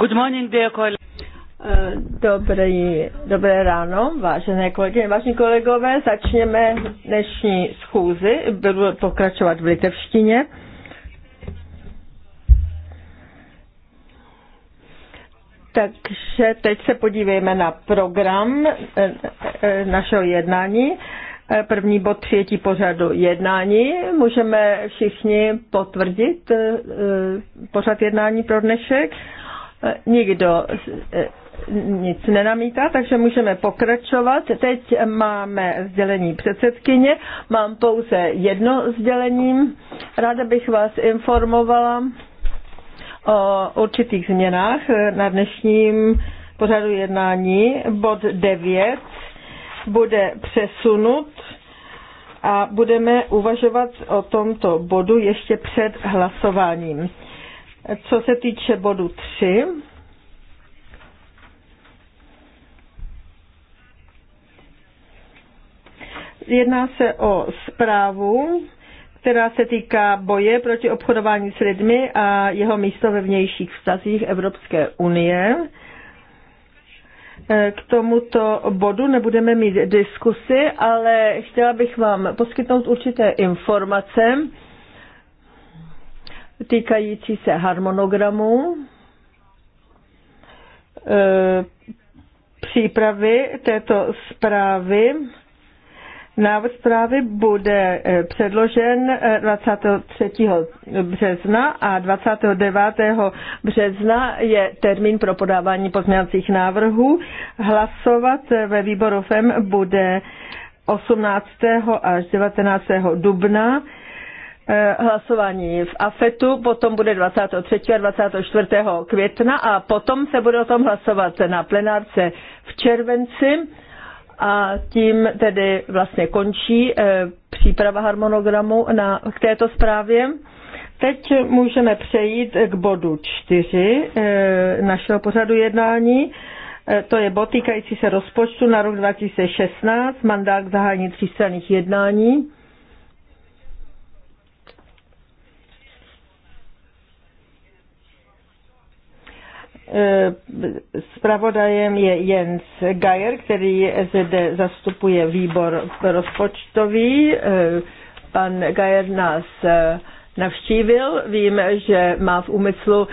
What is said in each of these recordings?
Good morning, dear eh, Dobrý, dobré ráno, vážené kolegyně, vážení kolegové. Začněme dnešní schůzi. Budu pokračovat v litevštině. Takže teď se podívejme na program eh, eh, našeho jednání. První bod přijetí pořadu jednání. Můžeme všichni potvrdit pořad jednání pro dnešek. Eh, nikdo eh, nic nenamítá, takže můžeme pokračovat. Teď máme sdělení předsedkyně. Mám pouze jedno sdělení. Ráda bych vás informovala o určitých změnách eh, na dnešním pořadu jednání. Bod 9 bude přesunut a budeme uvažovat o tomto bodu ještě před hlasováním. Co se týče bodu 3, jedná se o zprávu, která se týká boje proti obchodování s lidmi a jeho místo ve vnějších vztazích Evropské unie. E, k tomuto bodu nebudeme mít diskusy, ale chtěla bych vám poskytnout určité informace týkající se harmonogramu e, přípravy této zprávy. Návrh zprávy bude e, předložen 23. E, března a 29. března je termín pro podávání pozměňovacích návrhů. Hlasovat ve výboru FEM bude 18. až 19. dubna Eh, hlasování v AFETu, potom bude 23. a 24. května a potom se bude o tom hlasovat na plenárce v červenci a tím tedy vlastně končí eh, příprava harmonogramu na, k této zprávě. Teď můžeme přejít k bodu čtyři eh, našeho pořadu jednání. To je bod týkající se rozpočtu na rok 2016, mandát k zahájení třístranných jednání. Spravodajem eh, je Jens Geier, který SED zastupuje výbor rozpočtový. Eh, pan Geier nás eh, navštívil. Vím, že má v úmyslu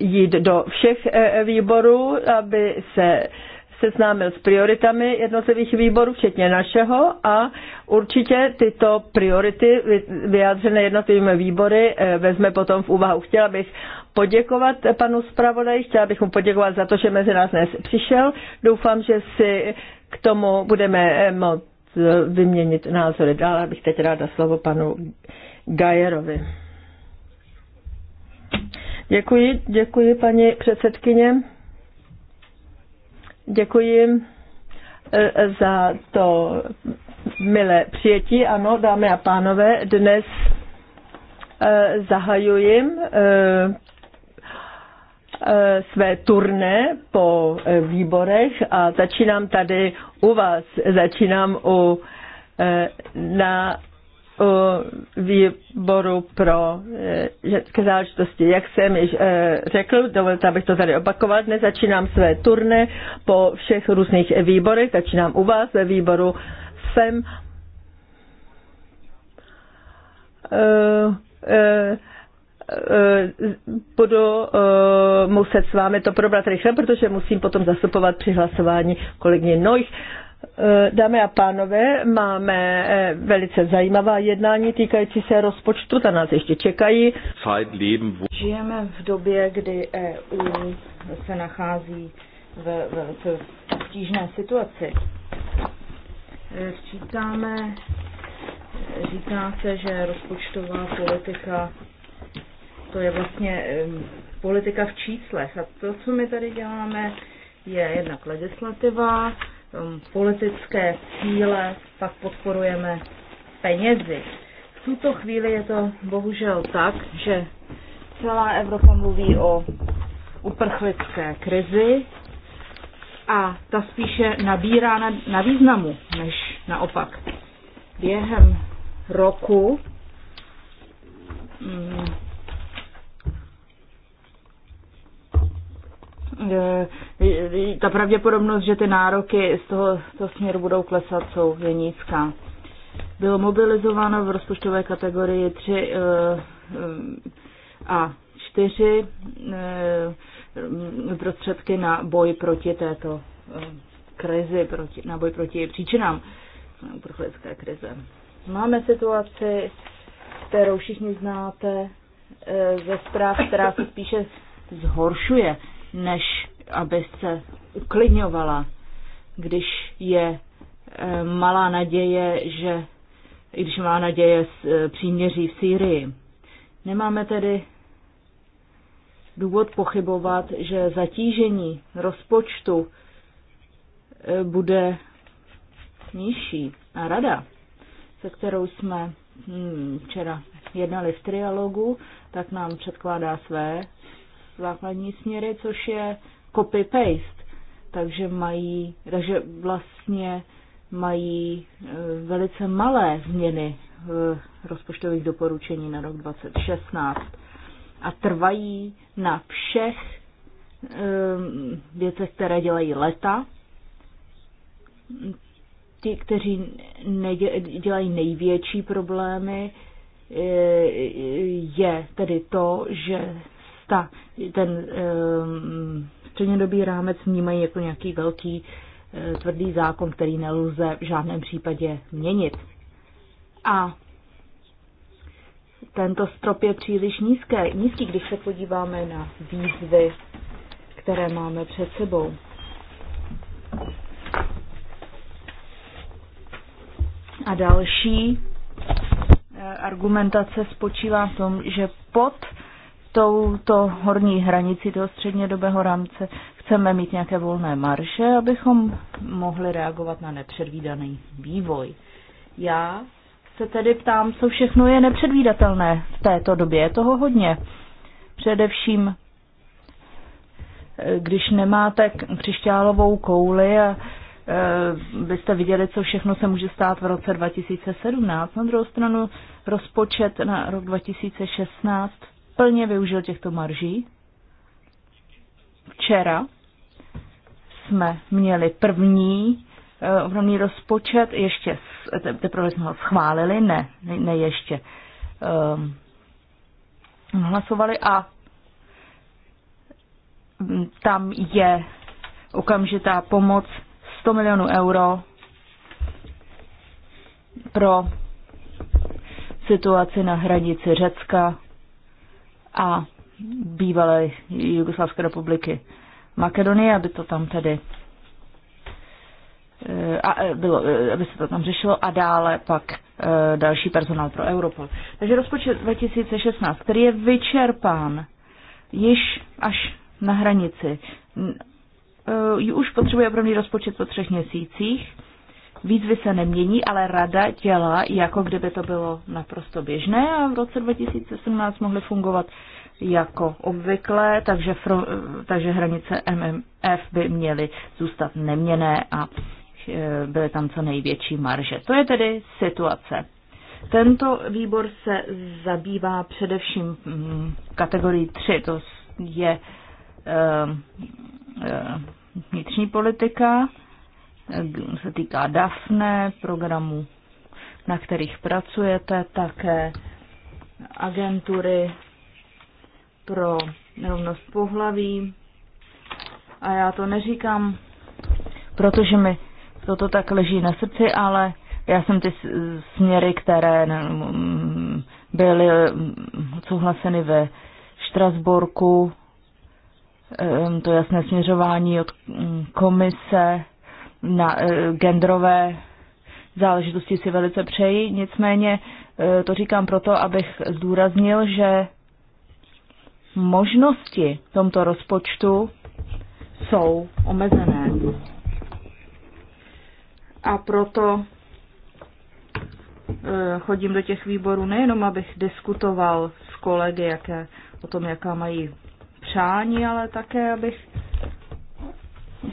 jít do všech výborů, aby se seznámil s prioritami jednotlivých výborů, včetně našeho, a určitě tyto priority vyjádřené jednotlivými výbory vezme potom v úvahu. Chtěla bych poděkovat panu zpravodaji, chtěla bych mu poděkovat za to, že mezi nás dnes přišel. Doufám, že si k tomu budeme eh, moct eh, vyměnit názory dál, abych teď ráda slovo panu Gajerovi. Děkuji, děkuji paní předsedkyně. Děkuji eh, za to milé přijetí. Ano, dámy a pánové, dnes zahajuji Eh, své turné po eh, výborech a začínám tady u vás, začínám u, eh, na u výboru pro ženské záležitosti. Jak jsem již řekl, dovolte, abych to tady opakoval, dnes začínám své turné po všech různých výborech, začínám u vás ve výboru FEM. Uh, uh, Eh, budu eh, muset s vámi to probrat rychle, protože musím potom zastupovat při hlasování kolegyně Nojch. Eh, dámy a pánové, máme velice zajímavá jednání týkající se rozpočtu, ta nás ještě čekají. Žijeme v době, kdy EU se nachází v velice obtížné situaci. Říkáme, říká se, že rozpočtová politika to je vlastně politika v číslech. A to, co my tady děláme, je jednak legislativa, politické cíle, pak podporujeme penězi. V tuto chvíli je to bohužel tak, že celá Evropa mluví o uprchlické krizi a ta spíše nabírá na, na významu, než naopak. Během roku mm, Eh, ta pravděpodobnost, že ty nároky z toho, toho směru budou klesat, jsou je nízká. Bylo mobilizováno v rozpočtové kategorii 3 eh, eh, a 4 prostředky na boj proti této krizi, proti, na boj proti příčinám uprchlické krize. Máme situaci, kterou všichni znáte ze zpráv, která se spíše zhoršuje než aby se uklidňovala, když je eh, malá naděje, že i když má naděje s eh, příměří v Sýrii. Nemáme tedy důvod pochybovat, že zatížení rozpočtu eh, bude nižší. A rada, se kterou jsme hm, včera jednali v trialogu, tak nám předkládá své základní směry, což je copy-paste. Takže mají, takže vlastně mají e, velice malé změny v rozpočtových doporučení na rok 2016 a trvají na všech e, věcech, které dělají leta. Ti, kteří dělají největší problémy, e, je tedy to, že ta, ten um, střednědobý rámec vnímají jako nějaký velký uh, tvrdý zákon, který nelze v žádném případě měnit. A tento strop je příliš nízké, nízký, když se podíváme na výzvy, které máme před sebou. A další eh, argumentace spočívá v tom, že pod touto horní hranici toho střednědobého rámce chceme mít nějaké volné marže, abychom mohli reagovat na nepředvídaný vývoj. Já se tedy ptám, co všechno je nepředvídatelné v této době. Je toho hodně. Především, eh, když nemáte křišťálovou kouli a eh, byste viděli, co všechno se může stát v roce 2017. Na druhou stranu rozpočet na rok 2016 plně využil těchto marží. Včera jsme měli první eh, ohromný rozpočet, ještě teprve jsme ho schválili, ne, ne ještě um, hlasovali a hm, tam je okamžitá pomoc 100 milionů euro pro situaci na hranici Řecka a bývalé Jugoslavské republiky Makedonie, aby to tam tedy eh, a eh, bylo, eh, aby se to tam řešilo a dále pak další personál pro Europol. Takže rozpočet 2016, který je vyčerpán již až na hranici. Už potřebuje opravdu rozpočet po třech měsících Výzvy se nemění, ale rada dělá, jako kdyby to bylo naprosto běžné a v roce 2017 mohly fungovat jako obvykle, takže, fro, takže hranice MMF by měly zůstat neměné a e, byly tam co největší marže. To je tedy situace. Tento výbor se zabývá především mm, kategorii 3, to je e, e, vnitřní politika, Eh, se týká DAFNE, programů, na kterých pracujete, také agentury pro rovnost pohlaví. A já to neříkám, protože mi toto tak leží na srdci, ale já jsem ty směry, které mm, byly mm, souhlaseny ve Štrasborku, eh, to jasné směřování od mm, komise, na eh, genderové záležitosti si velice přeji. Nicméně eh, to říkám proto, abych zdůraznil, že možnosti v tomto rozpočtu jsou omezené. A proto eh, chodím do těch výborů nejenom, abych diskutoval s kolegy jaké, o tom, jaká mají přání, ale také, abych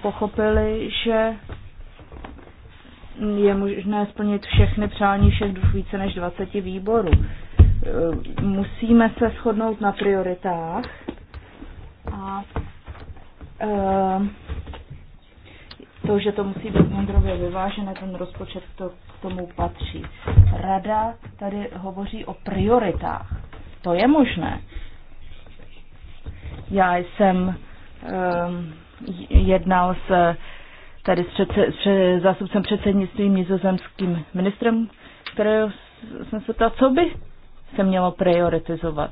pochopili, že je možné splnit všechny přání všech více než 20 výborů. E, musíme se shodnout na prioritách a e, to, že to musí být genderově vyvážené, ten rozpočet to k tomu patří. Rada tady hovoří o prioritách. To je možné. Já jsem um, jednal s tady s, předse, s zásupcem předsednictví nizozemským ministrem, kterého jsem se ptal, co by se mělo prioritizovat.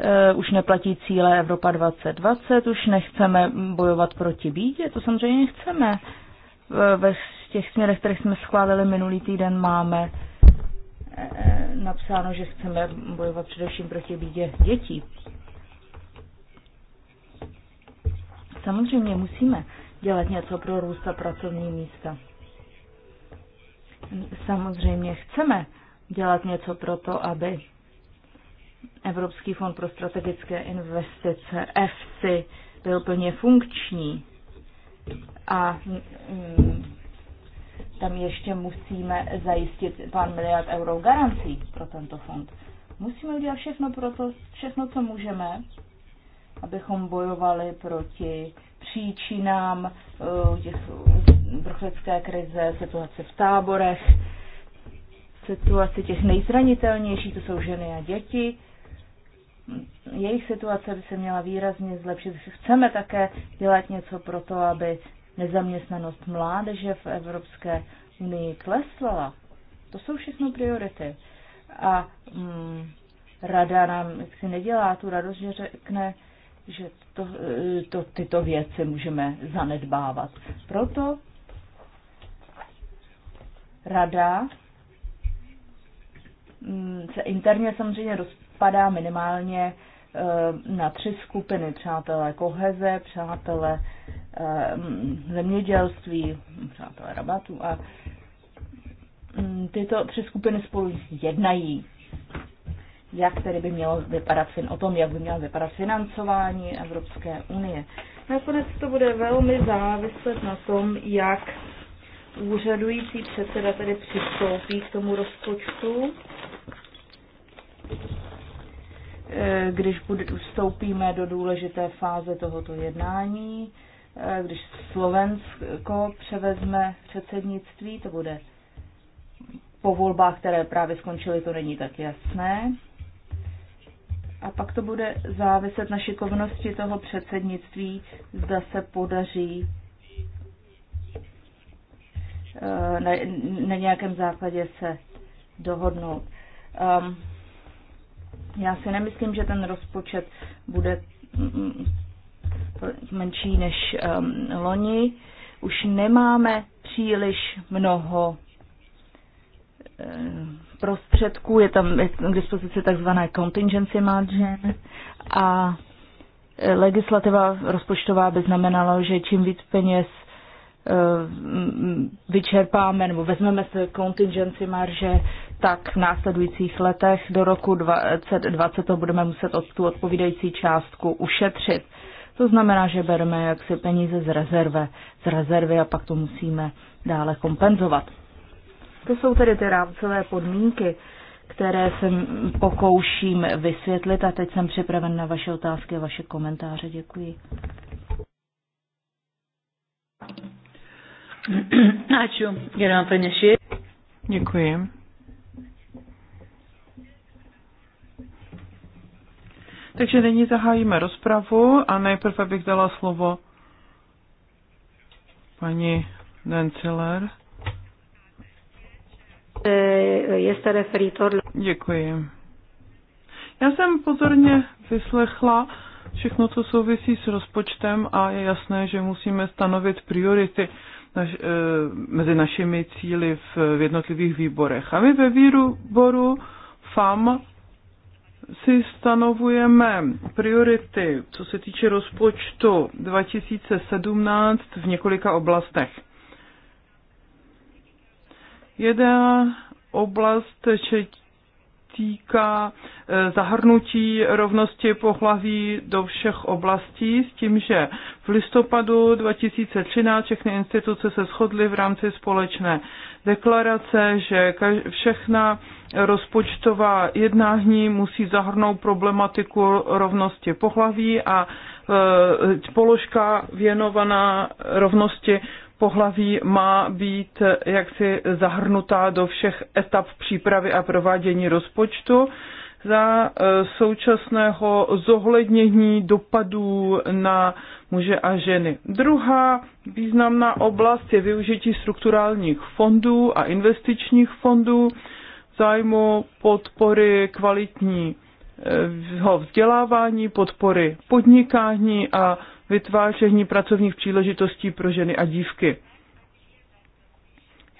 E, už neplatí cíle Evropa 2020, už nechceme bojovat proti bídě, to samozřejmě nechceme. E, ve těch směrech, které jsme schválili minulý týden, máme e, napsáno, že chceme bojovat především proti bídě dětí. Samozřejmě musíme dělat něco pro růst a pracovní místa. Samozřejmě chceme dělat něco pro to, aby Evropský fond pro strategické investice EFSI byl plně funkční. A mm, tam ještě musíme zajistit pár miliard euro garancí pro tento fond. Musíme udělat všechno, pro to, všechno co můžeme, abychom bojovali proti příčinám eh, uprchlické krize, situace v táborech, situace těch nejzranitelnějších, to jsou ženy a děti. Jejich situace by se měla výrazně zlepšit. Chceme také dělat něco pro to, aby nezaměstnanost mládeže v Evropské unii klesla. To jsou všechno priority. A mm, rada nám si nedělá tu radost, že řekne, že to, eh, to, tyto věci můžeme zanedbávat. Proto rada mm, se interně samozřejmě rozpadá minimálně eh, na tři skupiny, přátelé koheze, přátelé eh, zemědělství, přátelé rabatu a mm, tyto tři skupiny spolu jednají jak tedy by mělo vypadat, o tom, jak by mělo vypadat financování Evropské unie. Nakonec to bude velmi záviset na tom, jak úřadující předseda tedy přistoupí k tomu rozpočtu. Eh, když vstoupíme do důležité fáze tohoto jednání, eh, když Slovensko převezme předsednictví, to bude po volbách, které právě skončily, to není tak jasné. A pak to bude záviset na šikovnosti toho předsednictví, zda se podaří eh, na, na nějakém základě se dohodnout. Um, já si nemyslím, že ten rozpočet bude mm, mm, menší než um, loni. Už nemáme příliš mnoho prostředků, je tam k dispozici takzvané contingency margin a legislativa rozpočtová by znamenala, že čím víc peněz eh, vyčerpáme nebo vezmeme se contingency marže, tak v následujících letech do roku 2020 to budeme muset od tu odpovídající částku ušetřit. To znamená, že bereme jaksi peníze z rezervy, z rezervy a pak to musíme dále kompenzovat. To jsou tedy ty rámcové podmínky, které se pokouším vysvětlit a teď jsem připraven na vaše otázky a vaše komentáře. Děkuji. Ačiū, geram pranešėjai. Děkuji. Takže nyní zahájíme rozpravu a nejprve bych dala slovo paní Denciller. Eh, este referitor. Děkuji. Já jsem pozorně vyslechla všechno, co souvisí s rozpočtem a je jasné, že musíme stanovit priority naš, eh, mezi našimi cíly v, v jednotlivých výborech. A my ve výboru FAM si stanovujeme priority, co se týče rozpočtu 2017 v několika oblastech. Jedna oblast se týká e, zahrnutí rovnosti pohlaví do všech oblastí s tím, že v listopadu 2013 všechny instituce se shodly v rámci společné deklarace, že všechna rozpočtová jednání musí zahrnout problematiku rovnosti pohlaví a e, položka věnovaná rovnosti pohlaví má být jaksi zahrnutá do všech etap přípravy a provádění rozpočtu za e, současného zohlednění dopadů na muže a ženy. Druhá významná oblast je využití strukturálních fondů a investičních fondů zájmu podpory kvalitního vzdělávání, podpory podnikání a vytváření pracovních příležitostí pro ženy a dívky.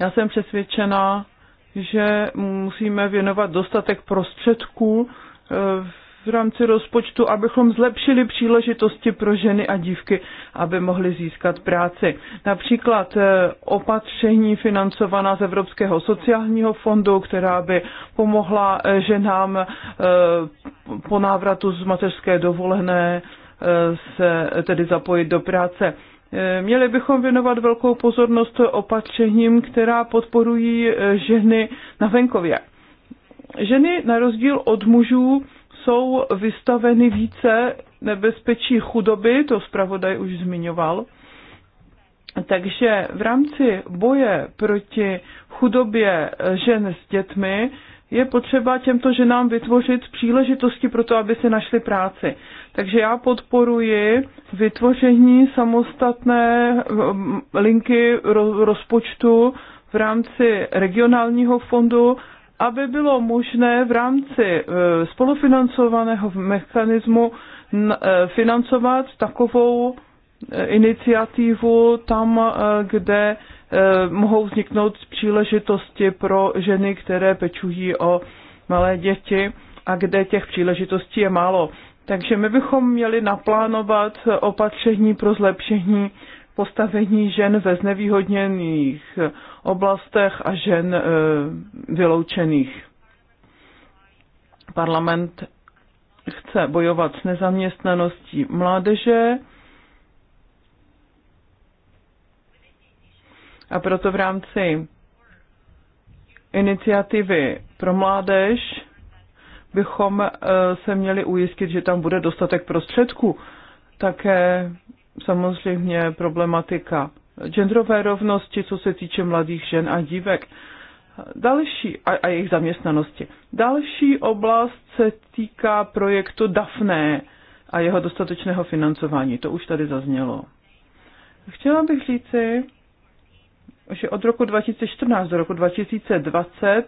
Já jsem přesvědčená, že musíme věnovat dostatek prostředků eh, v rámci rozpočtu, abychom zlepšili příležitosti pro ženy a dívky, aby mohly získat práci. Například eh, opatření financovaná z Evropského sociálního fondu, která by pomohla eh, ženám po návratu z mateřské dovolené se tedy zapojit do práce. Měli bychom věnovat velkou pozornost opatřením, která podporují ženy na venkově. Ženy na rozdíl od mužů jsou vystaveny více nebezpečí chudoby, to zpravodaj už zmiňoval. Takže v rámci boje proti chudobě žen s dětmi je potřeba těmto ženám vytvořit příležitosti pro to, aby si našli práci. Takže já podporuji vytvoření samostatné um, linky rozpočtu v rámci regionálního fondu, aby bylo možné v rámci eh, spolufinancovaného mechanismu eh, financovat takovou eh, iniciativu tam, kde Eh, mohou vzniknout příležitosti pro ženy, které pečují o malé děti a kde těch příležitostí je málo. Takže my bychom měli naplánovat opatření pro zlepšení postavení žen ve znevýhodněných oblastech a žen eh, vyloučených. Parlament chce bojovat s nezaměstnaností mládeže A proto v rámci iniciativy pro mládež bychom eh, se měli ujistit, že tam bude dostatek prostředků. Také samozřejmě problematika genderové rovnosti, co se týče mladých žen a dívek další, a, a jejich zaměstnanosti. Další oblast se týká projektu DAFNE a jeho dostatečného financování. To už tady zaznělo. Chtěla bych říci, že od roku 2014 do roku 2020 eh,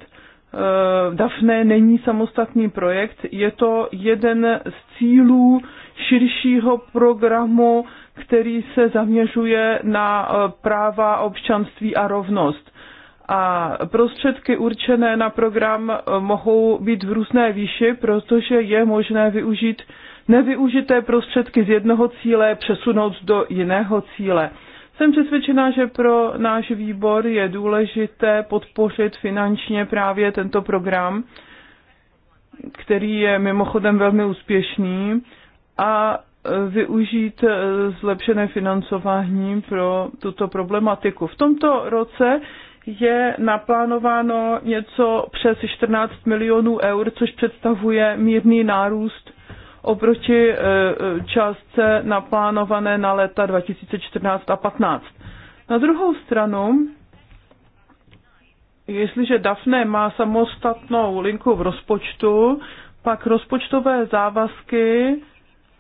DAFNE není samostatný projekt, je to jeden z cílů širšího programu, který se zaměřuje na eh, práva občanství a rovnost. A prostředky určené na program eh, mohou být v různé výši, protože je možné využít nevyužité prostředky z jednoho cíle přesunout do jiného cíle. Jsem přesvědčena, že pro náš výbor je důležité podpořit finančně právě tento program, který je mimochodem velmi úspěšný a e, využít e, zlepšené financování pro tuto problematiku. V tomto roce je naplánováno něco přes 14 milionů eur, což představuje mírný nárůst oproti eh, částce naplánované na léta 2014 a 15. Na druhou stranu, jestliže DAFNE má samostatnou linku v rozpočtu, pak rozpočtové závazky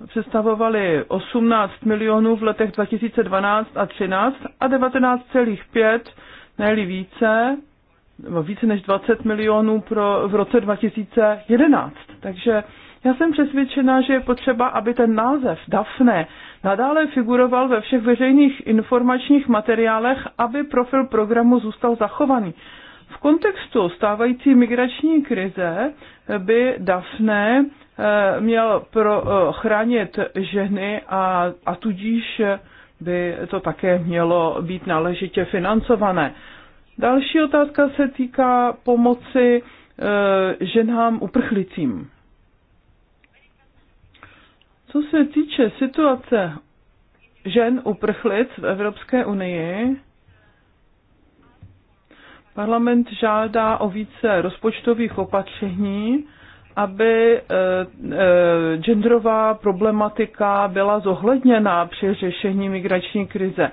představovaly 18 milionů v letech 2012 a 13 a 19,5, nejli více, více než 20 milionů pro, v roce 2011. Takže já jsem přesvědčena, že je potřeba, aby ten název DAFNE nadále figuroval ve všech veřejných informačních materiálech, aby profil programu zůstal zachovaný. V kontextu stávající migrační krize by DAFNE eh, měl pro, eh, chránit ženy a, a tudíž by to také mělo být náležitě financované. Další otázka se týká pomoci eh, ženám uprchlicím. Co se týče situace žen uprchlic v Evropské unii, parlament žádá o více rozpočtových opatření, aby eh, eh, genderová problematika byla zohledněna při řešení migrační krize.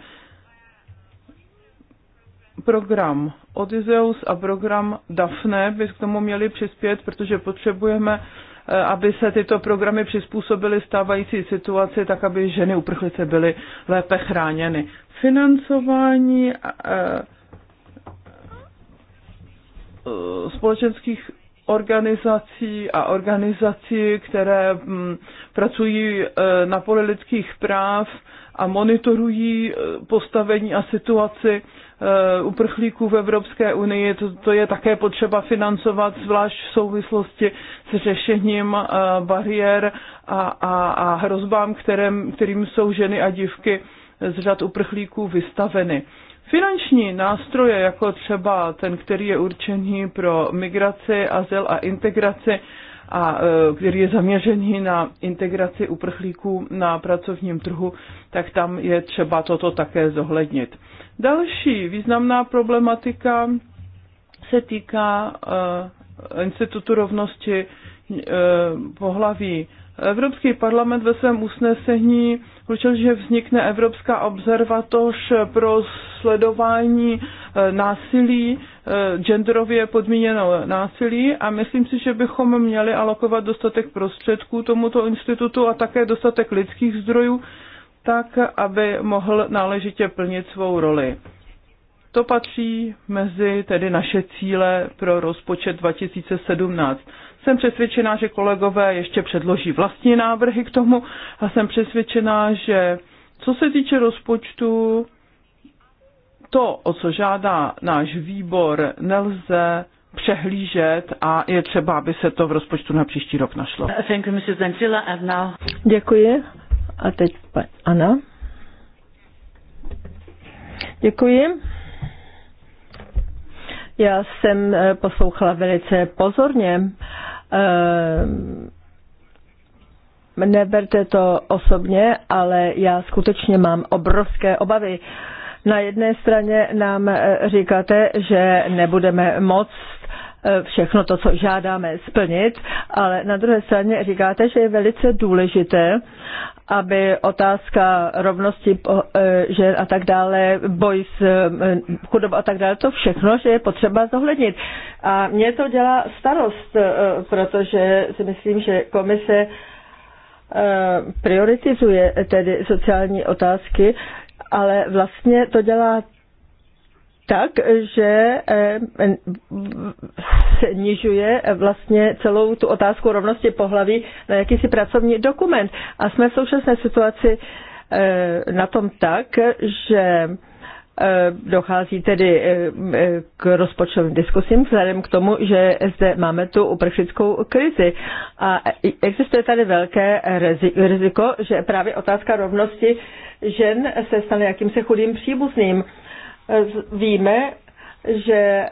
Program Odysseus a program DAFNE by k tomu měli přispět, protože potřebujeme Eh, aby se tyto programy přizpůsobily stávající situaci, tak aby ženy uprchlice byly lépe chráněny. Financování eh, společenských organizací a organizací, které mm, pracují eh, na poli lidských práv, a monitorují eh, postavení a situaci eh, uprchlíků v Evropské unii. To, to je také potřeba financovat, zvlášť v souvislosti s řešením eh, bariér a, a, a hrozbám, kterým, kterým jsou ženy a dívky z řad uprchlíků vystaveny. Finanční nástroje, jako třeba ten, který je určený pro migraci, azyl a integraci, a e, který je zaměřený na integraci uprchlíků na pracovním trhu, tak tam je třeba toto také zohlednit. Další významná problematika se týká e, Institutu rovnosti e, pohlaví. Evropský parlament ve svém usnesení určil, že vznikne Evropská observatoř pro sledování násilí Eh, genderově podmíněné násilí a myslím si, že bychom měli alokovat dostatek prostředků tomuto institutu a také dostatek lidských zdrojů, tak, aby mohl náležitě plnit svou roli. To patří mezi tedy naše cíle pro rozpočet 2017. Jsem přesvědčená, že kolegové ještě předloží vlastní návrhy k tomu a jsem přesvědčená, že co se týče rozpočtu, to, o co žádá náš výbor, nelze přehlížet a je třeba, aby se to v rozpočtu na příští rok našlo. Děkuji. A teď Ana. Děkuji. Já jsem eh, poslouchala velice pozorně. Eh, neberte to osobně, ale já skutečně mám obrovské obavy. Na jedné straně nám eh, říkáte, že nebudeme moc eh, všechno to, co žádáme, splnit, ale na druhé straně říkáte, že je velice důležité, aby otázka rovnosti eh, žen a tak dále, boj s chudobou a tak dále, to všechno, že je potřeba zohlednit. A mě to dělá starost, protože si myslím, že komise prioritizuje tedy sociální otázky ale vlastně to dělá tak, že eh, se nižuje vlastně celou tu otázku rovnosti pohlaví na jakýsi pracovní dokument. A jsme v současné situaci eh, na tom tak, že Eh, dochází tedy eh, eh, k rozpočtovým diskusím vzhledem k tomu, že zde máme tu uprchlickou krizi. A existuje tady velké riziko, že právě otázka rovnosti žen se stane jakýmsi chudým příbuzným. Víme, že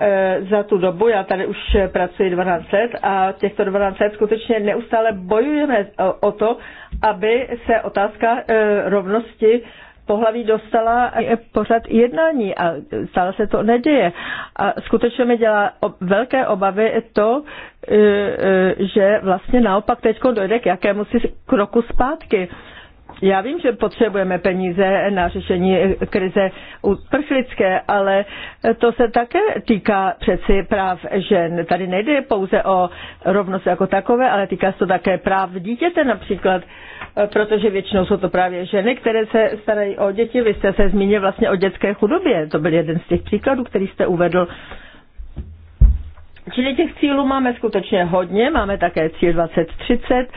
za tu dobu, já tady už pracuji 12 let a těchto 12 let skutečně neustále bojujeme o to, aby se otázka rovnosti pohlaví dostala pořad jednání a stále se to neděje. A skutečně mi dělá velké obavy to, e, e, že vlastně naopak teď dojde k jakému si kroku zpátky. Já vím, že potřebujeme peníze na řešení krize uprchlické, ale to se také týká přeci práv žen. Tady nejde pouze o rovnost jako takové, ale týká se to také práv dítěte například, protože většinou jsou to právě ženy, které se starají o děti. Vy jste se zmínil vlastně o dětské chudobě. To byl jeden z těch příkladů, který jste uvedl. Čili těch cílů máme skutečně hodně, máme také cíl 2030,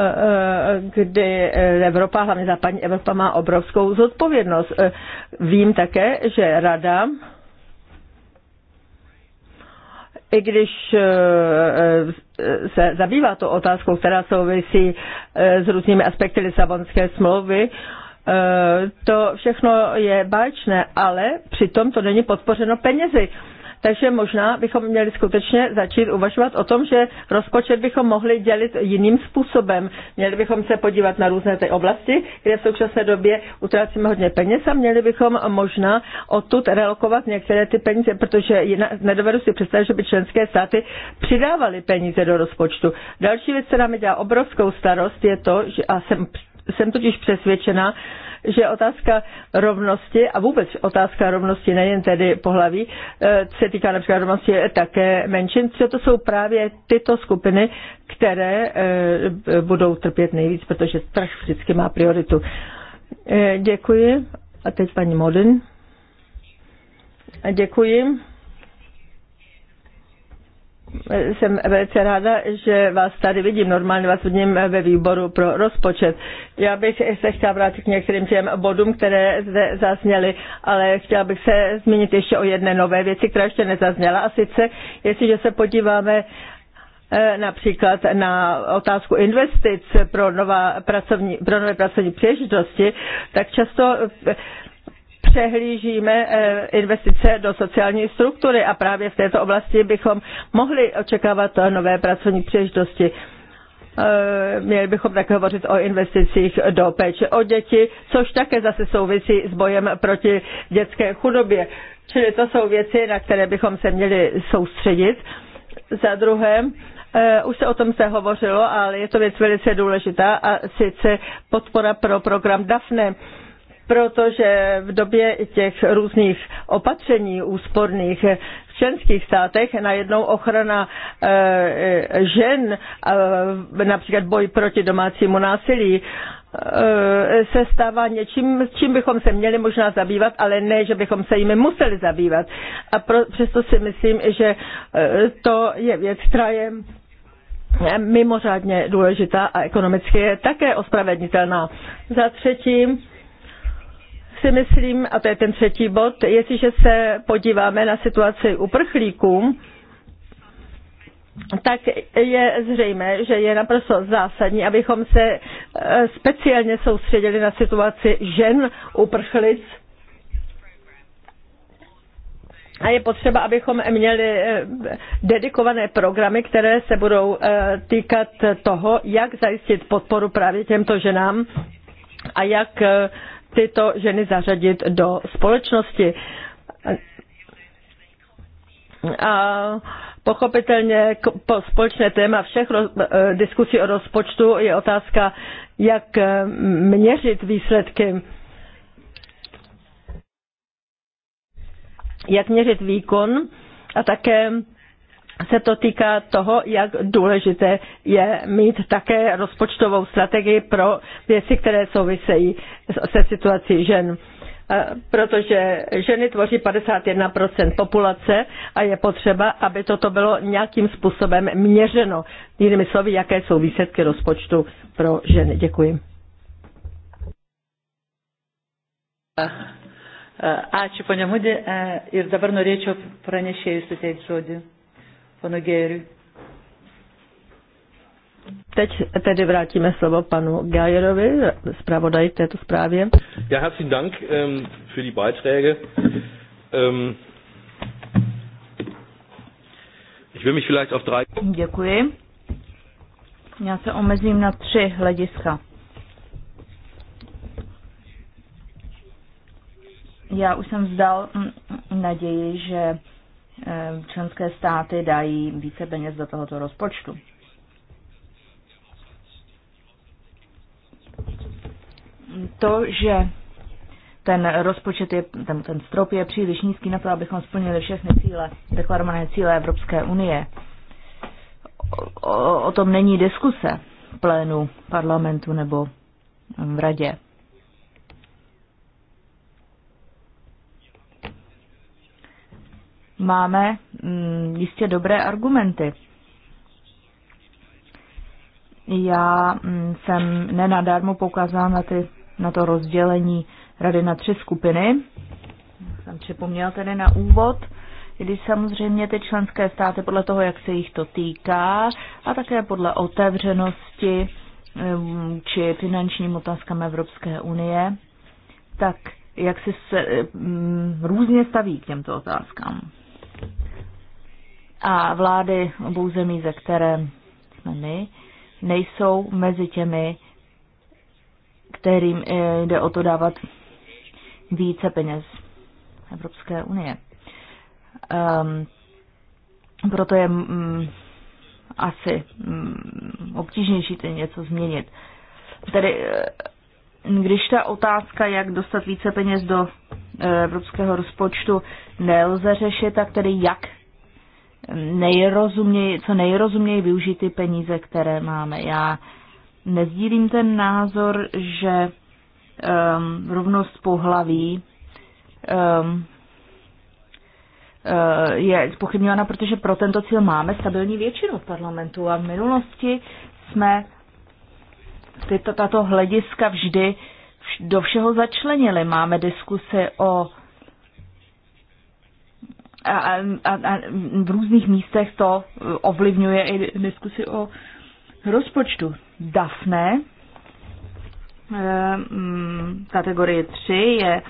Eh, eh, kdy eh, Evropa, hlavně západní Evropa, má obrovskou zodpovědnost. Vím také, že Rada i když se zabývá to otázkou, která souvisí s různými aspekty Lisabonské smlouvy, to všechno je báčné, ale přitom to není podpořeno penězi. Takže možná bychom měli skutečně začít uvažovat o tom, že rozpočet bychom mohli dělit jiným způsobem. Měli bychom se podívat na různé ty oblasti, kde v současné době utrácíme hodně peněz a měli bychom možná odtud relokovat některé ty peníze, protože nedovedu si představit, že by členské státy přidávaly peníze do rozpočtu. Další věc, která mi dělá obrovskou starost, je to, že, a jsem, jsem totiž přesvědčena, že otázka rovnosti a vůbec otázka rovnosti nejen tedy pohlaví, eh, se týká například rovnosti také menšin, Co to jsou právě tyto skupiny, které eh, budou trpět nejvíc, protože trh vždycky má prioritu. Eh, děkuji. A teď paní Modin. Děkuji jsem velice ráda, že vás tady vidím. Normálně vás vidím ve výboru pro rozpočet. Já bych se chtěla vrátit k některým těm bodům, které zde zazněly, ale chtěla bych se zmínit ještě o jedné nové věci, která ještě nezazněla. A sice, jestliže se podíváme eh, například na otázku investic pro, nová pracovní, pro nové pracovní příležitosti, tak často eh, přehlížíme eh, investice do sociální struktury a právě v této oblasti bychom mohli očekávat nové pracovní příležitosti. Eh, měli bychom také hovořit o investicích do péče o děti, což také zase souvisí s bojem proti dětské chudobě. Čili to jsou věci, na které bychom se měli soustředit. Za druhé, eh, už se o tom se hovořilo, ale je to věc velice důležitá a sice podpora pro program DAFNE protože v době těch různých opatření úsporných v členských státech najednou ochrana eh, žen, eh, například boj proti domácímu násilí, eh, se stává něčím, čím bychom se měli možná zabývat, ale ne, že bychom se jimi museli zabývat. A pro, přesto si myslím, že to je věc, která je mimořádně důležitá a ekonomicky je také ospravedlnitelná. Za třetím, si myslím, a to je ten třetí bod, jestliže se podíváme na situaci uprchlíků, tak je zřejmé, že je naprosto zásadní, abychom se eh, speciálně soustředili na situaci žen uprchlic. A je potřeba, abychom měli eh, dedikované programy, které se budou eh, týkat toho, jak zajistit podporu právě těmto ženám a jak tyto ženy zařadit do společnosti. A pochopitelně společné téma všech eh, diskusí o rozpočtu je otázka, jak eh, měřit výsledky. Jak měřit výkon a také se to týká toho, jak důležité je mít také rozpočtovou strategii pro věci, které souvisejí se situací žen eh, protože ženy tvoří 51% populace a je potřeba, aby toto bylo nějakým způsobem měřeno. Jinými slovy, jaké jsou výsledky rozpočtu pro ženy. Děkuji. Eh, eh, ačiū, ponia Mudė. Ir dabar norėčiau pranešėjus suteikti žodį. Pane Gery. Teď tedy vrátíme slovo panu Gajerovi, zpravodaj této zprávě. Ja, herzlichen Dank um, für die Beiträge. Um, ich will mich vielleicht auf drei... Děkuji. Já se omezím na tři hlediska. Já už jsem vzdal mm, mm, naději, že Ehm, členské státy dají více peněz do tohoto rozpočtu. To, že ten rozpočet je, ten, ten strop je příliš nízký na to, abychom splnili všechny cíle, deklarované cíle Evropské unie. O, o, o tom není diskuse plénu parlamentu nebo v radě. máme mm, jistě dobré argumenty. Já mm, jsem nenadarmo poukázal na, ty, na to rozdělení rady na tři skupiny. Jsem připomněl tedy na úvod, kdy samozřejmě ty členské státy podle toho, jak se jich to týká a také podle otevřenosti mm, či finančním otázkám Evropské unie, tak jak se se různě staví k těmto otázkám a vlády obou zemí, ze které jsme my, nejsou mezi těmi, kterým eh, jde o to dávat více peněz Evropské unie. Um, proto je mm, asi mm, obtížnější ten něco změnit. Tedy, eh, když ta otázka, jak dostat více peněz do eh, evropského rozpočtu, nelze řešit, tak tedy jak nejrozuměji, co nejrozuměji využít ty peníze, které máme. Já nezdílím ten názor, že um, rovnost pohlaví um, uh, je zpochybňována, protože pro tento cíl máme stabilní většinu v parlamentu a v minulosti jsme tyto, tato hlediska vždy do všeho začlenili. Máme diskusy o a, a, a v různých místech to eh, ovlivňuje i diskusi o rozpočtu. Dafne eh, mm, kategorie 3 je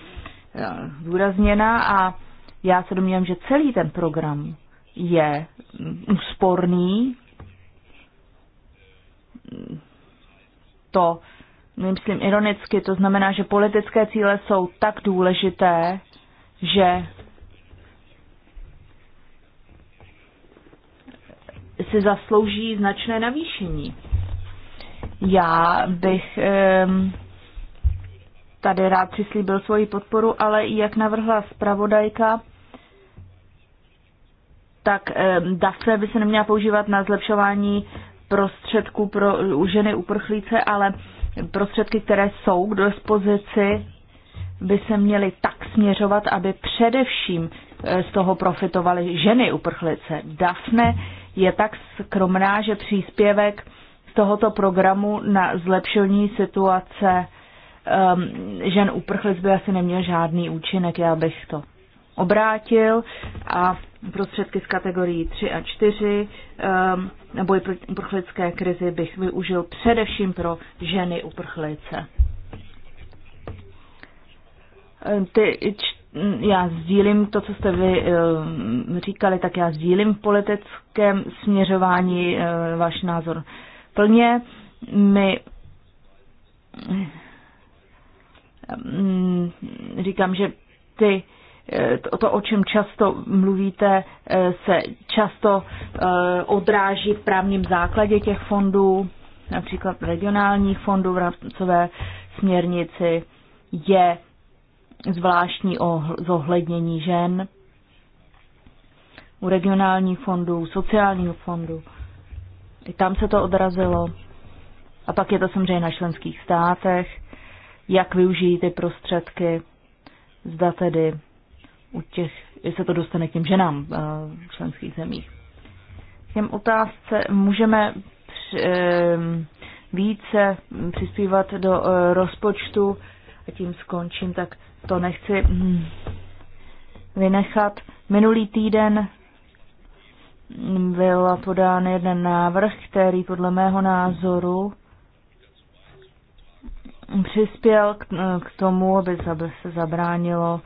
eh, důrazněna a já se domnívám, že celý ten program je mm, úsporný. To myslím ironicky, to znamená, že politické cíle jsou tak důležité, že si zaslouží značné navýšení. Já bych tady rád přislíbil svoji podporu, ale i jak navrhla zpravodajka, tak DAFE by se neměla používat na zlepšování prostředků pro u ženy uprchlíce, ale prostředky, které jsou k dispozici, by se měly tak směřovat, aby především eh, z toho profitovaly ženy uprchlice. DAFNE je tak skromná, že příspěvek z tohoto programu na zlepšení situace um, žen uprchlic by asi neměl žádný účinek. Já bych to obrátil a prostředky z kategorií 3 a 4 um, na boj proti uprchlické krizi bych využil především pro ženy uprchlice. Ty Mm, já sdílím to, co jste vy eh, říkali, tak já sdílím v politickém směřování eh, váš názor plně. My mm, říkám, že ty eh, to, to, o čem často mluvíte, se často odráží v právním základě těch fondů, například regionálních fondů v rámcové směrnici, je zvláštní zohlednění žen u fondu, u sociálního fondu. I tam se to odrazilo. A pak je to samozřejmě na členských státech, jak využijí ty prostředky, zda tedy u těch, se to dostane k těm ženám eh, v členských zemích. K těm otázce můžeme eh, více přispívat do eh, rozpočtu a tím skončím, tak to nechci hm, vynechat. Minulý týden byl podán jeden návrh, který podle mého názoru přispěl k tomu, aby se zabránilo,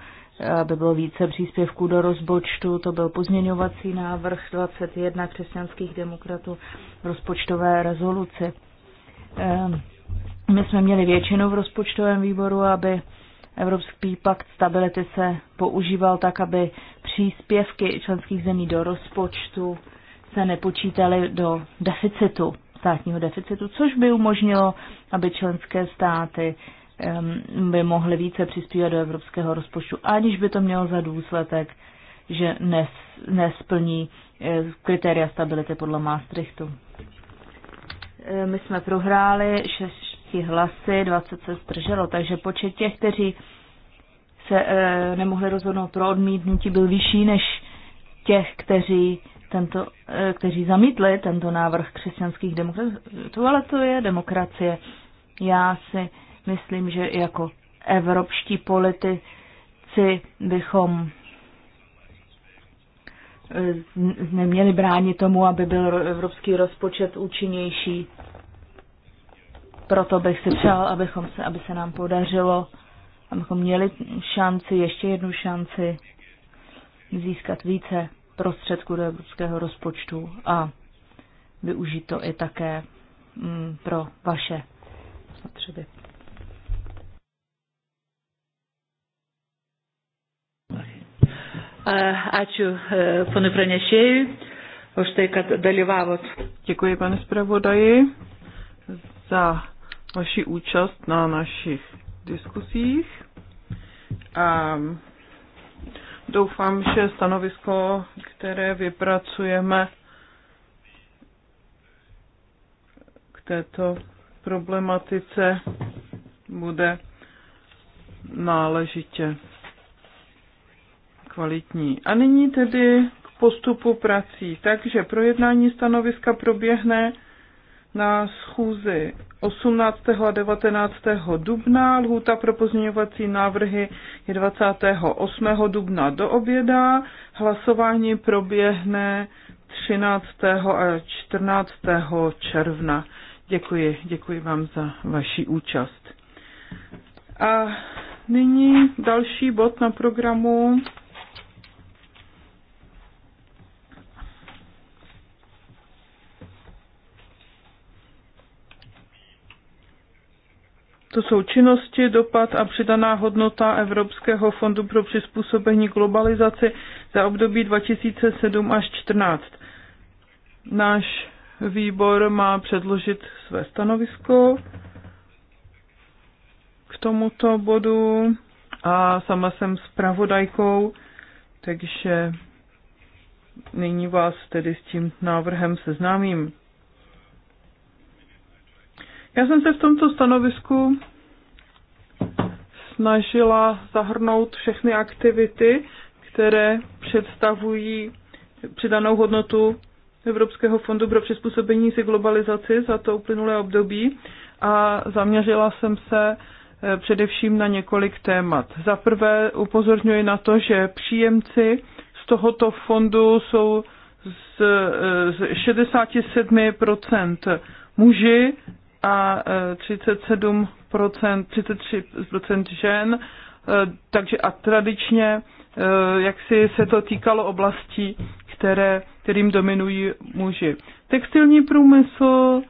aby bylo více příspěvků do rozpočtu. To byl pozměňovací návrh 21 křesťanských demokratů rozpočtové rezoluci. Ehm, my jsme měli většinu v rozpočtovém výboru, aby Evropský pakt stability se používal tak, aby příspěvky členských zemí do rozpočtu se nepočítaly do deficitu, státního deficitu, což by umožnilo, aby členské státy by mohly více přispívat do evropského rozpočtu, aniž by to mělo za důsledek, že nes, nesplní e, kritéria stability podle Maastrichtu. E, my jsme prohráli hlasy, 20 se zdrželo, takže počet těch, kteří se e, nemohli rozhodnout pro odmítnutí, byl vyšší než těch, kteří, tento, e, kteří zamítli tento návrh křesťanských demokratů, ale to je demokracie. Já si myslím, že jako evropští politici bychom eh, neměli bránit tomu, aby byl evropský rozpočet účinnější. Proto bych si přál, abychom se, aby se nám podařilo, abychom měli šanci, ještě jednu šanci získat více prostředků do evropského rozpočtu a využít to i také mm, pro vaše potřeby. Ačiū e, panu pranešėjui už tai, kad dalyvavot. Děkuji, pane zpravodaji, za vaši účast na našich diskusích a doufám, že stanovisko, které vypracujeme k této problematice, bude náležitě kvalitní. A nyní tedy k postupu prací. Takže projednání stanoviska proběhne na schůzi 18. a 19. dubna. Lhůta pro pozměňovací návrhy je 28. dubna do oběda. Hlasování proběhne 13. a 14. června. Děkuji, děkuji vám za vaši účast. A nyní další bod na programu To jsou činnosti, dopad a přidaná hodnota Evropského fondu pro přizpůsobení globalizaci za období 2007 až 2014. Náš výbor má předložit své stanovisko k tomuto bodu a sama jsem zpravodajkou, takže nyní vás tedy s tím návrhem seznámím. Já jsem se v tomto stanovisku snažila zahrnout všechny aktivity, které představují přidanou hodnotu Evropského fondu pro přizpůsobení si globalizaci za to uplynulé období a zaměřila jsem se eh, především na několik témat. Za prvé upozorňuji na to, že příjemci z tohoto fondu jsou z, eh, z 67% muži, a 37%, e, 33% žen, e, takže a tradičně e, jak si se to týkalo oblastí, které, kterým dominují muži. Textilní průmysl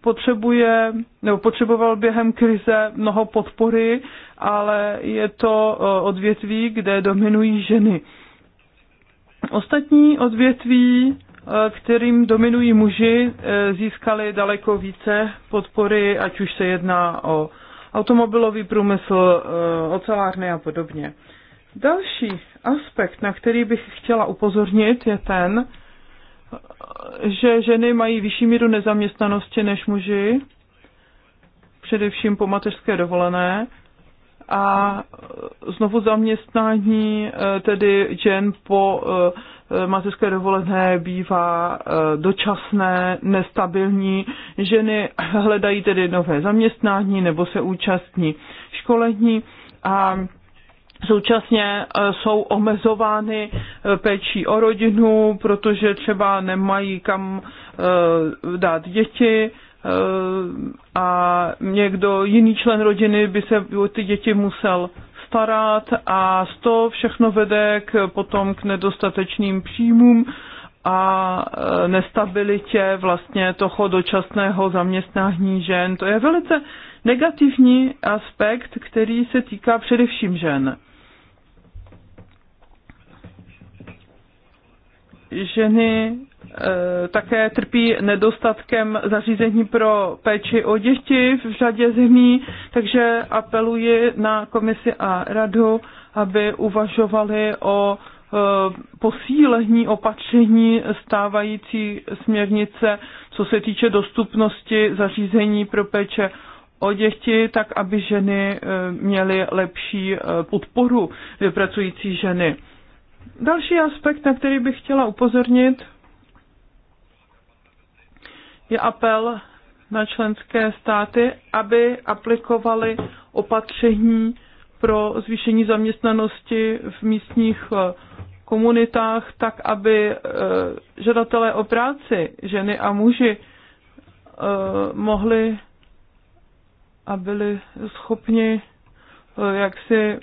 potřebuje, nebo potřeboval během krize mnoho podpory, ale je to odvětví, kde dominují ženy. Ostatní odvětví Eh, kterým dominují muži, eh, získali daleko více podpory, ať už se jedná o automobilový průmysl, eh, ocelárny a podobně. Další aspekt, na který bych chtěla upozornit, je ten, že ženy mají vyšší míru nezaměstnanosti než muži, především po mateřské dovolené a znovu zaměstnání tedy žen po Eh, mateřské dovolené bývá eh, dočasné, nestabilní. Ženy hledají tedy nové zaměstnání nebo se účastní školení a Současně eh, jsou omezovány péčí o rodinu, protože třeba nemají kam dát děti a někdo jiný člen rodiny by se o ty děti musel starat a z to všechno vede k, potom k nedostatečným příjmům a e, nestabilitě vlastně toho dočasného zaměstnání žen. To je velice negativní aspekt, který se týká především žen. Ženy Eh, také trpí nedostatkem zařízení pro péči o děti v řadě zemí, takže apeluji na komisi a radu, aby uvažovali o eh, posílení opatření stávající směrnice, co se týče dostupnosti zařízení pro péče o děti, tak aby ženy eh, měly lepší podporu pracující ženy. Další aspekt, na který bych chtěla upozornit, je apel na členské státy, aby aplikovali opatření pro zvýšení zaměstnanosti v místních eh, komunitách, tak aby eh, žadatelé o práci, ženy a muži, eh, mohli a byli schopni jak si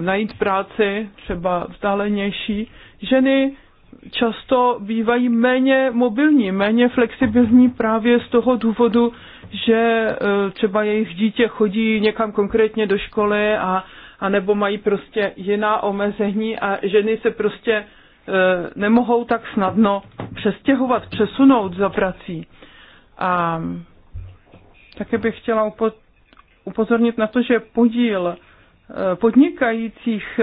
najít práci, třeba vzdálenější. Ženy často bývají méně mobilní, méně flexibilní právě z toho důvodu, že e, třeba jejich dítě chodí někam konkrétně do školy a, a nebo mají prostě jiná omezení a ženy se prostě e, nemohou tak snadno přestěhovat, přesunout za prací. A také bych chtěla upozornit na to, že podíl e, podnikajících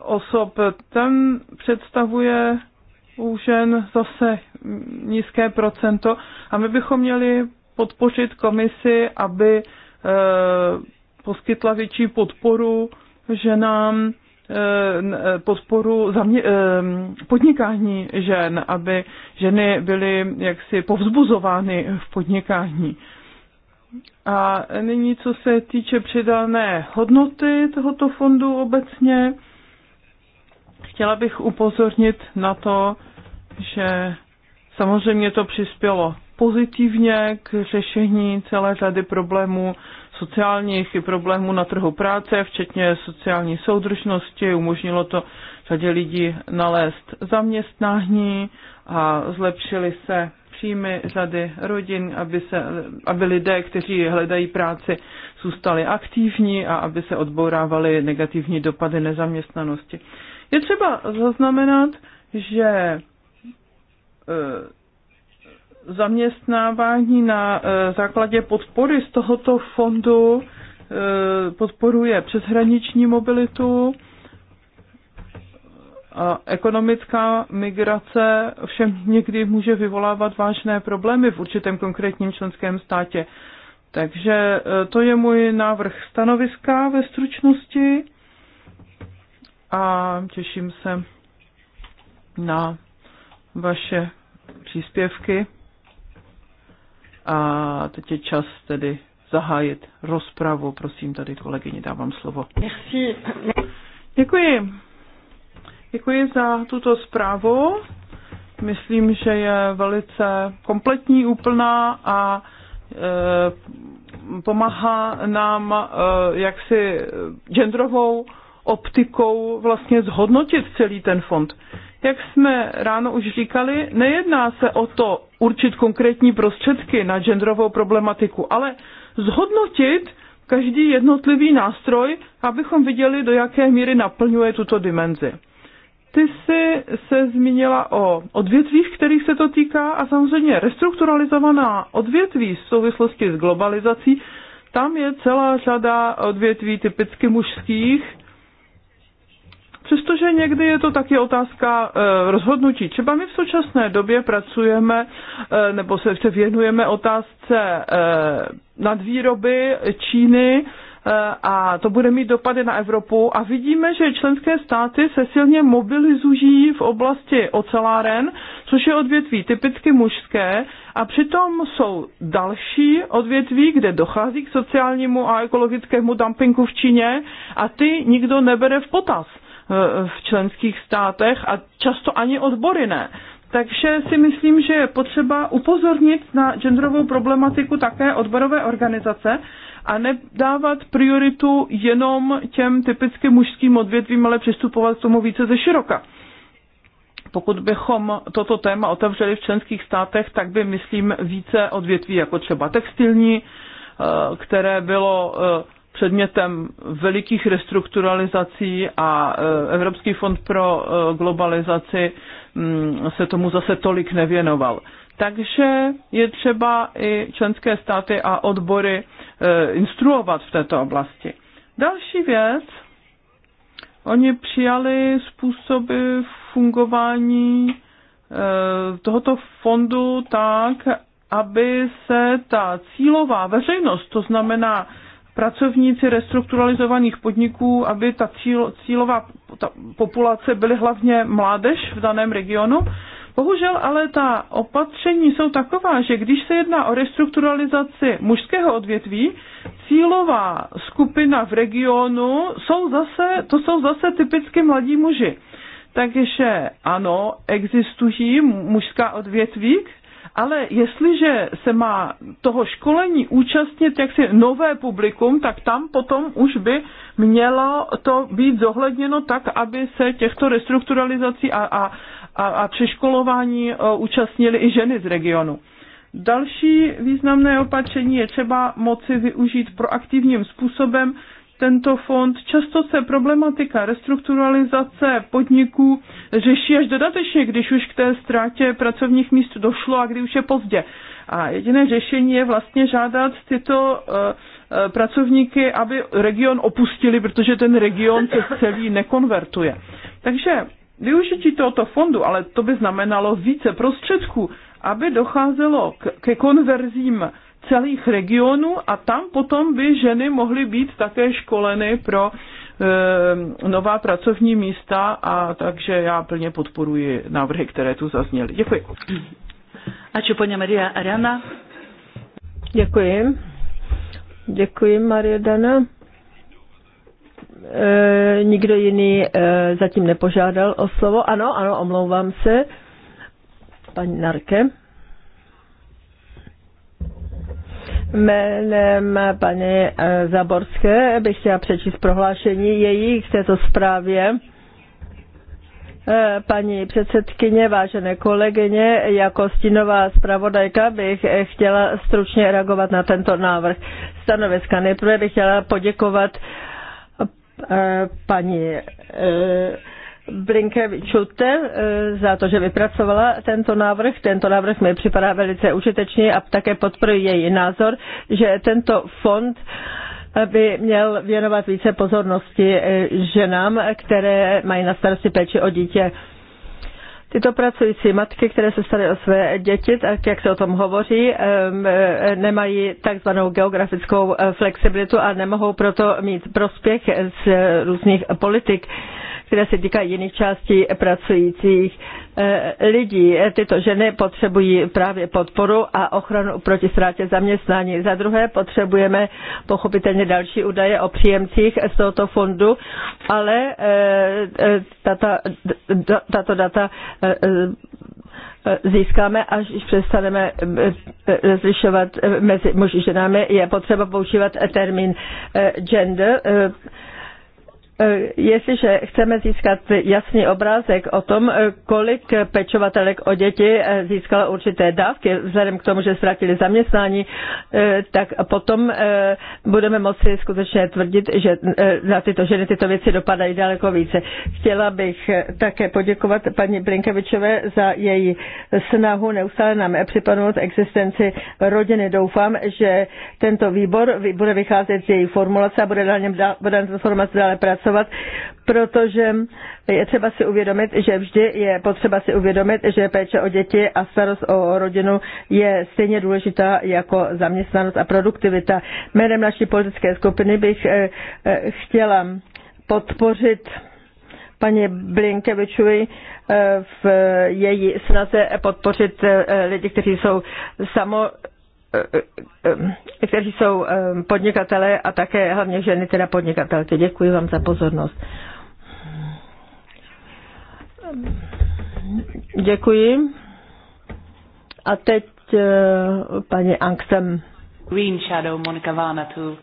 osob, ten představuje u žen zase nízké procento a my bychom měli podpořit komisi, aby eh, poskytla větší podporu ženám, eh, podporu zamě, eh, podnikání žen, aby ženy byly jaksi povzbuzovány v podnikání. A nyní, co se týče přidané hodnoty tohoto fondu obecně, chtěla bych upozornit na to, že samozřejmě to přispělo pozitivně k řešení celé řady problémů sociálních i problémů na trhu práce, včetně sociální soudržnosti. Umožnilo to řadě lidí nalézt zaměstnání a zlepšily se příjmy řady rodin, aby, se, aby lidé, kteří hledají práci, zůstali aktivní a aby se odbourávaly negativní dopady nezaměstnanosti. Je třeba zaznamenat, že e, zaměstnávání na e, základě podpory z tohoto fondu e, podporuje přeshraniční mobilitu ekonomická migrace všem někdy může vyvolávat vážné problémy v určitém konkrétním členském státě. Takže e, to je můj návrh stanoviska ve stručnosti a těším se na vaše příspěvky. A teď je čas tedy zahájit rozpravu. Prosím, tady kolegyně dávám slovo. Děkuji. Děkuji za tuto zprávu. Myslím, že je velice kompletní, úplná a e, pomáhá nám e, jaksi genderovou optikou vlastně zhodnotit celý ten fond. Jak jsme ráno už říkali, nejedná se o to určit konkrétní prostředky na genderovou problematiku, ale zhodnotit každý jednotlivý nástroj, abychom viděli, do jaké míry naplňuje tuto dimenzi. Ty jsi se zmínila o odvětvích, kterých se to týká a samozřejmě restrukturalizovaná odvětví v souvislosti s globalizací, tam je celá řada odvětví typicky mužských, Přestože někdy je to taky otázka eh, rozhodnutí. Třeba my v současné době pracujeme eh, nebo se věnujeme otázce eh, nadvýroby Číny Eh, a to bude mít dopady na Evropu a vidíme, že členské státy se silně mobilizují v oblasti oceláren, což je odvětví typicky mužské a přitom jsou další odvětví, kde dochází k sociálnímu a ekologickému dumpingu v Číně a ty nikdo nebere v potaz eh, v členských státech a často ani odbory ne. Takže si myslím, že je potřeba upozornit na genderovou problematiku také odborové organizace, a nedávat prioritu jenom těm typicky mužským odvětvím, ale přistupovat k tomu více ze široka. Pokud bychom toto téma otevřeli v členských státech, tak by, myslím, více odvětví, jako třeba textilní, eh, které bylo eh, předmětem velikých restrukturalizací a eh, Evropský fond pro globalizaci mm, se tomu zase tolik nevěnoval. Takže je třeba i členské státy a odbory Eh, instruovat v této oblasti. Další věc, oni přijali způsoby fungování eh, tohoto fondu tak, aby se ta cílová veřejnost, to znamená pracovníci restrukturalizovaných podniků, aby ta cílová ta populace byly hlavně mládež v daném regionu Bohužel ale ta opatření jsou taková, že když se jedná o restrukturalizaci mužského odvětví, cílová skupina v regionu jsou zase, to jsou zase typicky mladí muži. Takže ano, existují mužská odvětví, ale jestliže se má toho školení účastnit jaksi nové publikum, tak tam potom už by mělo to být zohledněno tak, aby se těchto restrukturalizací a, a, a, a přeškolování e, účastnili i ženy z regionu. Další významné opatření je třeba moci využít proaktivním způsobem tento fond. Často se problematika restrukturalizace podniků řeší až dodatečně, když už k té ztrátě pracovních míst došlo a kdy už je pozdě. A jediné řešení je vlastně žádat tyto uh, pracovníky, aby region opustili, protože ten region se celý nekonvertuje. Takže využití tohoto fondu, ale to by znamenalo více prostředků, aby docházelo k, ke konverzím celých regionů a tam potom by ženy mohly být také školeny pro e, nová pracovní místa a takže já plně podporuji návrhy, které tu zazněly. Děkuji. A čo paní Maria Ariana. Děkuji. Děkuji, Maria Dana e, nikdo jiný e, zatím nepožádal o slovo. Ano, ano, omlouvám se. Paní Narke. Jménem paní eh, Zaborské bych chtěla přečíst prohlášení jejich k této zprávě. Paní předsedkyně, vážené kolegyně, jako stínová zpravodajka bych chtěla stručně reagovat na tento návrh stanoviska. Nejprve bych chtěla poděkovat uh, Eh, paní eh, Blinkevičute eh, za to, že vypracovala tento návrh. Tento návrh mi připadá velice užitečný a také podporuji její názor, že tento fond by měl věnovat více pozornosti ženám, které mají na starosti péči o dítě. Tyto pracující matky, které se staly o své děti, tak jak se o tom hovoří, nemají takzvanou geografickou eh, flexibilitu a nemohou proto mít prospěch z různých politik, které se týkají jiných částí pracujících Eh, lidí. Eh, tyto ženy potřebují právě podporu a ochranu proti ztrátě zaměstnání. Za druhé potřebujeme pochopitelně další údaje o příjemcích z tohoto fondu, ale eh, tato, tato data získáme, až přestaneme rozlišovat mezi muži a ženami. Je potřeba používat termín gender, E, jestliže chceme získat jasný obrázek o tom, e, kolik pečovatelek o děti e, získalo určité dávky, vzhledem k tomu, že ztratili zaměstnání, tak potom budeme moci skutečně tvrdit, že na tyto ženy tyto věci dopadají daleko více. Chtěla bych také poděkovat paní Brinkevičové za její snahu neustále nám připomenout existenci rodiny. Doufám, že tento výbor bude vycházet z její formulace a bude na něm dále, bude na dále pracovat pracovat, protože je třeba si uvědomit, že vždy je potřeba si uvědomit, že péče o děti a starost o rodinu je stejně důležitá jako zaměstnanost a produktivita. Jménem naší politické skupiny bych eh, eh, chtěla podpořit paní Blinkevičovi eh, v její snaze podpořit lidi, kteří jsou samo Eh, eh, eh, kteří jsou podnikatelé a také hlavně ženy, teda podnikatelky. Děkuji vám za pozornost. Děkuji. A teď paní Angsem. Green Shadow, Monika tu.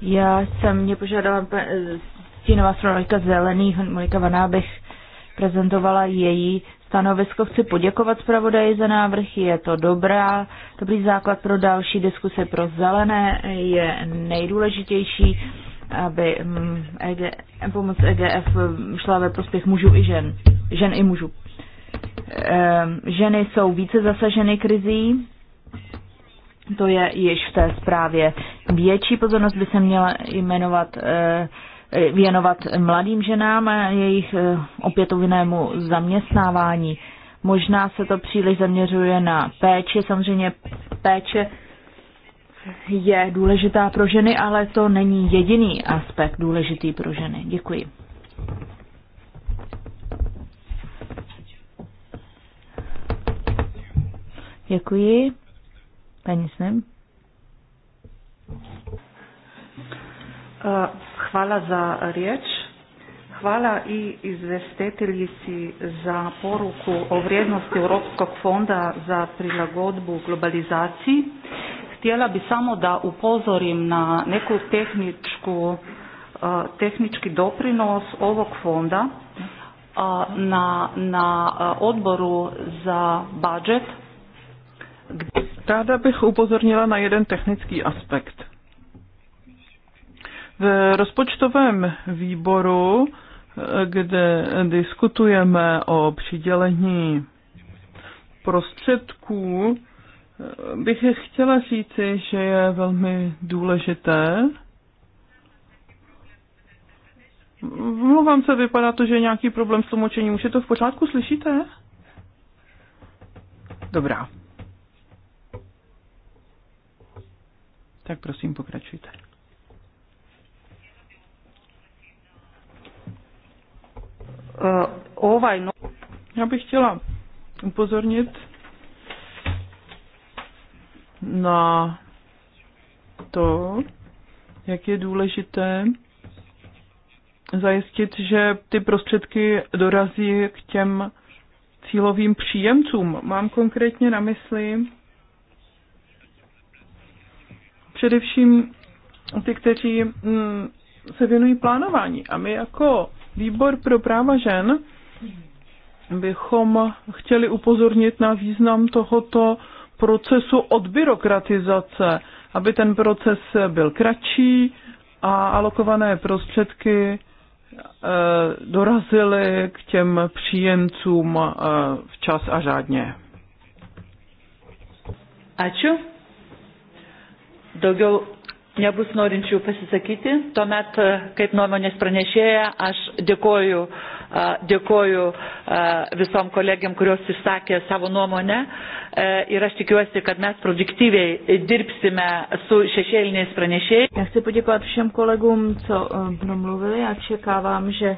Já jsem mě požádala stínová zpravodajka zelených, Monika Vaná, abych prezentovala její stanovisko. Chci poděkovat zpravodaji za návrh, je to dobrá, dobrý základ pro další diskuse pro zelené, je nejdůležitější, aby mm, EG, pomoc EGF šla ve prospěch mužů i žen, žen i mužů. Ehm, ženy jsou více zasaženy krizí, to je již v té zprávě. Větší pozornost by se měla jmenovat eh, Eh, věnovat mladým ženám a jejich eh, opětovnému zaměstnávání. Možná se to příliš zaměřuje na péči, samozřejmě péče je důležitá pro ženy, ale to není jediný aspekt důležitý pro ženy. Děkuji. Děkuji. Paní Snem. Eh, hvala za riječ. Hvala i izvestiteljici za poruku o vrijednosti Europskog fonda za prilagodbu globalizaciji. Htjela bi samo da upozorim na neku tehničku, eh, tehnički doprinos ovog fonda. Eh, na, na odboru za budget. Ráda bych upozornila na jeden technický aspekt. V rozpočtovém výboru, kde diskutujeme o přidělení prostředků, bych chtěla říci, že je velmi důležité, Mluvám se, vypadá to, že je nějaký problém s tlumočením. Už je to v pořádku, slyšíte? Dobrá. Tak prosím, pokračujte. Eh, ovaj... No... Já bych chtěla upozornit na to, jak je důležité zajistit, že ty prostředky dorazí k těm cílovým příjemcům. Mám konkrétně na mysli především ty, kteří mm, se věnují plánování. A my jako Výbor pro práva žen bychom chtěli upozornit na význam tohoto procesu odbyrokratizace, aby ten proces byl kratší a alokované prostředky eh, dorazily k těm příjemcům eh, včas a řádně. Ačiū. Daugiau nebus norinčių pasisakyti tuomet e, kaip nuomonės pranešėja aš dėkoju, e, dėkoju e, visom kolegiam, kurios išsakė savo nuomonę ir aš tikiuosi kad mes produktyviai dirbsime su šešėliniais pranešėjais. Já chci poděkovat všem kolegům, co promluvili a čekávám, že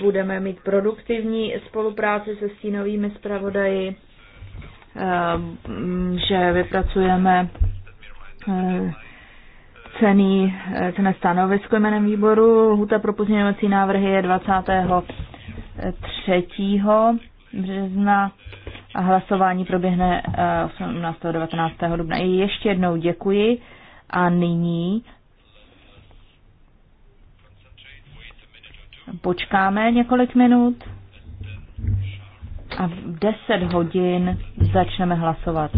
budeme mít produktivní spolupráci se stínovými zpravodaji, že vypracujeme cený, eh, cené stanovisko jménem výboru. Lhuta pro pozměňovací návrhy je 23. března a hlasování proběhne 18. Eh, a 19. dubna. I ještě jednou děkuji a nyní počkáme několik minut a v 10 hodin začneme hlasovat.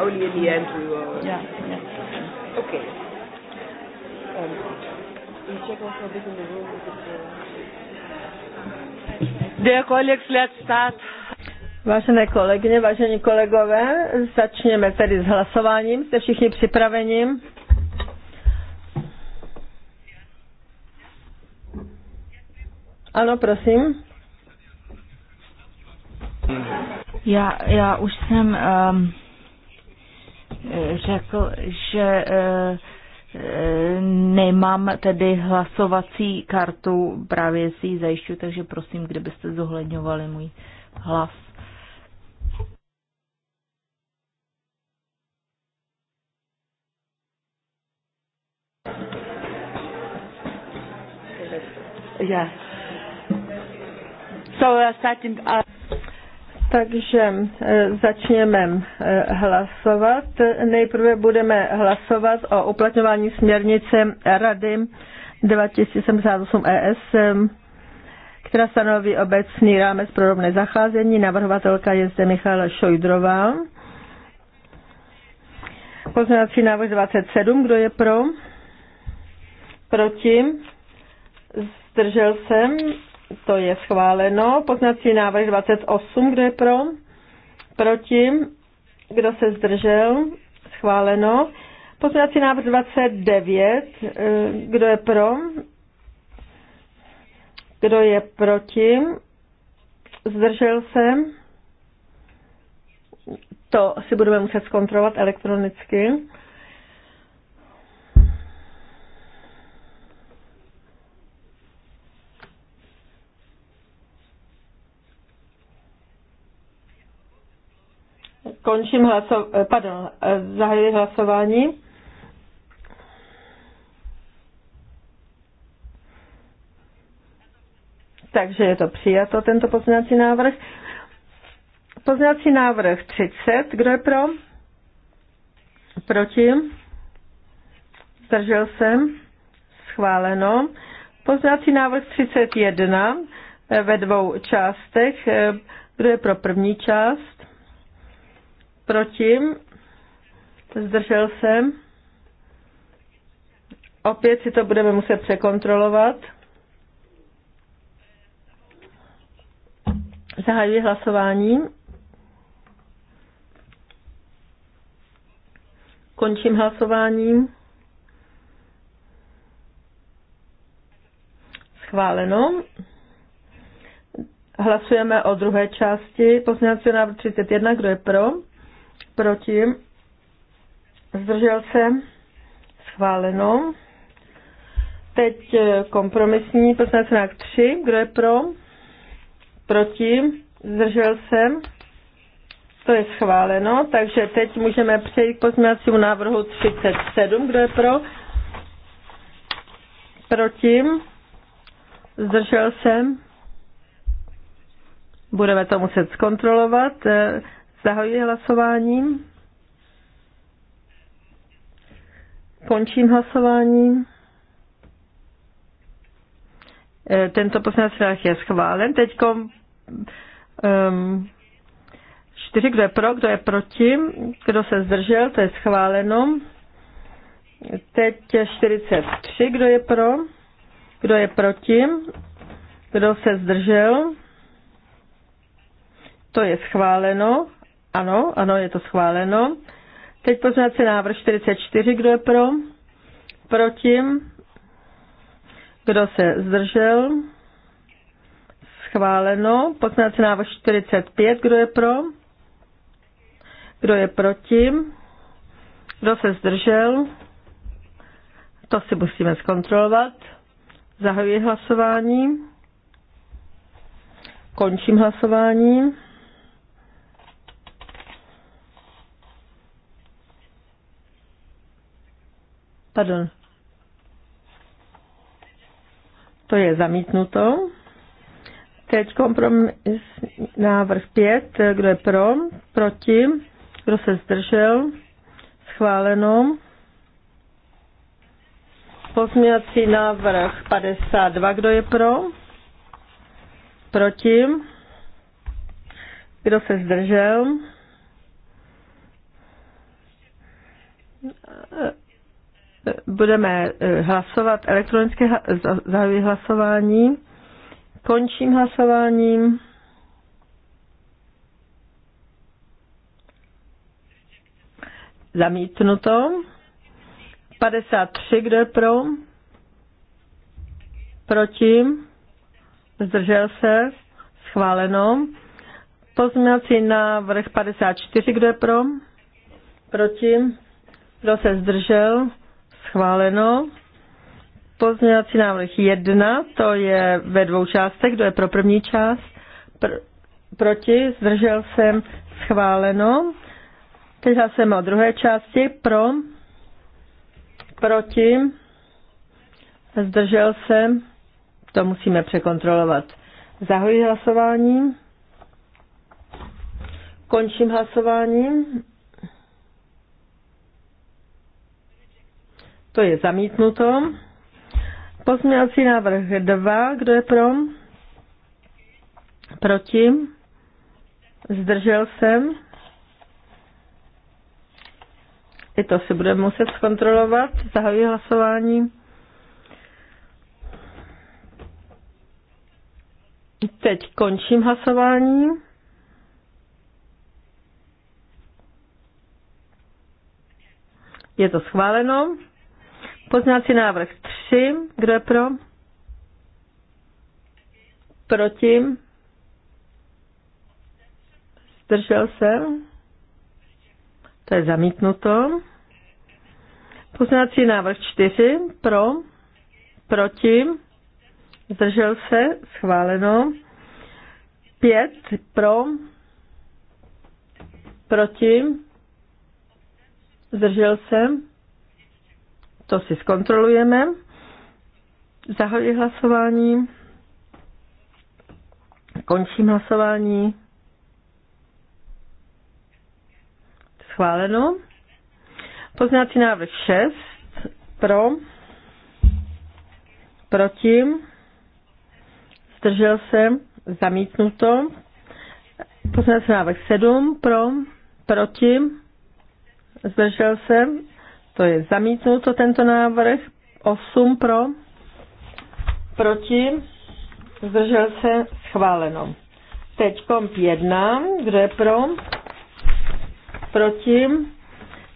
Only in the end we will. Yeah, yeah. Okay. Um, we check also a bit in the room if it's. Uh... Dear colleagues, let's start. Vážené kolegyně, vážení kolegové, začněme tedy s hlasováním. Jste všichni připraveni? Ano, prosím. Já, já už jsem um, řekl, že e, e, nemám tedy hlasovací kartu, právě si ji zajišťu, takže prosím, kdybyste zohledňovali můj hlas. Yeah. So, uh, starting, uh... Takže eh, začněme eh, hlasovat. Nejprve budeme hlasovat o uplatňování směrnice Rady 2078 ES, eh, která stanoví obecný rámec pro rovné zacházení. Navrhovatelka je zde Michála Šojdrová. Pozměňovací návrh 27, kdo je pro? Proti? Zdržel jsem to je schváleno. Poznací návrh 28, kdo je pro? Proti? Kdo se zdržel? Schváleno. Poznací návrh 29, eh, kdo je pro? Kdo je proti? Zdržel se? To si budeme muset zkontrolovat elektronicky. Končím hlasování, eh, pardon, eh, zahajuji hlasování. Takže je to přijato, tento pozměňovací návrh. Pozměňovací návrh 30. Kdo je pro? Proti? Zdržel jsem? Schváleno. Pozměňovací návrh 31 eh, ve dvou částech. Kdo je pro první část? Proti? Zdržel jsem? Opět si to budeme muset překontrolovat. Zahajuji hlasování. Končím hlasováním. Schváleno. Hlasujeme o druhé části pozměňovacího návrhu 31. Kdo je pro? proti, zdržel se, schváleno. Teď eh, kompromisní poslanecký návrh 3, kdo je pro, proti, zdržel se, to je schváleno, takže teď můžeme přejít k pozměňovacímu návrhu 37, kdo je pro, proti, zdržel se, budeme to muset zkontrolovat. Eh, Zahajuji hlasování. Končím hlasování. E, tento poslanec návrh je schválen. Teď um, čtyři, kdo je pro, kdo je proti, kdo se zdržel, to je schváleno. Teď 43, kdo je pro, kdo je proti, kdo se zdržel, to je schváleno. Ano, ano, je to schváleno. Teď poznací návrh 44, kdo je pro? Proti? Kdo se zdržel? Schváleno. Poznací návrh 45, kdo je pro? Kdo je proti? Kdo se zdržel? To si musíme zkontrolovat. Zahajuji hlasování. Končím hlasování. Pardon. To je zamítnuto. Teď kompromis návrh 5. Kdo je pro? Proti? Kdo se zdržel? Schváleno. Pozměňovací návrh 52. Kdo je pro? Proti? Kdo se zdržel? budeme e, hlasovat elektronické zahajuji hlasování. Končím hlasováním. Zamítnuto. 53, kdo je pro? Proti? Zdržel se? Schváleno. Pozměňovací návrh 54, kdo je pro? Proti? Kdo se zdržel? Schváleno. Pozměňovací návrh 1, to je ve dvou částech. Kdo je pro první část? Pr- proti? Zdržel jsem. Schváleno. Teď hlasujeme o druhé části. Pro? Proti? Zdržel jsem. To musíme překontrolovat. Zahoji hlasování. Končím hlasování. to je zamítnuto. Pozměňovací návrh 2, kdo je pro? Proti? Zdržel jsem? I to si budeme muset zkontrolovat. Zahajuji hlasování. Teď končím hlasování. Je to schváleno. Poznáci návrh 3. Kdo je pro? Proti? Zdržel se? To je zamítnuto. Poznáci návrh 4. Pro? Proti? Zdržel se? Schváleno. 5. Pro? Proti? Zdržel se? To si zkontrolujeme. Zahajuji hlasování. Končím hlasování. Schváleno. Poznávací návrh 6. Pro. Proti. Zdržel se. Zamítnuto. Poznávací návrh 7. Pro. Proti. Zdržel se to je zamítnuto tento návrh. 8 pro, proti, zdržel se, schváleno. Teď komp 1, kdo je pro, proti,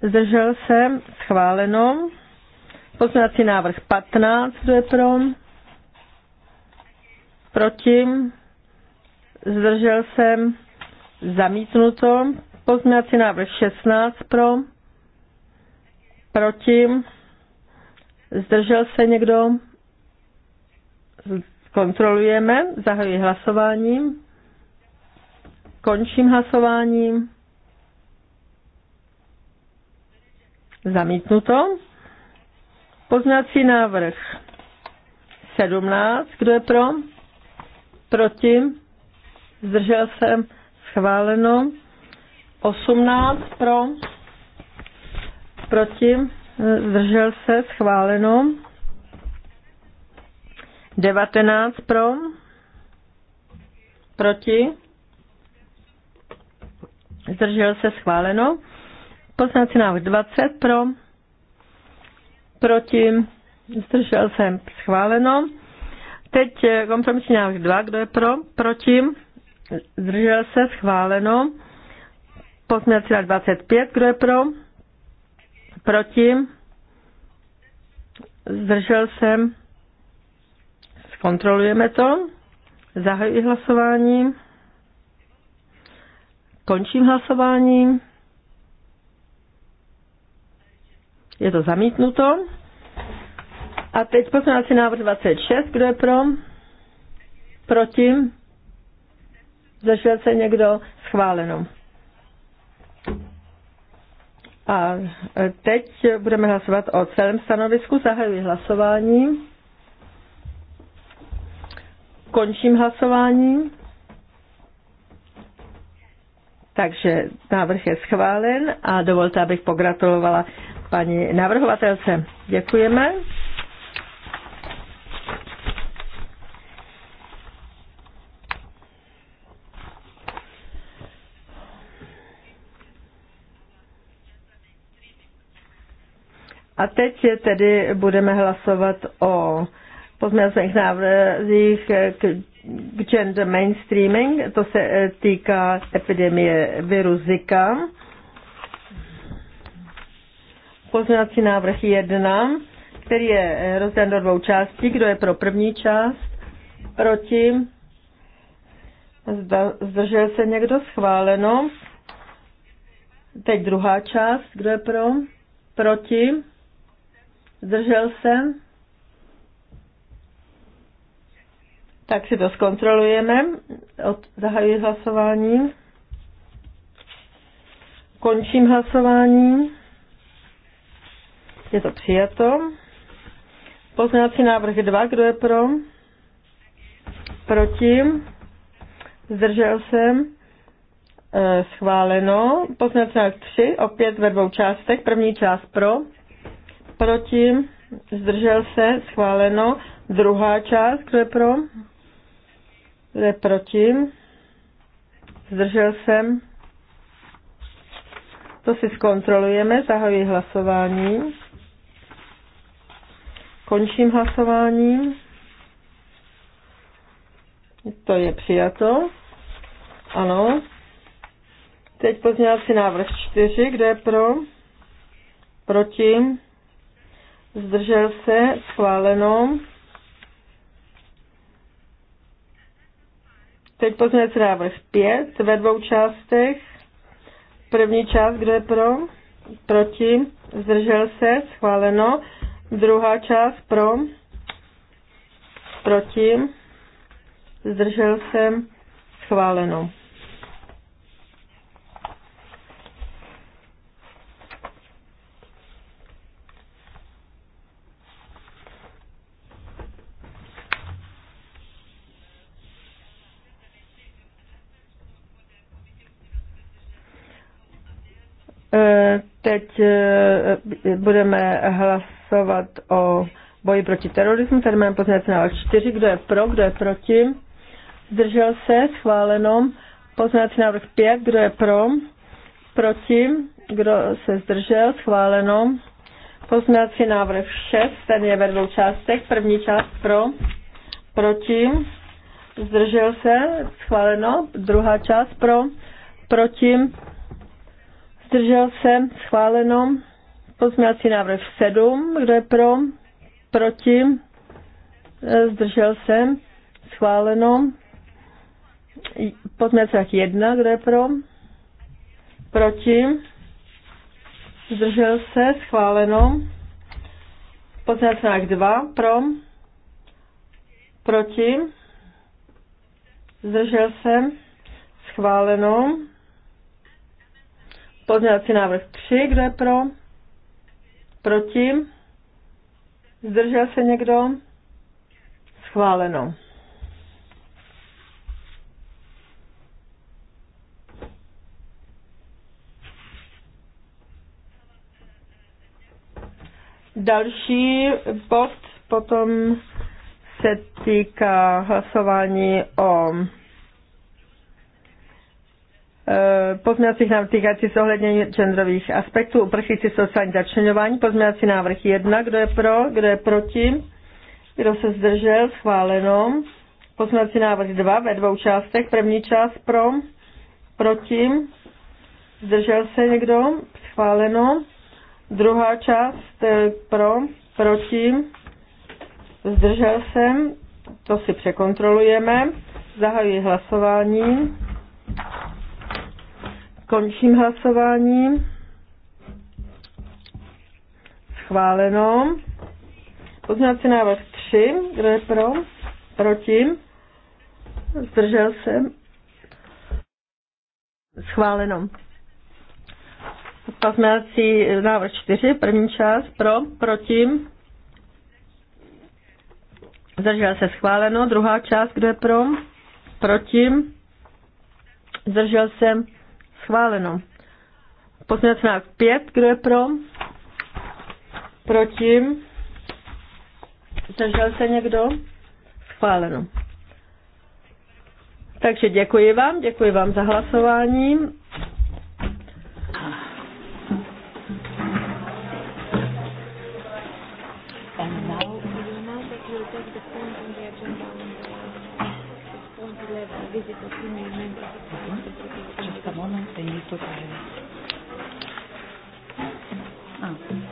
zdržel se, schváleno. Pozměňovací návrh 15, kdo je pro, proti, zdržel se, zamítnuto. Pozměnací návrh 16 pro, Proti? Zdržel se někdo? Kontrolujeme. Zahajuji hlasování. Končím hlasování. Zamítnuto. Poznací návrh 17. Kdo je pro? Proti? Zdržel se? Schváleno. 18 pro proti, zdržel se, schváleno. 19 pro, proti, zdržel se, schváleno. Poslanci návrh 20 pro, proti, zdržel se, schváleno. Teď eh, kompromisní návrh 2, kdo je pro, proti, zdržel se, schváleno. Poslanci návrh 25, kdo je pro, Proti? Zdržel jsem. Zkontrolujeme to. Zahajuji hlasování. Končím hlasování. Je to zamítnuto. A teď poslanecí návrh 26. Kdo je pro? Proti? Zdržel se někdo? Schváleno. A e, teď budeme hlasovat o celém stanovisku. Zahajuji hlasování. Končím hlasování. Takže návrh je schválen a dovolte, abych pogratulovala paní navrhovatelce. Děkujeme. A teď tedy budeme hlasovat o pozměňovacích návrzích k gender mainstreaming. To se eh, týká epidemie viru Zika. Pozměňovací návrh 1, který je eh, rozdělen do dvou částí. Kdo je pro první část? Proti? Zda, zdržel se někdo? Schváleno. Teď druhá část. Kdo je pro? Proti? Zdržel se? Tak si to zkontrolujeme. Od, zahajuji hlasování. Končím hlasování. Je to přijato. Poznávací návrh 2. Kdo je pro? Proti? Zdržel jsem. E, eh, schváleno. Poznávací návrh 3. Opět ve dvou částech. První část pro proti, zdržel se, schváleno. Druhá část, kdo je pro, kdo je proti, zdržel se. To si zkontrolujeme, zahajuji hlasování. Končím hlasování. To je přijato. Ano. Teď pozměňovací návrh 4. Kdo je pro? Proti? zdržel se, schváleno. Teď pozměnec návrh 5 ve dvou částech. První část, kdo je pro, proti, zdržel se, schváleno. Druhá část pro, proti, zdržel se, schváleno. Eh, teď eh, budeme hlasovat o boji proti terorismu. Tady máme pozměňovací návrh 4. Kdo je pro, kdo je proti? Zdržel se, schváleno. Pozměňovací návrh 5. Kdo je pro? Proti? Kdo se zdržel? Schváleno. Pozměňovací návrh 6. Ten je ve dvou částech. První část pro, proti, zdržel se, schváleno. Druhá část pro, proti, zdržel se, schváleno. Pozměňovací návrh 7, e, kdo je pro, proti, zdržel se, schváleno. Pozměňovací návrh 1, kdo je pro, proti, zdržel se, schváleno. Pozměňovací návrh 2, pro, proti, zdržel se, schváleno. Pozměňovací návrh 3, kdo je pro? Proti? Zdržel se někdo? Schváleno. Další bod potom se týká hlasování o Pozměňovací návrh týkající se ohledně genderových aspektů, uprchlíci sociální začlenování. Pozměňovací návrh 1. Kdo je pro? Kdo je proti? Kdo se zdržel? Schváleno. Pozměňovací návrh 2 ve dvou částech. První část pro, proti. Zdržel se někdo? Schváleno. Druhá část eh, pro, proti. Zdržel jsem. To si překontrolujeme. Zahajuji hlasování. Končím hlasování. Schváleno. Pozměňovací návrh 3. Kdo je pro? Proti? Zdržel se? Schváleno. Pozměňovací návrh 4. První část. Pro? Proti? Zdržel se? Schváleno. Druhá část. Kdo je pro? Proti? Zdržel se? Schváleno. Pozměňovací návrh 5, kdo je pro? Proti? Zdržel se někdo? Schváleno. Takže děkuji vám, děkuji vám za hlasování. visit of union members. Ramona, a moment, they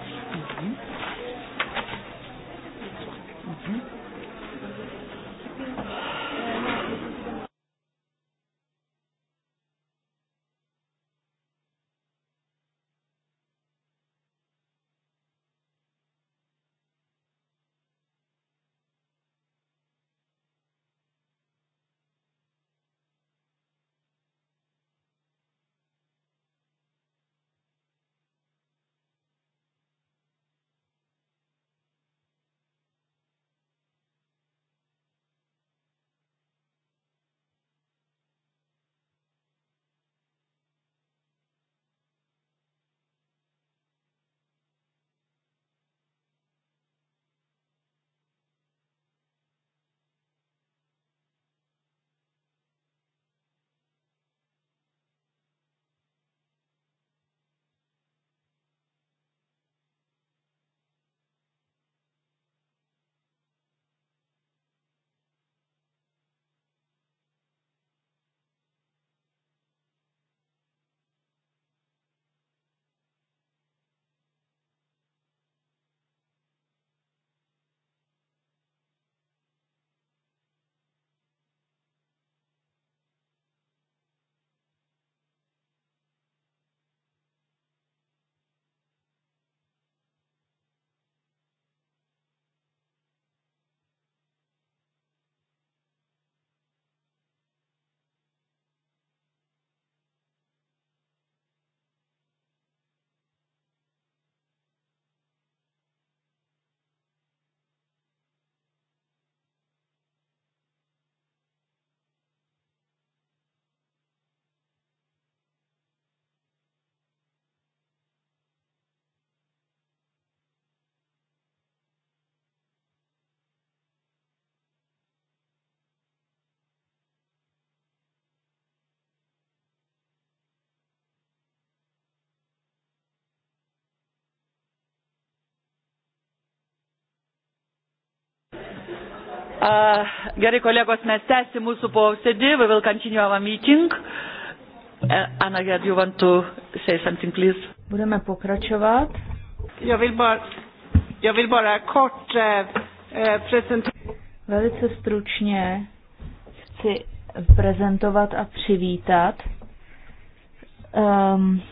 gerai, kolegos, mes tęsim mūsų posėdį. We will continue our meeting. Uh, Anna, do you want to say something, please? Budeme pokračovat. Jag vill bara, jag vill bara kort eh, eh presentera. Velice stručně chci prezentovat a přivítat um,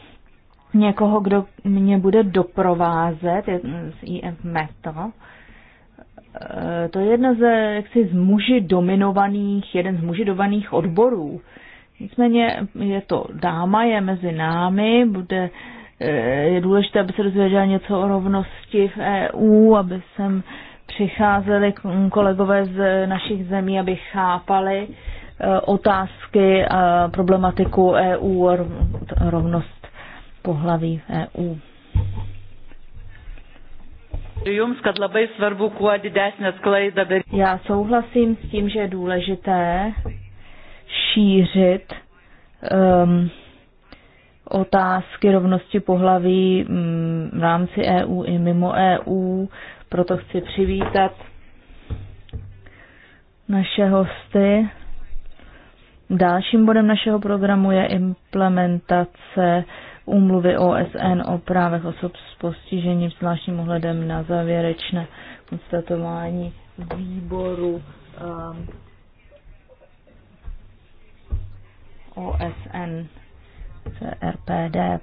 někoho, kdo mě bude doprovázet z IMF Metal. Uh, Eh, to je jedna ze jaksi z muži dominovaných, jeden z muži dominovaných odborů. Nicméně je to dáma, je mezi námi, bude, eh, je důležité, aby se dozvěděla něco o rovnosti v EU, aby sem přicházeli kolegové z našich zemí, aby chápali eh, otázky a problematiku EU a rovnost pohlaví v EU. Jums, kad labai svarbu, kuo didesnė sklaida. Já souhlasím s tím, že je důležité šířit um, otázky rovnosti pohlaví um, v rámci EU i mimo EU. Proto chci přivítat naše hosty. Dalším bodem našeho programu je implementace uh, úmluvy OSN o právech osob s postižením, zvláštním ohledem na závěrečné konstatování výboru um, OSN CRPD.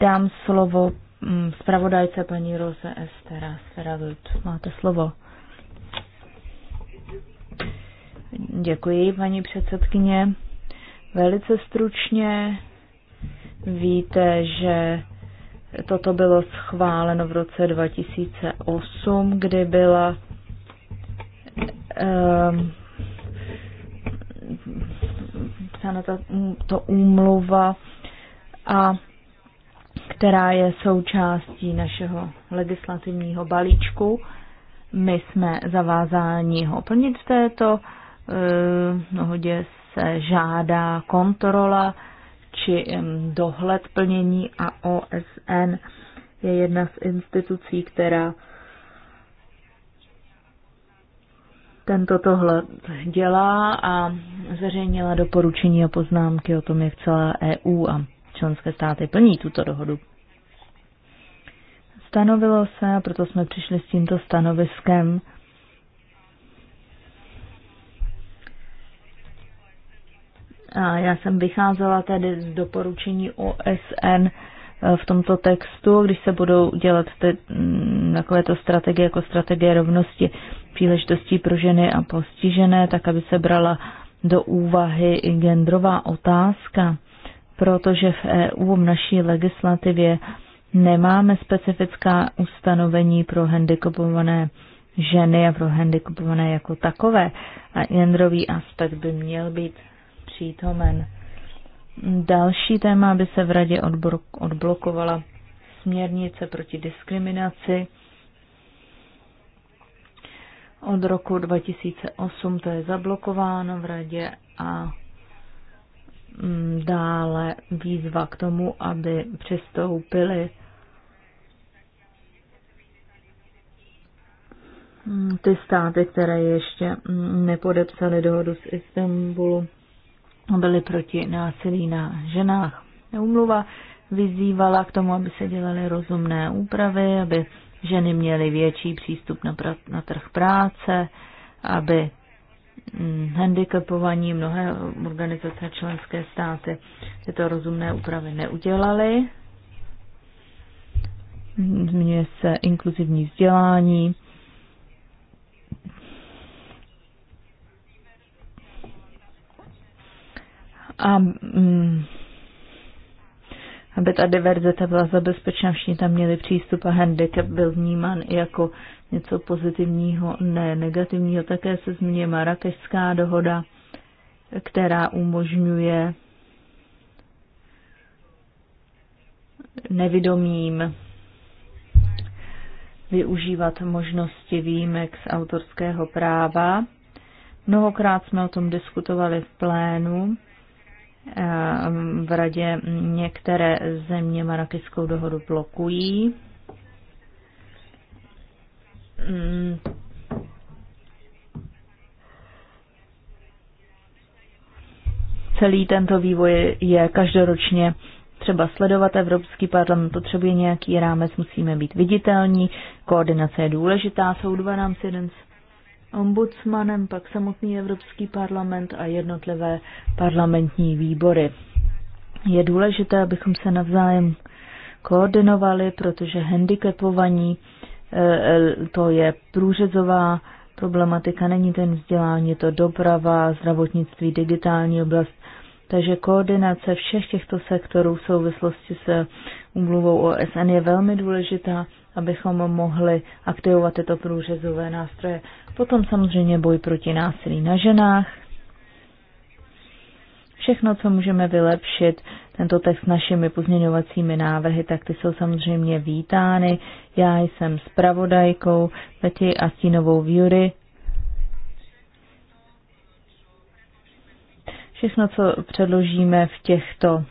Dám slovo um, zpravodajce paní Rose Estera Sferadut. Máte slovo. Děkuji, paní předsedkyně. Velice stručně Víte, že toto bylo schváleno v roce 2008, kdy byla eh, to úmluva, a která je součástí našeho legislativního balíčku. My jsme zavázáni ho plnit v této eh, dohodě se žádá kontrola eh, či dohled plnění a OSN je jedna z institucí, která tento tohle dělá a zveřejnila doporučení a poznámky o tom, jak celá EU a členské státy plní tuto dohodu. Stanovilo se, a proto jsme přišli s tímto stanoviskem, A já jsem vycházela tedy z doporučení OSN e, v tomto textu, když se budou dělat ty, mm, takovéto strategie jako strategie rovnosti příležitostí pro ženy a postižené, tak aby se brala do úvahy i genderová otázka, protože v EU v naší legislativě nemáme specifická ustanovení pro handicapované ženy a pro handicapované jako takové a genderový aspekt by měl být přítomen. Další téma, aby se v radě odblokovala směrnice proti diskriminaci od roku 2008, to je zablokováno v radě a mm, dále výzva k tomu, aby přistoupili mm, ty státy, které ještě mm, nepodepsaly dohodu z Istanbulu byli proti násilí na ženách. Umluva vyzývala k tomu, aby se dělaly rozumné úpravy, aby ženy měly větší přístup na, pr- na trh práce, aby hm, handicapovaní mnohé organizace členské státy tyto rozumné úpravy neudělaly. Zmiňuje se inkluzivní vzdělání, a, mm, aby ta diverzita byla zabezpečena, všichni tam měli přístup a handicap byl vnímán i jako něco pozitivního, ne negativního. Také se změní Marrakešská dohoda, která umožňuje nevidomým využívat možnosti výjimek z autorského práva. Mnohokrát jsme o tom diskutovali v plénu v radě některé země marakeskou dohodu blokují. Mm. Celý tento vývoj je každoročně třeba sledovat. Evropský parlament potřebuje nějaký rámec, musíme být viditelní. Koordinace je důležitá, jsou dva rámci, jeden ombudsmanem, pak samotný Evropský parlament a jednotlivé parlamentní výbory. Je důležité, abychom se navzájem koordinovali, protože handicapovaní eh, eh, to je průřezová problematika, není ten vzdělání, je to doprava, zdravotnictví, digitální oblast. Takže koordinace všech těchto sektorů v souvislosti se umluvou OSN je velmi důležitá abychom mohli aktivovat tyto průřezové nástroje. Potom samozřejmě boj proti násilí na ženách. Všechno, co můžeme vylepšit, tento text našimi pozměňovacími návrhy, tak ty jsou samozřejmě vítány. Já jsem spravodajkou Peti a Stínovou Vjury. Všechno, co předložíme v těchto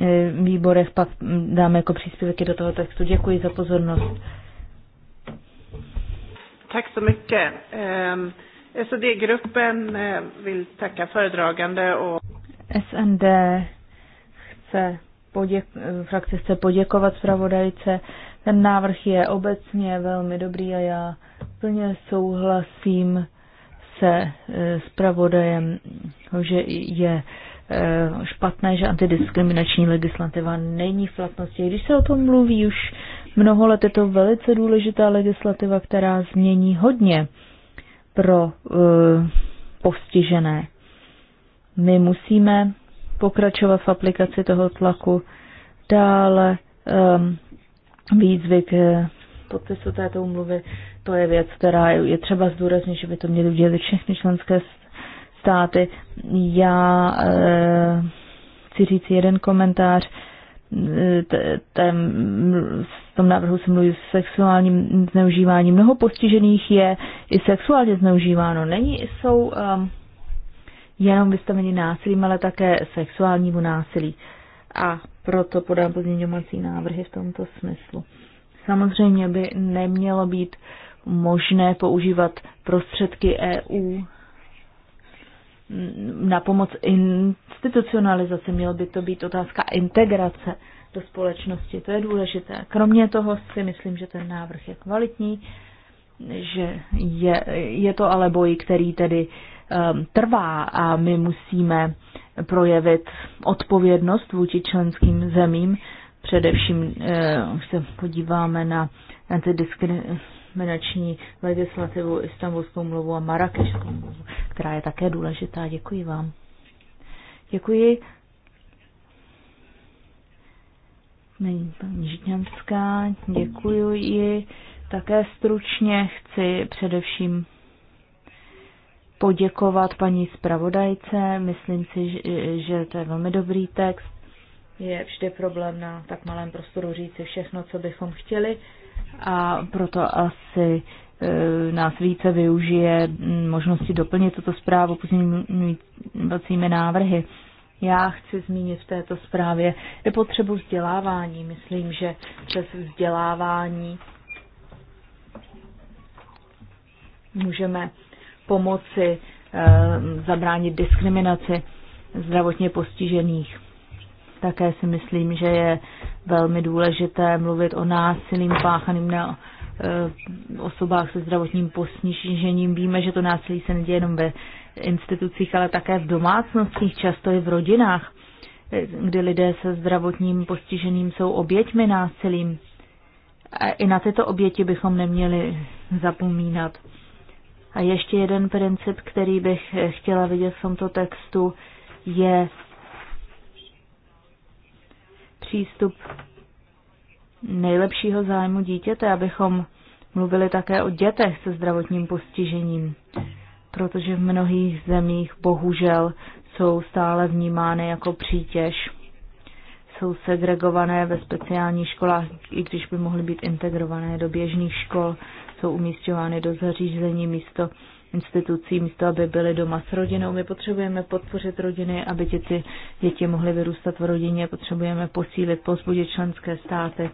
E, výborech, pak dáme jako příspěvky do toho textu. Děkuji za pozornost. Tak så mycket. Ehm, SED-gruppen eh, vill tacka föredragande och... SND chce poděk- frakce chce poděkovat zpravodajce. Ten návrh je obecně velmi dobrý a já plně souhlasím se eh, zpravodajem, že je Eh, špatné, že antidiskriminační legislativa není v platnosti. Když se o tom mluví už mnoho let, je to velice důležitá legislativa, která změní hodně pro uh, postižené. My musíme pokračovat v aplikaci toho tlaku dále. Um, výzvy k podpisu této umluvy, to je věc, která je třeba zdůraznit, že by to měly udělat všechny členské státy. Já eh, chci říct jeden komentář. v tom návrhu se mluví o sexuálním zneužívání. Mnoho postižených je i sexuálně zneužíváno. Není, jsou um, jenom vystaveni násilím, ale také sexuálnímu násilí. A proto podám pozměňovací návrhy v tomto smyslu. Samozřejmě by nemělo být možné používat prostředky EU na pomoc institucionalizace, měl by to být otázka integrace do společnosti. To je důležité. Kromě toho si myslím, že ten návrh je kvalitní, že je, je to ale boj, který tedy um, trvá a my musíme projevit odpovědnost vůči členským zemím. Především, uh, eh, když se podíváme na antidiskriminaci, diskriminační legislativu, istambulskou mluvu a Marrakešskou mluvu, která je také důležitá. Děkuji vám. Děkuji. Není paní Žitňanská, děkuji ji. Také stručně chci především poděkovat paní zpravodajce. Myslím si, že to je velmi dobrý text. Je vždy problém na tak malém prostoru říci všechno, co bychom chtěli a proto asi e, nás více využije možnosti doplnit tuto zprávu pozměňovacími návrhy. Já chci zmínit v této zprávě potřebu vzdělávání. Myslím, že přes vzdělávání můžeme pomoci e, zabránit diskriminaci zdravotně postižených. Také si myslím, že je velmi důležité mluvit o násilím páchaným na eh, osobách se zdravotním postižením. Víme, že to násilí se neděje jenom ve institucích, ale také v domácnostích, často i v rodinách, eh, kdy lidé se zdravotním postižením jsou oběťmi násilím. A I na tyto oběti bychom neměli zapomínat. A ještě jeden princip, který bych chtěla vidět v tomto textu, je přístup nejlepšího zájmu dítěte, abychom mluvili také o dětech se zdravotním postižením, protože v mnohých zemích bohužel jsou stále vnímány jako přítěž. Jsou segregované ve speciálních školách, i když by mohly být integrované do běžných škol, jsou umístěvány do zařízení místo institucí, místo aby byly doma s rodinou. My potřebujeme podpořit rodiny, aby děti, děti mohly vyrůstat v rodině, potřebujeme posílit, pozbudit členské státy,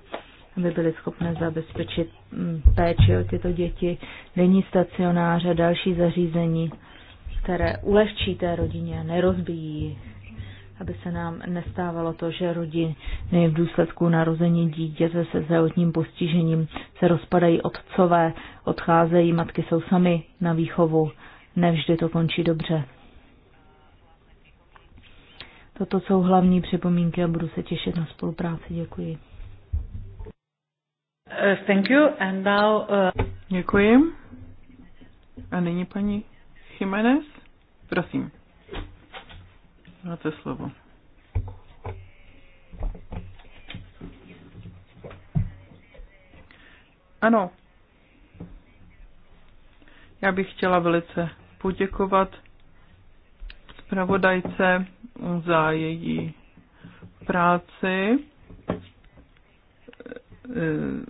aby byly schopné zabezpečit mm, péči o tyto děti, denní stacionáře, další zařízení, které ulehčí té rodině a aby se nám nestávalo to, že rodiny v důsledku narození dítěte se zdravotním postižením se rozpadají otcové, odcházejí, matky jsou sami na výchovu. Nevždy to končí dobře. Toto jsou hlavní připomínky a budu se těšit na spolupráci. Děkuji. Uh, thank you. And now, uh... Děkuji. A nyní paní Jiménez, prosím. Máte slovo. Ano. Já bych chtěla velice poděkovat zpravodajce za její práci. Eh, eh,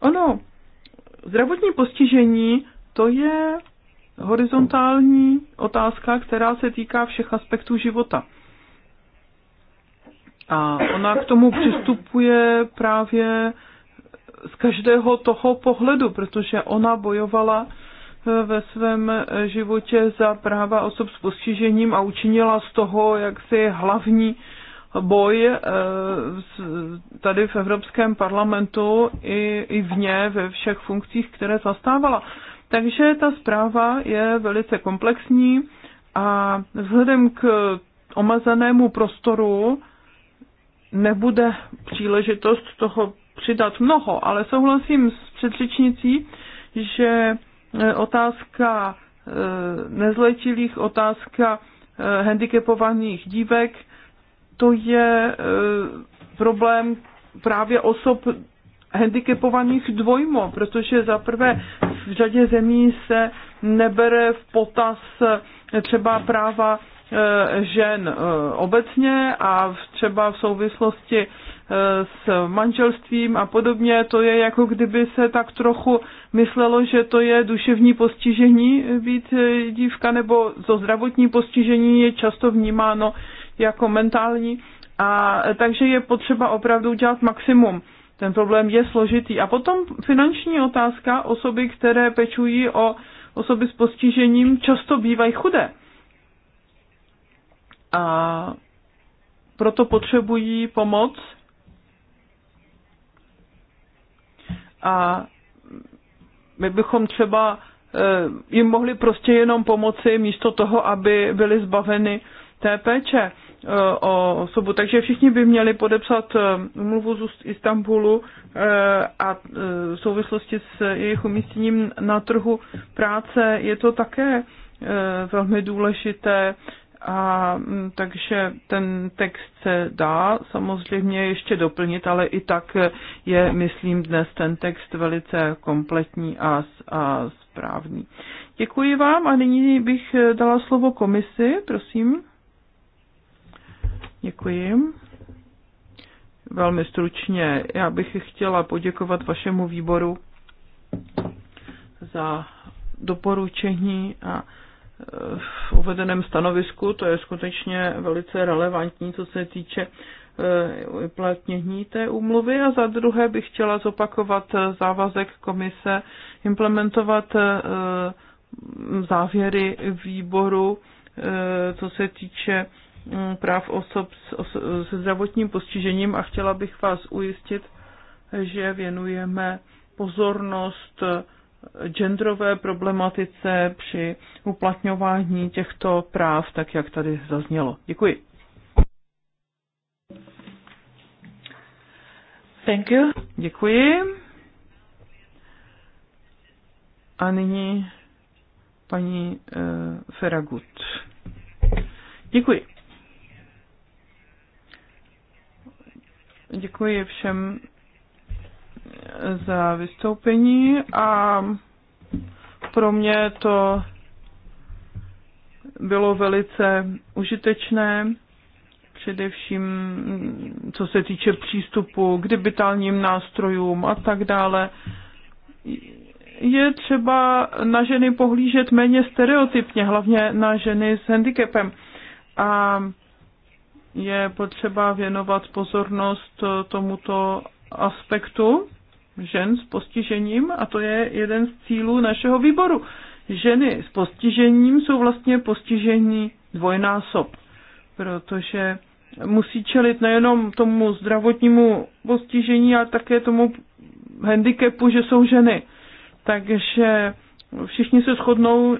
ono, zdravotní postižení, to je horizontální otázka, která se týká všech aspektů života. A ona k tomu přistupuje právě z každého toho pohledu, protože ona bojovala eh, ve svém eh, životě za práva osob s postižením a učinila z toho jaksi hlavní boj eh, tady v Evropském parlamentu i, i v ně ve všech funkcích, které zastávala. Takže ta zpráva je velice komplexní a vzhledem k omezenému prostoru nebude příležitost toho přidat mnoho, ale souhlasím s předřečnicí, že e, otázka e, nezletilých, otázka e, handicapovaných dívek, to je problém právě osob handicapovaných dvojmo, protože za prvé v řadě zemí se nebere v potaz třeba práva e, žen e, obecně a třeba v souvislosti e, s manželstvím a podobně, to je jako kdyby se tak trochu myslelo, že to je duševní postižení být dívka, nebo to zdravotní postižení je často vnímáno jako mentální. A takže je potřeba opravdu dělat maximum ten problém je složitý. A potom finanční otázka, osoby, které pečují o osoby s postižením, často bývají chudé. A proto potřebují pomoc. A my bychom třeba eh, jim mohli prostě jenom pomoci místo toho, aby byli zbaveni té péče eh, o osobu. Takže všichni by měli podepsat eh, umluvu z Istanbulu eh, a v souvislosti s jejich umístěním na trhu práce je to také velmi důležité. A mm, takže ten text se dá samozřejmě ještě doplnit, ale i tak je, myslím, dnes ten text velice kompletní a, a správný. Děkuji vám a nyní bych dala slovo komisi, prosím. Děkuji. Velmi stručně, já bych chtěla poděkovat vašemu výboru za doporučení a e, v uvedeném stanovisku, to je skutečně velice relevantní, co se týče e, uplatnění té úmluvy a za druhé bych chtěla zopakovat závazek komise implementovat e, závěry výboru, co se týče Mm, práv osob se zdravotním postižením a chtěla bych vás ujistit, že věnujeme pozornost genderové problematice při uplatňování těchto práv, tak jak tady zaznělo. Děkuji. Thank you. Děkuji. A nyní paní uh, Feragut. Děkuji. Děkuji všem za vystoupení a pro mě to bylo velice užitečné, především co se týče přístupu k digitálním nástrojům a tak dále. Je třeba na ženy pohlížet méně stereotypně, hlavně na ženy s handicapem. A je potřeba věnovat pozornost eh, tomuto aspektu žen s postižením a to je jeden z cílů našeho výboru. Ženy s postižením jsou vlastně postižení dvojnásob, protože musí čelit nejenom tomu zdravotnímu postižení, ale také tomu handicapu, že jsou ženy. Takže všichni se shodnou,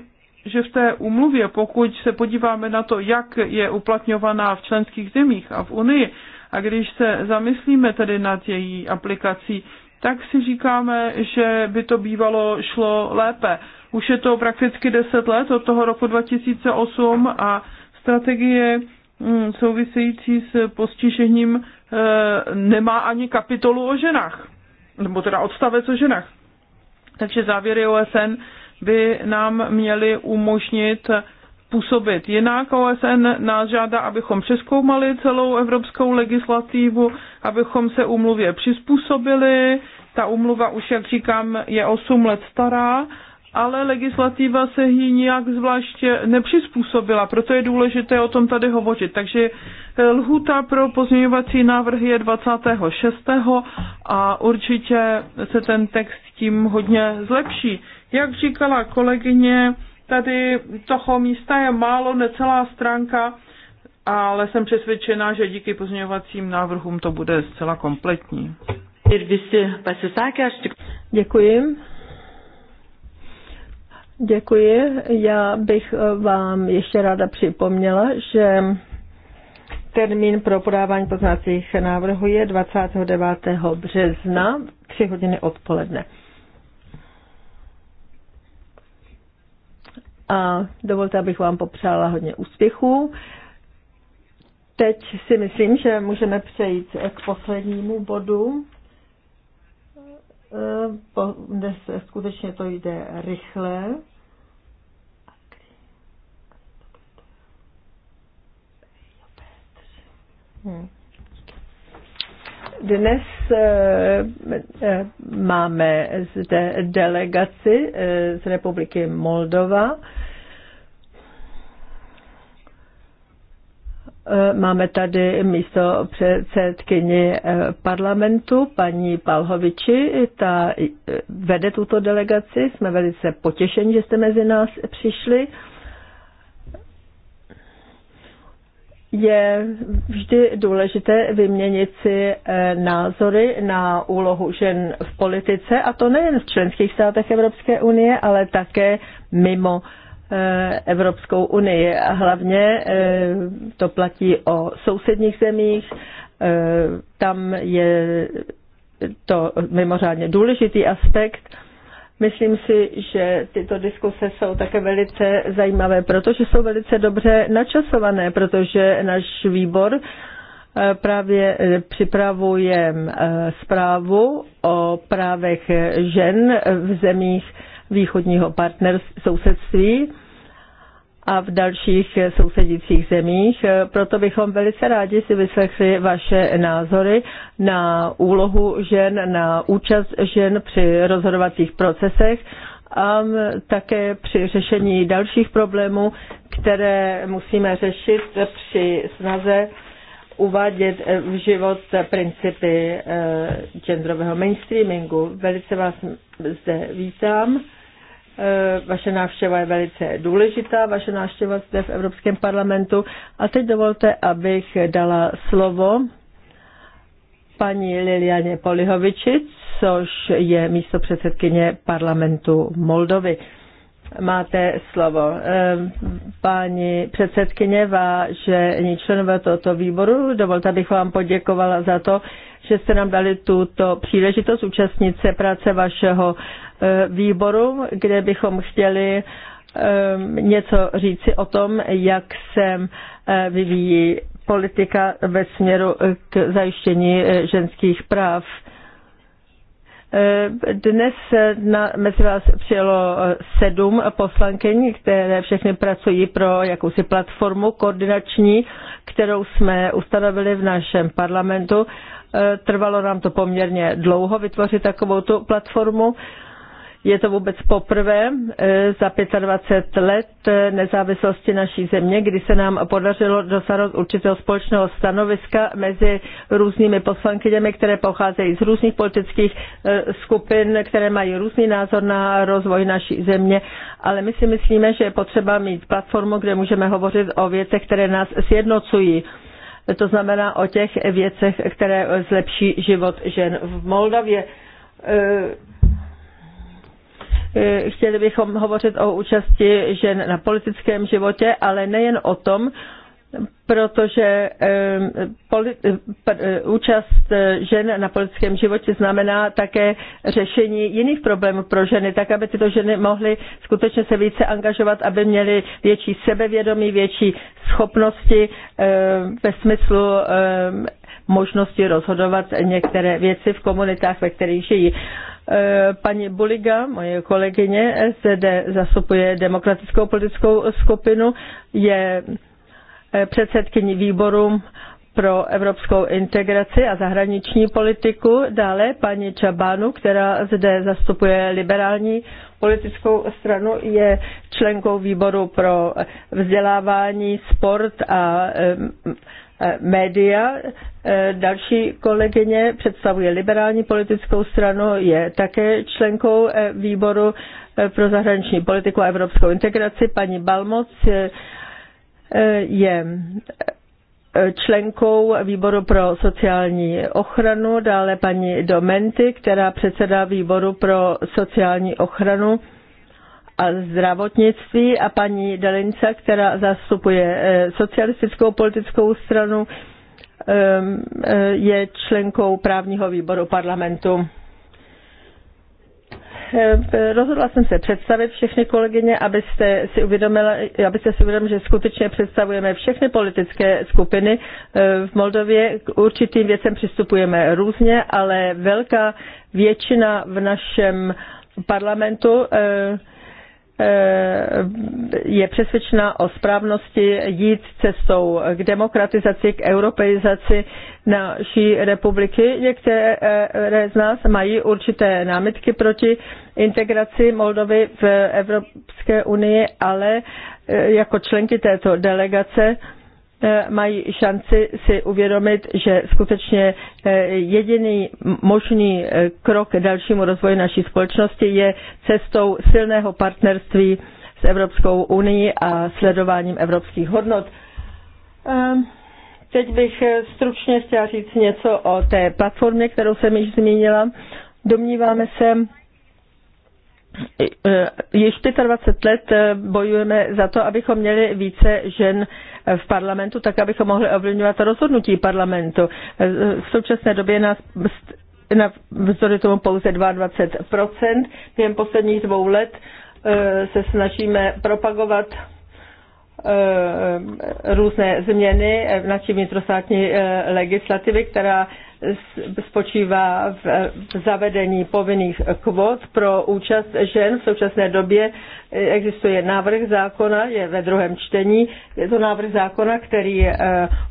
že v té úmluvě, pokud se podíváme na to, jak je uplatňovaná v členských zemích a v Unii, a když se zamyslíme tedy nad její aplikací, tak si říkáme, že by to bývalo šlo lépe. Už je to prakticky 10 let od toho roku 2008 a strategie mm, související s postižením e, nemá ani kapitolu o ženách, nebo teda odstavec o ženách. Takže závěry OSN by nám měly umožnit působit jinak. OSN nás žádá, abychom přeskoumali celou evropskou legislativu, abychom se umluvě přizpůsobili. Ta umluva už, jak říkám, je 8 let stará, ale legislativa se jí nijak zvlášť nepřizpůsobila, proto je důležité o tom tady hovořit. Takže eh, lhuta pro pozměňovací návrhy je 26. a určitě se ten text tím hodně zlepší. Jak říkala kolegyně, tady toho místa je málo, necelá stránka, ale jsem přesvědčená, že díky pozměňovacím návrhům to bude zcela kompletní. Děkuji. Děkuji. Já bych eh, vám ještě ráda připomněla, že termín pro podávání poznacích návrhů je 29. března, 3 hodiny odpoledne. a dovolte, abych vám popřála hodně úspěchů. Teď si myslím, že můžeme přejít k poslednímu bodu. Dnes skutečně to jde rychle. Hmm. Dnes eh, eh, máme zde delegaci eh, z Republiky Moldova. Máme tady místo předsedkyni parlamentu, paní Palhoviči, ta vede tuto delegaci. Jsme velice potěšeni, že jste mezi nás přišli. je vždy důležité vyměnit si eh, názory na úlohu žen v politice, a to nejen v členských státech Evropské unie, ale také mimo eh, Evropskou unii. A hlavně eh, to platí o sousedních zemích, tam je to mimořádně důležitý aspekt Myslím si, že tyto diskuse jsou také velice zajímavé, protože jsou velice dobře načasované, protože náš výbor eh, právě eh, připravuje eh, zprávu o právech žen v zemích východního partnerství sousedství a v dalších sousedících zemích. Proto bychom velice rádi si vyslechli vaše názory na úlohu žen, na účast žen při rozhodovacích procesech a také při řešení dalších problémů, které musíme řešit při snaze uvádět v život principy eh, genderového mainstreamingu. Velice vás zde vítám. Eh, vaše návštěva je velice důležitá, vaše návštěva zde v Evropském parlamentu. A teď dovolte, abych dala slovo paní Liliane Polihoviči, což je místo předsedkyně parlamentu Moldovy. Máte slovo. Eh, Páni předsedkyně, vážení členové tohoto výboru, dovolte, abych vám poděkovala za to, že jste nám dali tuto příležitost účastnit se práce vašeho Eh, výboru, kde bychom chtěli eh, něco říci o tom, jak se eh, vyvíjí politika ve směru k zajištění ženských práv. Dnes na, mezi vás přijelo sedm poslankyň, které všechny pracují pro jakousi platformu koordinační, kterou jsme ustanovili v našem parlamentu. Trvalo nám to poměrně dlouho vytvořit takovou tu platformu. Je to vůbec poprvé eh, za 25 let eh, nezávislosti naší země, kdy se nám podařilo dosáhnout určitého společného stanoviska mezi různými poslankyněmi, které pocházejí z různých politických eh, skupin, které mají různý názor na rozvoj naší země, ale my si myslíme, že je potřeba mít platformu, kde můžeme hovořit o věcech, které nás sjednocují to znamená o těch věcech, které zlepší život žen v Moldavě. Eh, chtěli bychom hovořit o účasti žen na politickém životě, ale nejen o tom, protože eh, eh, účast žen na politickém životě znamená také řešení jiných problémů pro ženy, tak aby tyto ženy mohly skutečně se více angažovat, aby měly větší sebevědomí, větší schopnosti ve smyslu možnosti rozhodovat některé věci v komunitách, ve kterých žijí. Eh, paní Buliga, moje kolegyně, zde zastupuje demokratickou politickou skupinu, je eh, předsedkyní výboru pro evropskou integraci a zahraniční politiku, dále paní Čabánu, která zde zastupuje liberální politickou stranu, je členkou výboru pro vzdělávání, sport a eh, Eh, média. Eh, další kolegyně představuje liberální politickou stranu, je také členkou eh, výboru pro zahraniční politiku a evropskou integraci. Paní Balmoc je členkou výboru pro sociální ochranu, dále paní Domenty, která předsedá výboru pro sociální ochranu a zdravotnictví a paní Dalince, která zastupuje eh, socialistickou politickou stranu, ehm, eh, je členkou právního výboru parlamentu. Eh, rozhodla jsem se představit všechny kolegyně, abyste si uvědomila, abyste si uvědomili, že skutečně představujeme všechny politické skupiny v Moldově. K určitým věcem přistupujeme různě, ale velká většina v našem parlamentu eh, Eh, je přesvědčena o správnosti jít cestou k demokratizaci, k europeizaci naší republiky. Některé z nás mají určité námitky proti integraci Moldovy v Evropské unii, ale eh, jako členky této delegace Eh, mají šanci si uvědomit, že skutečně eh, jediný možný eh, krok k dalšímu rozvoji naší společnosti je cestou silného partnerství s Evropskou unii a sledováním evropských hodnot. Ehm, teď bych stručně chtěla říct něco o té platformě, kterou jsem již zmínila. Domníváme se, Eh, Již 25 let eh, bojujeme za to, abychom měli více žen v parlamentu, tak abychom mohli ovlivňovat rozhodnutí parlamentu. Eh, v současné době nás vzory tomu pouze 22 Během posledních dvou let se snažíme propagovat různé změny v naší vnitrostátní legislativy, která spočívá v zavedení povinných kvot pro účast žen. V současné době eh, existuje návrh zákona, je ve druhém čtení. Je to návrh zákona, který eh,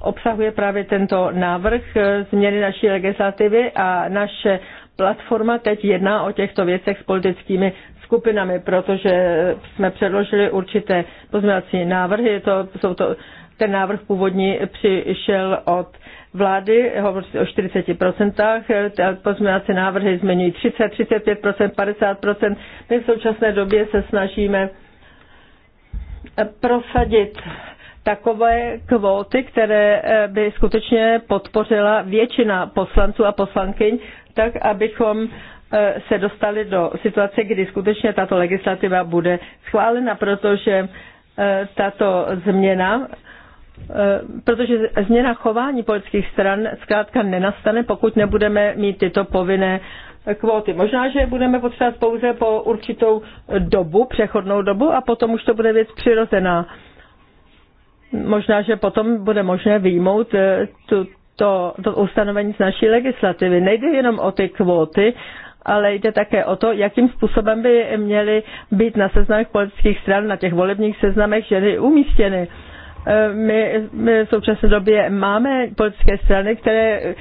obsahuje právě tento návrh eh, změny naší legislativy a naše platforma teď jedná o těchto věcech s politickými skupinami, protože jsme předložili určité pozměňovací návrhy. Je to, jsou to, ten návrh původní přišel od vlády, hovoří o 40%, pozměňovací návrhy zmiňují 30, 35%, 50%. My v současné době se snažíme eh, prosadit takové kvóty, které eh, by skutečně podpořila většina poslanců a poslankyň, tak abychom eh, se dostali do situace, kdy skutečně tato legislativa bude schválena, protože tato změna Eh, protože změna chování politických stran zkrátka nenastane, pokud nebudeme mít tyto povinné kvóty. Možná, že budeme potřebovat pouze po určitou dobu, přechodnou dobu a potom už to bude věc přirozená. Možná, že potom bude možné výjmout eh, tu, to, to ustanovení z naší legislativy. Nejde jenom o ty kvóty, ale jde také o to, jakým způsobem by měly být na seznamech politických stran, na těch volebních seznamech ženy umístěny Eh, my, my v současné době máme politické strany, které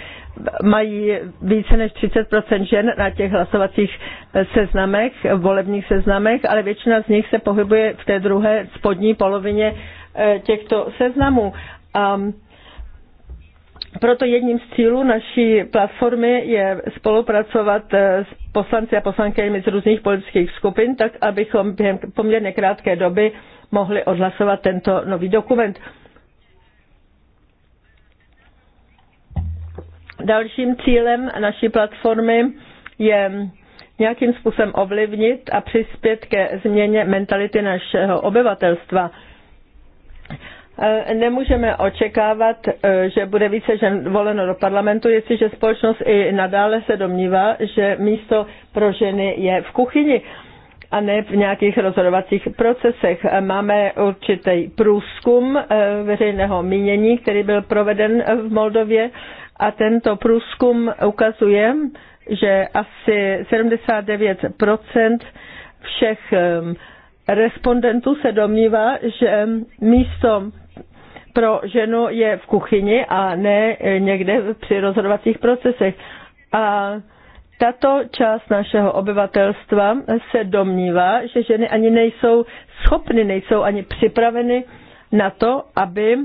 mají více než 30% žen na těch hlasovacích eh, seznamech, volebních seznamech, ale většina z nich se pohybuje v té druhé spodní polovině eh, těchto seznamů. A mm, proto jedním z cílů naší platformy je spolupracovat s poslanci a poslankyněmi z různých politických skupin, tak abychom během poměrně krátké doby mohli odhlasovat tento nový dokument. Dalším cílem naší platformy je nějakým způsobem ovlivnit a přispět ke změně mentality našeho obyvatelstva. E, nemůžeme očekávat, e, že bude více žen voleno do parlamentu, jestliže společnost i nadále se domnívá, že místo pro ženy je v kuchyni a ne v nějakých rozhodovacích procesech. E, máme určitý průzkum veřejného mínění, který byl proveden v Moldově a tento průzkum ukazuje, že asi 79 všech respondentů se domnívá, že místo pro ženu je v kuchyni a ne někde při rozhodovacích procesech. A tato část našeho obyvatelstva se domnívá, že ženy ani nejsou schopny, nejsou ani připraveny na to, aby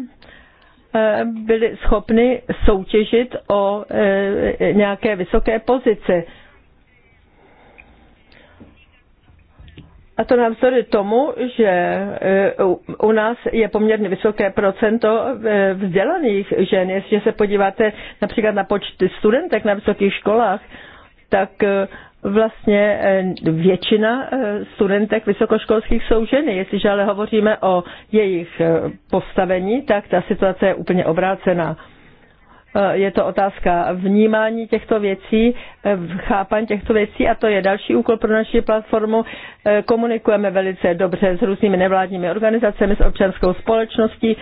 eh, byly schopny soutěžit o eh, nějaké vysoké pozice. A to navzdory tomu, že e, u nás je poměrně vysoké procento e, vzdělaných žen. Jestliže se podíváte například na počty studentek na vysokých školách, tak e, vlastně většina studentek vysokoškolských jsou ženy. Jestliže ale hovoříme o jejich postavení, tak ta situace je úplně obrácená. Eh, je to otázka vnímání těchto věcí, eh, chápání těchto věcí a to je další úkol pro naši platformu. Eh, komunikujeme velice dobře s různými nevládními organizacemi, s občanskou společností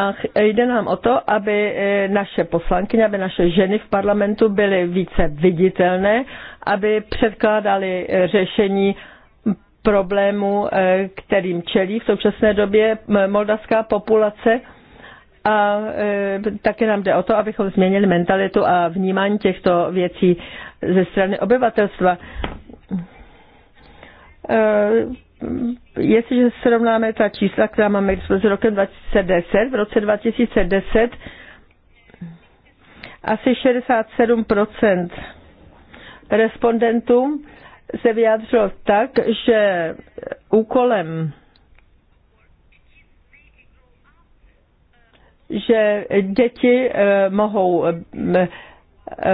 a jde nám o to, aby naše poslankyně, aby naše ženy v parlamentu byly více viditelné, aby předkládali řešení problému, kterým čelí v současné době moldavská populace a e, také nám jde o to, abychom změnili mentalitu a vnímání těchto věcí ze strany obyvatelstva. E, jestliže srovnáme ta čísla, která máme s rokem 2010, v roce 2010 asi 67 respondentů se vyjádřilo tak, že úkolem že děti eh, mohou eh, eh,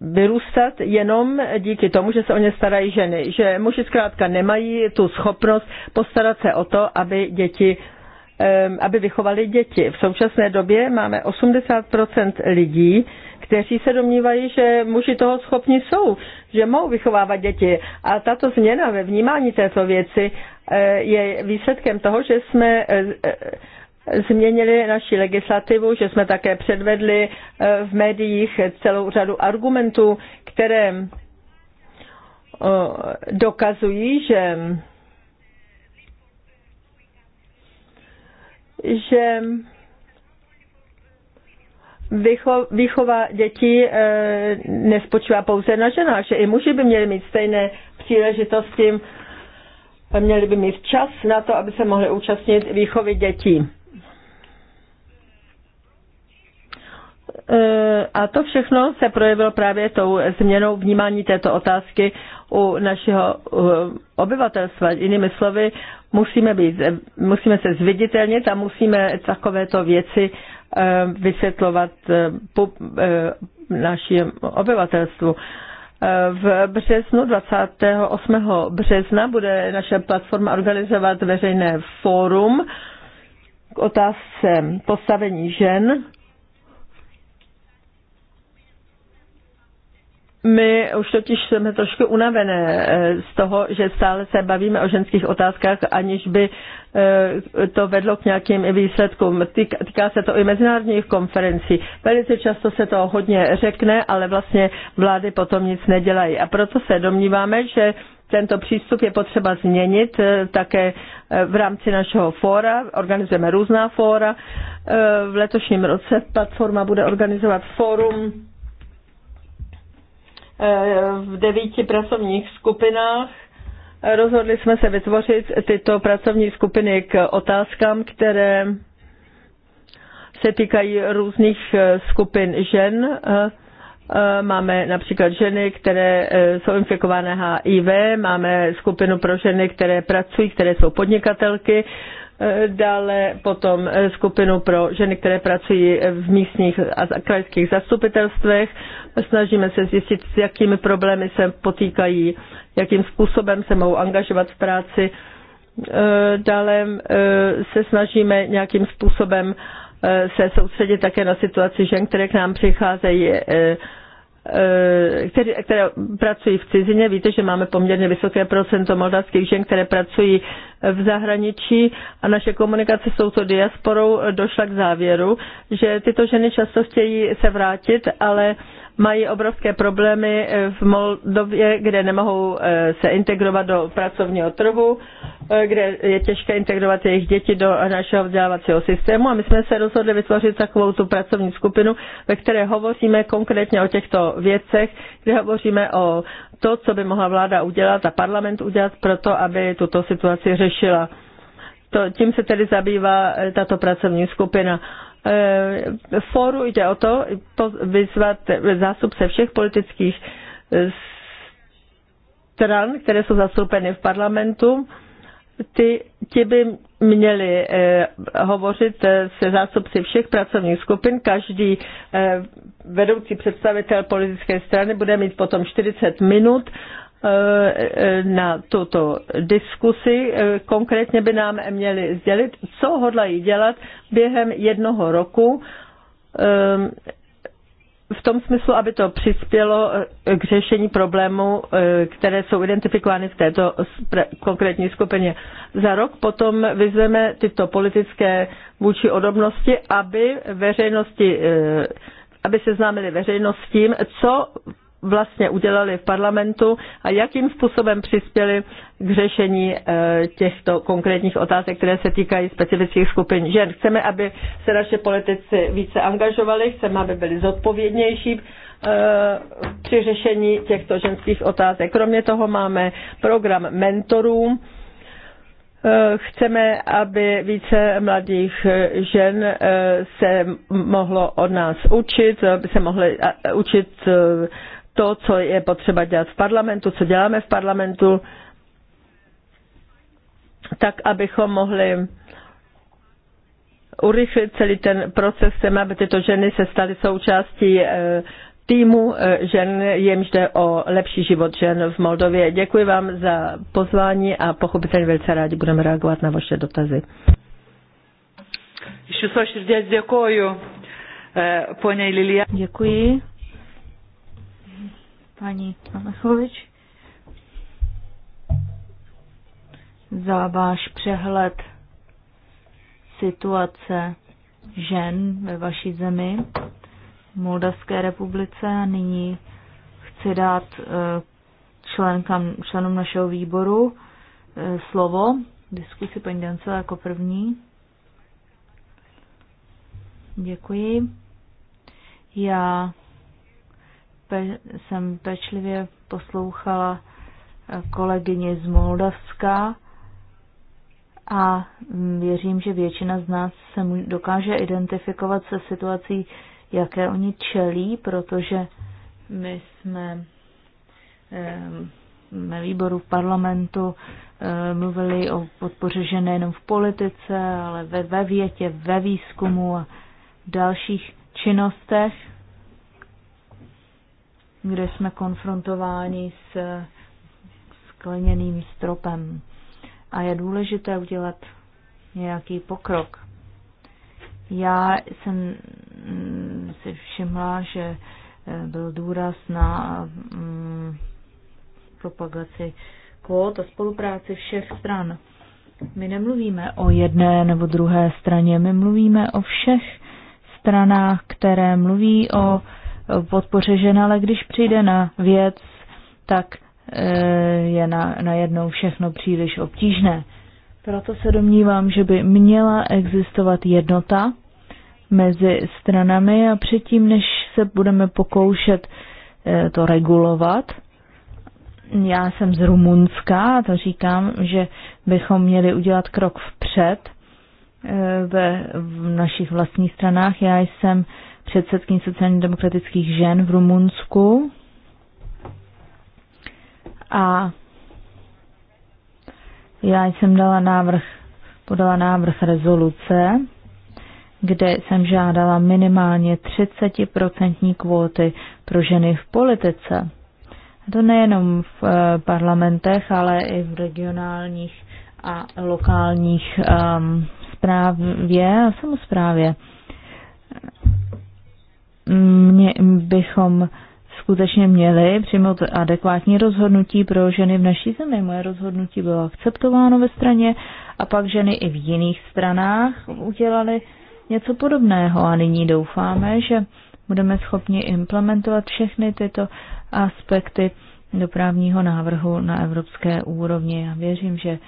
vyrůstat jenom díky tomu, že se o ně starají ženy. Že muži zkrátka nemají tu schopnost postarat se o to, aby děti aby vychovali děti. V současné době máme 80% lidí, kteří se domnívají, že muži toho schopni jsou, že mohou vychovávat děti. A tato změna ve vnímání této věci je výsledkem toho, že jsme změnili naši legislativu, že jsme také předvedli eh, v médiích celou řadu argumentů, které eh, dokazují, že že výchova dětí eh, nespočívá pouze na ženách, že i muži by měli mít stejné příležitosti, měli by mít čas na to, aby se mohli účastnit výchovy dětí. E, a to všechno se projevilo právě tou změnou vnímání této otázky u našeho e, obyvatelstva. Jinými slovy, musíme, být, e, musíme se zviditelnit a musíme takovéto věci vysvětlovat našem obyvatelstvu. V březnu, 28. března, bude naše platforma organizovat veřejné fórum k otázce postavení žen My už totiž jsme trošku unavené eh, z toho, že stále se bavíme o ženských otázkách, aniž by eh, to vedlo k nějakým výsledkům. Týká se to i mezinárodních konferencí. Velice často se to hodně řekne, ale vlastně vlády potom nic nedělají. A proto se domníváme, že tento přístup je potřeba změnit eh, také v rámci našeho fóra. Organizujeme různá fóra. V letošním roce platforma bude organizovat fórum v devíti pracovních skupinách. Rozhodli jsme se vytvořit tyto pracovní skupiny k otázkám, které se týkají různých eh, skupin žen. Eh, máme například ženy, které eh, jsou infikované HIV, máme skupinu pro ženy, které pracují, které jsou podnikatelky, dále potom eh, skupinu pro ženy, které pracují v místních a krajských zastupitelstvech. Snažíme se zjistit, s jakými problémy se potýkají, jakým způsobem se mohou angažovat v práci. Eh, dále eh, se snažíme nějakým způsobem se soustředit také na situaci žen, které k nám přicházejí Eh, které, které pracují v cizině. Víte, že máme poměrně vysoké procento moldavských žen, které pracují v zahraničí a naše komunikace s touto diasporou došla k závěru, že tyto ženy často chtějí se vrátit, ale uh, mají obrovské problémy eh, v Moldově, kde nemohou eh, se integrovat do pracovního trhu, eh, kde je těžké integrovat jejich děti do našeho vzdělávacího systému. A my jsme se rozhodli vytvořit takovou tu pracovní skupinu, ve které hovoříme konkrétně o těchto věcech, kde hovoříme o to, co by mohla vláda udělat a parlament udělat pro to, aby tuto situaci řešila. To, tím se tedy zabývá tato pracovní skupina. Eh, fóru jde o to vyzvat zástupce všech politických eh, stran, které jsou zastoupeny v parlamentu. Ty, ti by měli eh, hovořit eh, se zástupci všech pracovních skupin. Každý eh, vedoucí představitel politické strany bude mít potom 40 minut Eh, na tuto diskusi. Eh, konkrétně by nám měli sdělit, co hodlají dělat během jednoho roku eh, v tom smyslu, aby to přispělo k řešení problémů, které jsou identifikovány v této konkrétní skupině. Za rok potom vyzveme tyto politické vůči odobnosti, aby veřejnosti aby známili veřejnost s tím, co vlastně udělali v parlamentu a jakým způsobem přispěli k řešení eh, těchto konkrétních otázek, které se týkají specifických skupin žen. Chceme, aby se naše politici více angažovali, chceme, aby byli zodpovědnější eh, při řešení těchto ženských otázek. Kromě toho máme program mentorů, eh, Chceme, aby více mladých žen se mohlo od nás učit, aby se mohly učit to, co je potřeba dělat v parlamentu, co děláme v parlamentu, tak abychom mohli urychlit celý ten proces, chceme, aby tyto ženy se staly součástí eh, týmu eh, žen, jimž jde o lepší život žen v Moldově. Děkuji vám za pozvání a pochopitelně velice rádi budeme reagovat na vaše dotazy. Eh, Děkuji. Děkuji paní Malechovič, za váš přehled situace žen ve vaší zemi, Moldavské republice a nyní chci dát eh, členkám, členům našeho výboru eh, slovo. Diskusi paní Dancela jako první. Děkuji. Já pe- jsem pečlivě poslouchala kolegyně z Moldavska a věřím, že většina z nás se dokáže identifikovat se situací, jaké oni čelí, protože my jsme na výboru v parlamentu mluvili o podpoře žen nejenom v politice, ale ve, ve větě, ve výzkumu a dalších činnostech kde jsme konfrontováni s skleněným stropem. A je důležité udělat nějaký pokrok. Já jsem si všimla, že eh, byl důraz na mm, propagaci kvót a spolupráci všech stran. My nemluvíme o jedné nebo druhé straně, my mluvíme o všech stranách, které mluví o podpoře žen, ale když přijde na věc, tak e, je na, najednou všechno příliš obtížné. Proto se domnívám, že by měla existovat jednota mezi stranami a předtím, než se budeme pokoušet e, to regulovat, já jsem z Rumunska a to říkám, že bychom měli udělat krok vpřed e, ve v našich vlastních stranách. Já jsem předsedkyní sociálně demokratických žen v Rumunsku. A já jsem dala návrh, podala návrh rezoluce, kde jsem žádala minimálně 30% kvóty pro ženy v politice. A to nejenom v eh, parlamentech, ale i v regionálních a lokálních um, správě a samozprávě mě, bychom skutečně měli přijmout adekvátní rozhodnutí pro ženy v naší zemi. Moje rozhodnutí bylo akceptováno ve straně a pak ženy i v jiných stranách udělali něco podobného a nyní doufáme, že budeme schopni implementovat všechny tyto aspekty do právního návrhu na evropské úrovni. Já věřím, že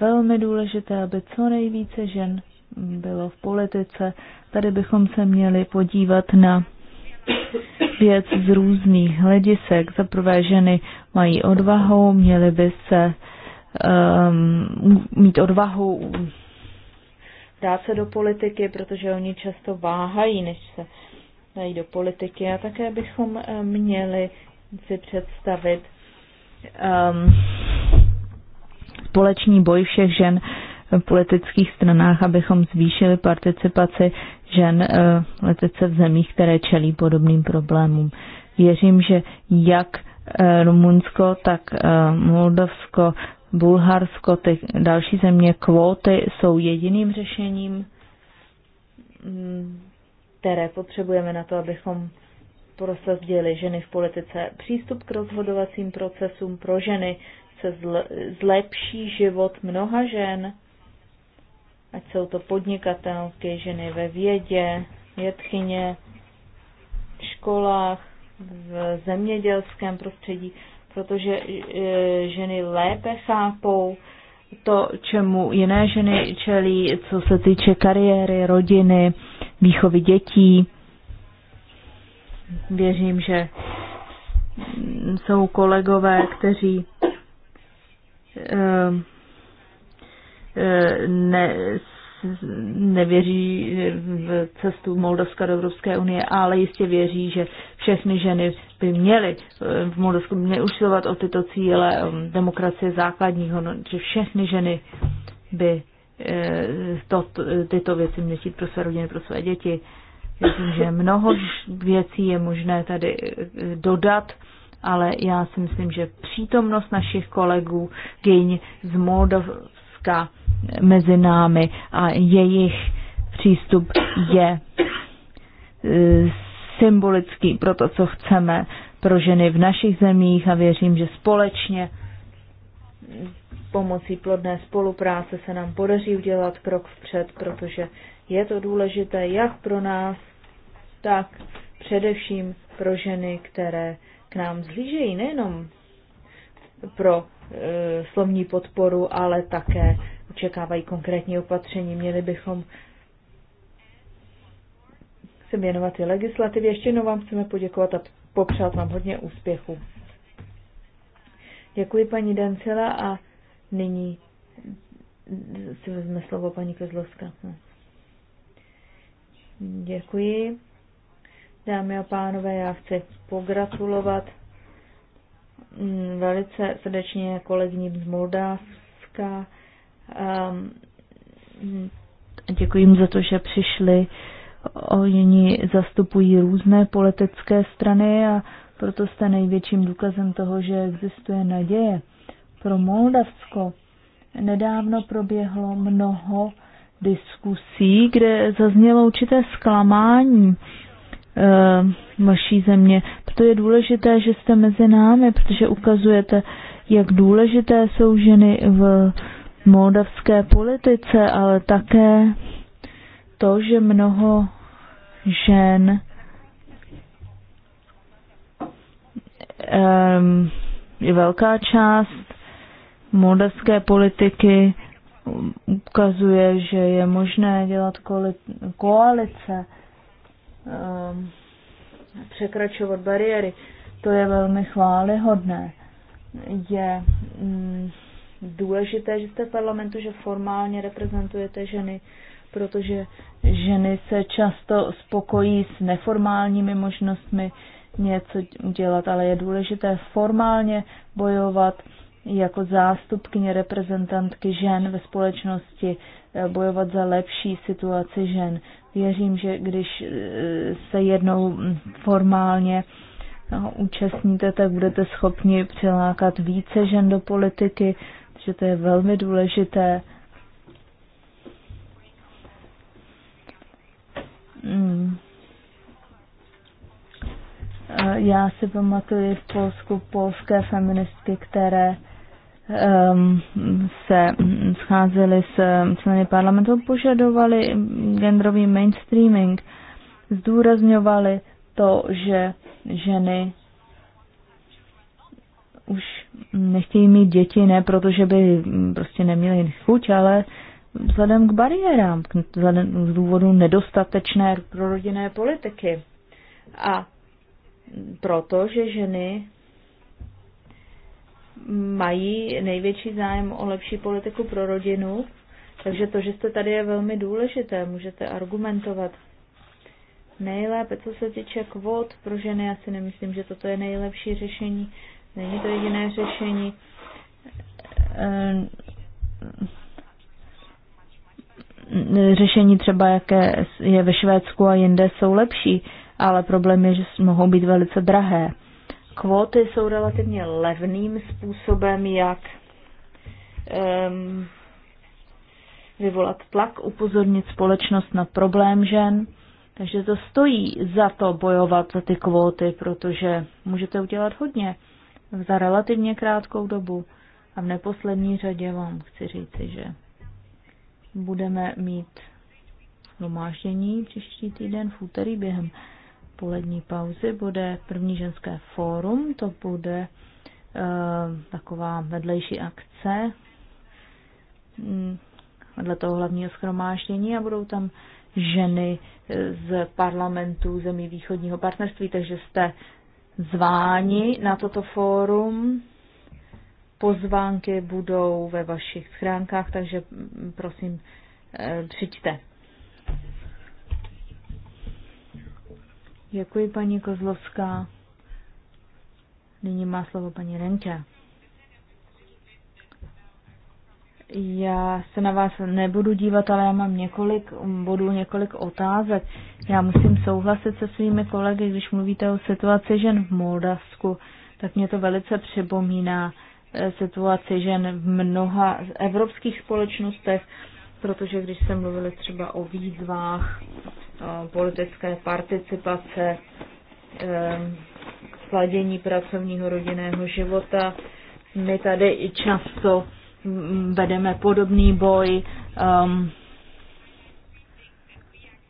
velmi důležité, aby co nejvíce žen bylo v politice. Tady bychom se měli podívat na věc z různých hledisek. Za prvé ženy mají odvahu, měly by se um, mít odvahu dát se do politiky, protože oni často váhají, než se dají do politiky. A také bychom eh, měli si představit um, ehm, společný boj všech žen politických stranách, abychom zvýšili participaci žen eh, letece v zemích, které čelí podobným problémům. Věřím, že jak eh, Rumunsko, tak eh, Moldavsko, Bulharsko, ty další země, kvóty jsou jediným řešením, mm, které potřebujeme na to, abychom prosadili ženy v politice. Přístup k rozhodovacím procesům pro ženy se zlepší život mnoha žen ať jsou to podnikatelky, ženy ve vědě, vědkyně, v školách, v zemědělském prostředí, protože e, ženy lépe chápou to, čemu jiné ženy čelí, co se týče kariéry, rodiny, výchovy dětí. Věřím, že jsou kolegové, kteří e, E, ne, nevěří v cestu Moldavska do Evropské unie, ale jistě věří, že všechny ženy by měly e, v Moldavsku neusilovat o tyto cíle demokracie základního, no, že všechny ženy by e, to, tyto věci měly pro své rodiny, pro své děti. Myslím, že mnoho věcí je možné tady dodat, ale já si myslím, že přítomnost našich kolegů Gyň z Moldavska láska mezi námi a jejich přístup je eh, symbolický pro to, co chceme pro ženy v našich zemích a věřím, že společně pomocí plodné spolupráce se nám podaří udělat krok vpřed, protože je to důležité jak pro nás, tak především pro ženy, které k nám zlížejí nejenom pro Eh, slovní podporu, ale také očekávají konkrétní opatření. Měli bychom se věnovat i legislativě. Ještě jednou vám chceme poděkovat a popřát vám hodně úspěchu. Děkuji paní Dancela a nyní si vezme slovo paní Kozlovská. Děkuji. Dámy a pánové, já chci pogratulovat Mm, velice srdečně kolegním z Moldávska. Ehm, děkuji jim za to, že přišli. Oni zastupují různé politické strany a proto jste největším důkazem toho, že existuje naděje. Pro Moldavsko nedávno proběhlo mnoho diskusí, kde zaznělo určité zklamání e, vaší země. To je důležité, že jste mezi námi, protože ukazujete, jak důležité jsou ženy v moldavské politice, ale také to, že mnoho žen um, je velká část moldavské politiky ukazuje, že je možné dělat koalice. Um, překračovat bariéry. To je velmi chválihodné. Je mm, důležité, že jste v parlamentu, že formálně reprezentujete ženy, protože ženy se často spokojí s neformálními možnostmi něco dělat, ale je důležité formálně bojovat jako zástupkyně reprezentantky žen ve společnosti, eh, bojovat za lepší situaci žen. Věřím, že když e, se jednou formálně e, účastníte, tak budete schopni přilákat více žen do politiky, že to je velmi důležité. Hmm. E, já si pamatuji v Polsku polské feministky, které Ehm, se scházeli mm, s členy parlamentu, požadovali genderový mainstreaming, zdůrazňovali to, že ženy už nechtějí mít děti, ne protože by mm, prostě neměly chuť, ale vzhledem k bariérám, vzhledem z důvodu nedostatečné prorodinné politiky. A protože ženy mají největší zájem o lepší politiku pro rodinu, takže to, že jste tady, je velmi důležité. Můžete argumentovat nejlépe, co se týče kvót pro ženy. Já si nemyslím, že toto je nejlepší řešení. Není to jediné řešení. Eh, řešení třeba, jaké je ve Švédsku a jinde, jsou lepší, ale problém je, že mohou být velice drahé. Kvóty jsou relativně levným způsobem, jak um, vyvolat tlak, upozornit společnost na problém žen. Takže to stojí za to bojovat za ty kvóty, protože můžete udělat hodně za relativně krátkou dobu. A v neposlední řadě vám chci říci, že budeme mít hromáždění příští týden v úterý během polední pauzy bude první ženské fórum, to bude e, taková vedlejší akce mm, vedle toho hlavního schromáždění a budou tam ženy eh, z parlamentu zemí východního partnerství, takže jste zváni na toto fórum. Pozvánky budou ve vašich schránkách, takže mm, prosím, eh, přijďte. Děkuji, paní Kozlovská. Nyní má slovo paní Renča. Já se na vás nebudu dívat, ale já mám několik bodů, několik otázek. Já musím souhlasit se svými kolegy, když mluvíte o situaci žen v Moldavsku, tak mě to velice připomíná eh, situaci žen v mnoha evropských společnostech, protože když jsem mluvili třeba o výzvách politické participace, ehm, sladění pracovního rodinného života. My tady i často mm, vedeme podobný boj. Ehm,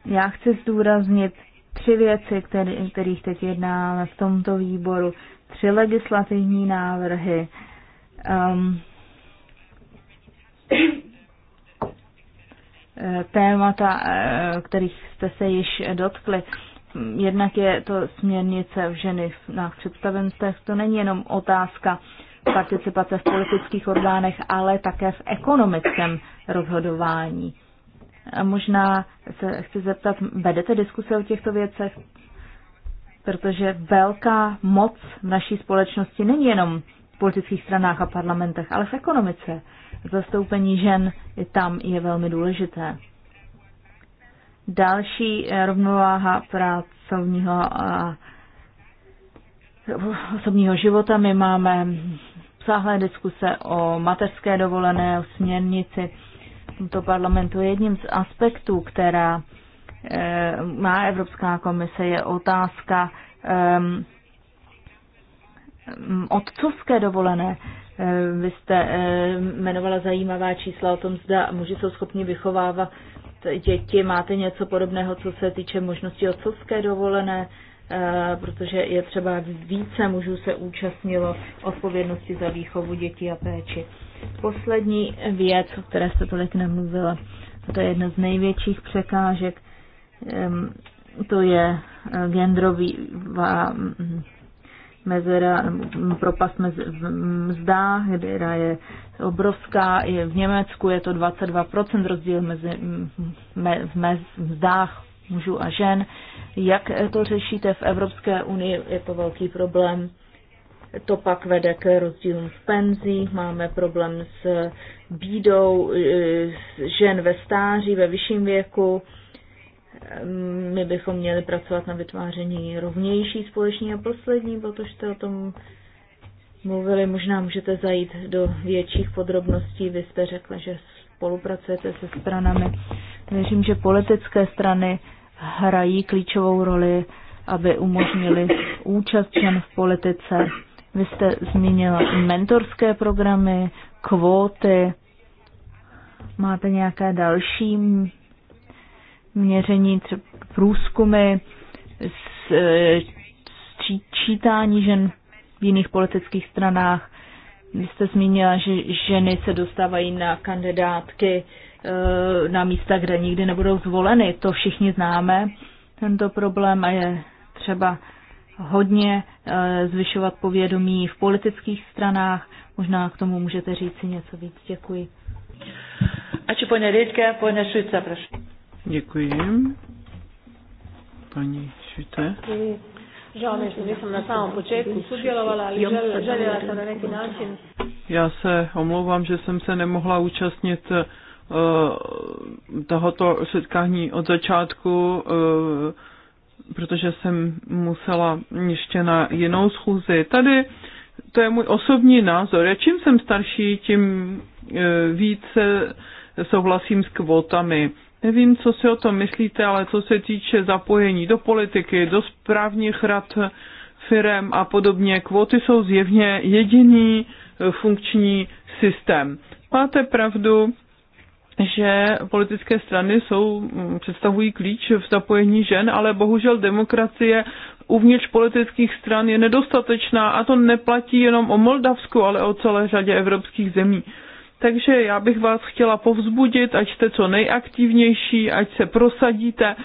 já chci zdůraznit tři věci, který, kterých teď jednáme v tomto výboru. Tři legislativní návrhy. Um, témata, eh, kterých jste se již dotkli. Jednak je to směrnice v ženy na představenstvech. To není jenom otázka participace v politických orgánech, ale také v ekonomickém rozhodování. A možná se chci zeptat, vedete diskuse o těchto věcech? Protože velká moc v naší společnosti není jenom politických stranách a parlamentech, ale v ekonomice. Zastoupení žen je tam je velmi důležité. Další eh, rovnováha pracovního a osobního života. My máme obsáhlé diskuse o mateřské dovolené, o směrnici. V tomto parlamentu jedním z aspektů, která eh, má Evropská komise, je otázka ehm, otcovské dovolené. Vy jste jmenovala zajímavá čísla o tom, zda muži jsou schopni vychovávat děti. Máte něco podobného, co se týče možnosti otcovské dovolené? protože je třeba více mužů se účastnilo odpovědnosti za výchovu dětí a péči. Poslední věc, o které jste tolik nemluvila, to je jedna z největších překážek, to je eh, gendrový mezera, propast mezi mzdách, která je obrovská. Je v Německu je to 22% rozdíl mezi me, mez, mzdách mužů a žen. Jak to řešíte v Evropské unii, je to velký problém. To pak vede k rozdílům v penzích, máme problém s bídou e, žen ve stáří, ve vyšším věku Ehm, my bychom měli pracovat na vytváření rovnější společní a poslední, protože jste o tom mluvili, možná můžete zajít do větších podrobností. Vy jste řekla, že spolupracujete se stranami. Věřím, že politické strany hrají klíčovou roli, aby umožnili účast žen v politice. Vy jste zmínila mentorské programy, kvóty. Máte nějaké další měření, třeba průzkumy, e, čítání, žen v jiných politických stranách. Vy jste zmínila, že ženy se dostávají na kandidátky e, na místa, kde nikdy nebudou zvoleny. To všichni známe, tento problém a je třeba hodně e, zvyšovat povědomí v politických stranách. Možná k tomu můžete říct si něco víc. Děkuji. či poně Rýtke, poně Švica, prosím. Děkuji. Paní Švite. Žal mi že jsem na samém počátku sudjelovala, ali željela sam na nějaký način. Já se omlouvám, že jsem se nemohla účastnit uh, tohoto setkání od začátku, uh, protože jsem musela ještě na jinou schůzi. Tady to je můj osobní názor. Já čím jsem starší, tím uh, více souhlasím s kvotami. Nevím, co si o tom myslíte, ale co se týče zapojení do politiky, do správních rad firem a podobně, kvóty jsou zjevně jediný eh, funkční systém. Máte pravdu, že politické strany jsou, mm, představují klíč v zapojení žen, ale bohužel demokracie uvnitř politických stran je nedostatečná a to neplatí jenom o Moldavsku, ale o celé řadě evropských zemí. Takže já bych vás chtěla povzbudit, ať jste co nejaktivnější, ať se prosadíte,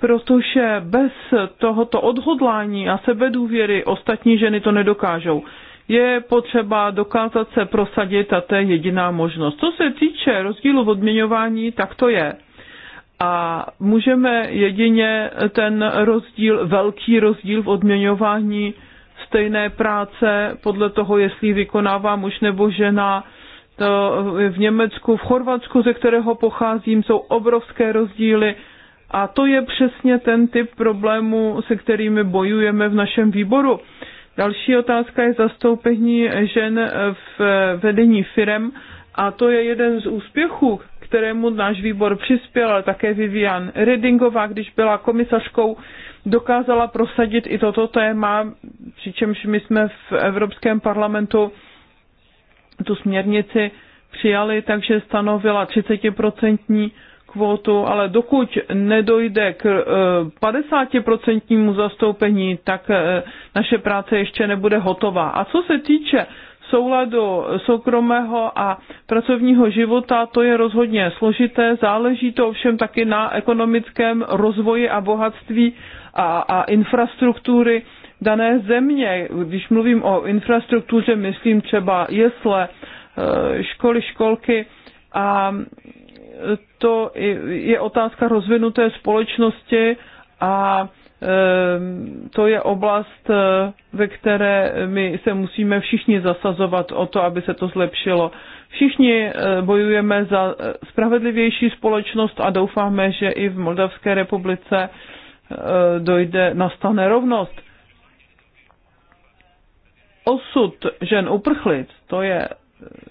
protože bez tohoto odhodlání a sebedůvěry ostatní ženy to nedokážou. Je potřeba dokázat se prosadit a to je jediná možnost. Co se týče rozdílu v odměňování, tak to je. A můžeme jedině ten rozdíl, velký rozdíl v odměňování stejné práce podle toho, jestli vykonává muž nebo žena, v Německu, v Chorvatsku, ze kterého pocházím, jsou obrovské rozdíly. A to je přesně ten typ problému, se kterými bojujeme v našem výboru. Další otázka je zastoupení žen v vedení firem a to je jeden z úspěchů, kterému náš výbor přispěl, ale také Vivian Redingová, když byla komisařkou, dokázala prosadit i toto téma, přičemž my jsme v Evropském parlamentu tu směrnici přijali, takže stanovila 30% kvotu, ale dokud nedojde k 50% eh, zastoupení, tak eh, naše práce ještě nebude hotová. A co se týče souladu soukromého a pracovního života, to je rozhodně složité. Záleží to ovšem taky na ekonomickém rozvoji a bohatství a, a infrastruktury dané země. Když mluvím o infrastruktuře, myslím třeba jesle, eh, školy, školky a to je otázka rozvinuté společnosti a eh, to je oblast, eh, ve které my se musíme všichni zasazovat o to, aby se to zlepšilo. Všichni bojujeme za spravedlivější společnost a doufáme, že i v Moldavské republice dojde, nastane rovnost osud žen uprchlic, to je,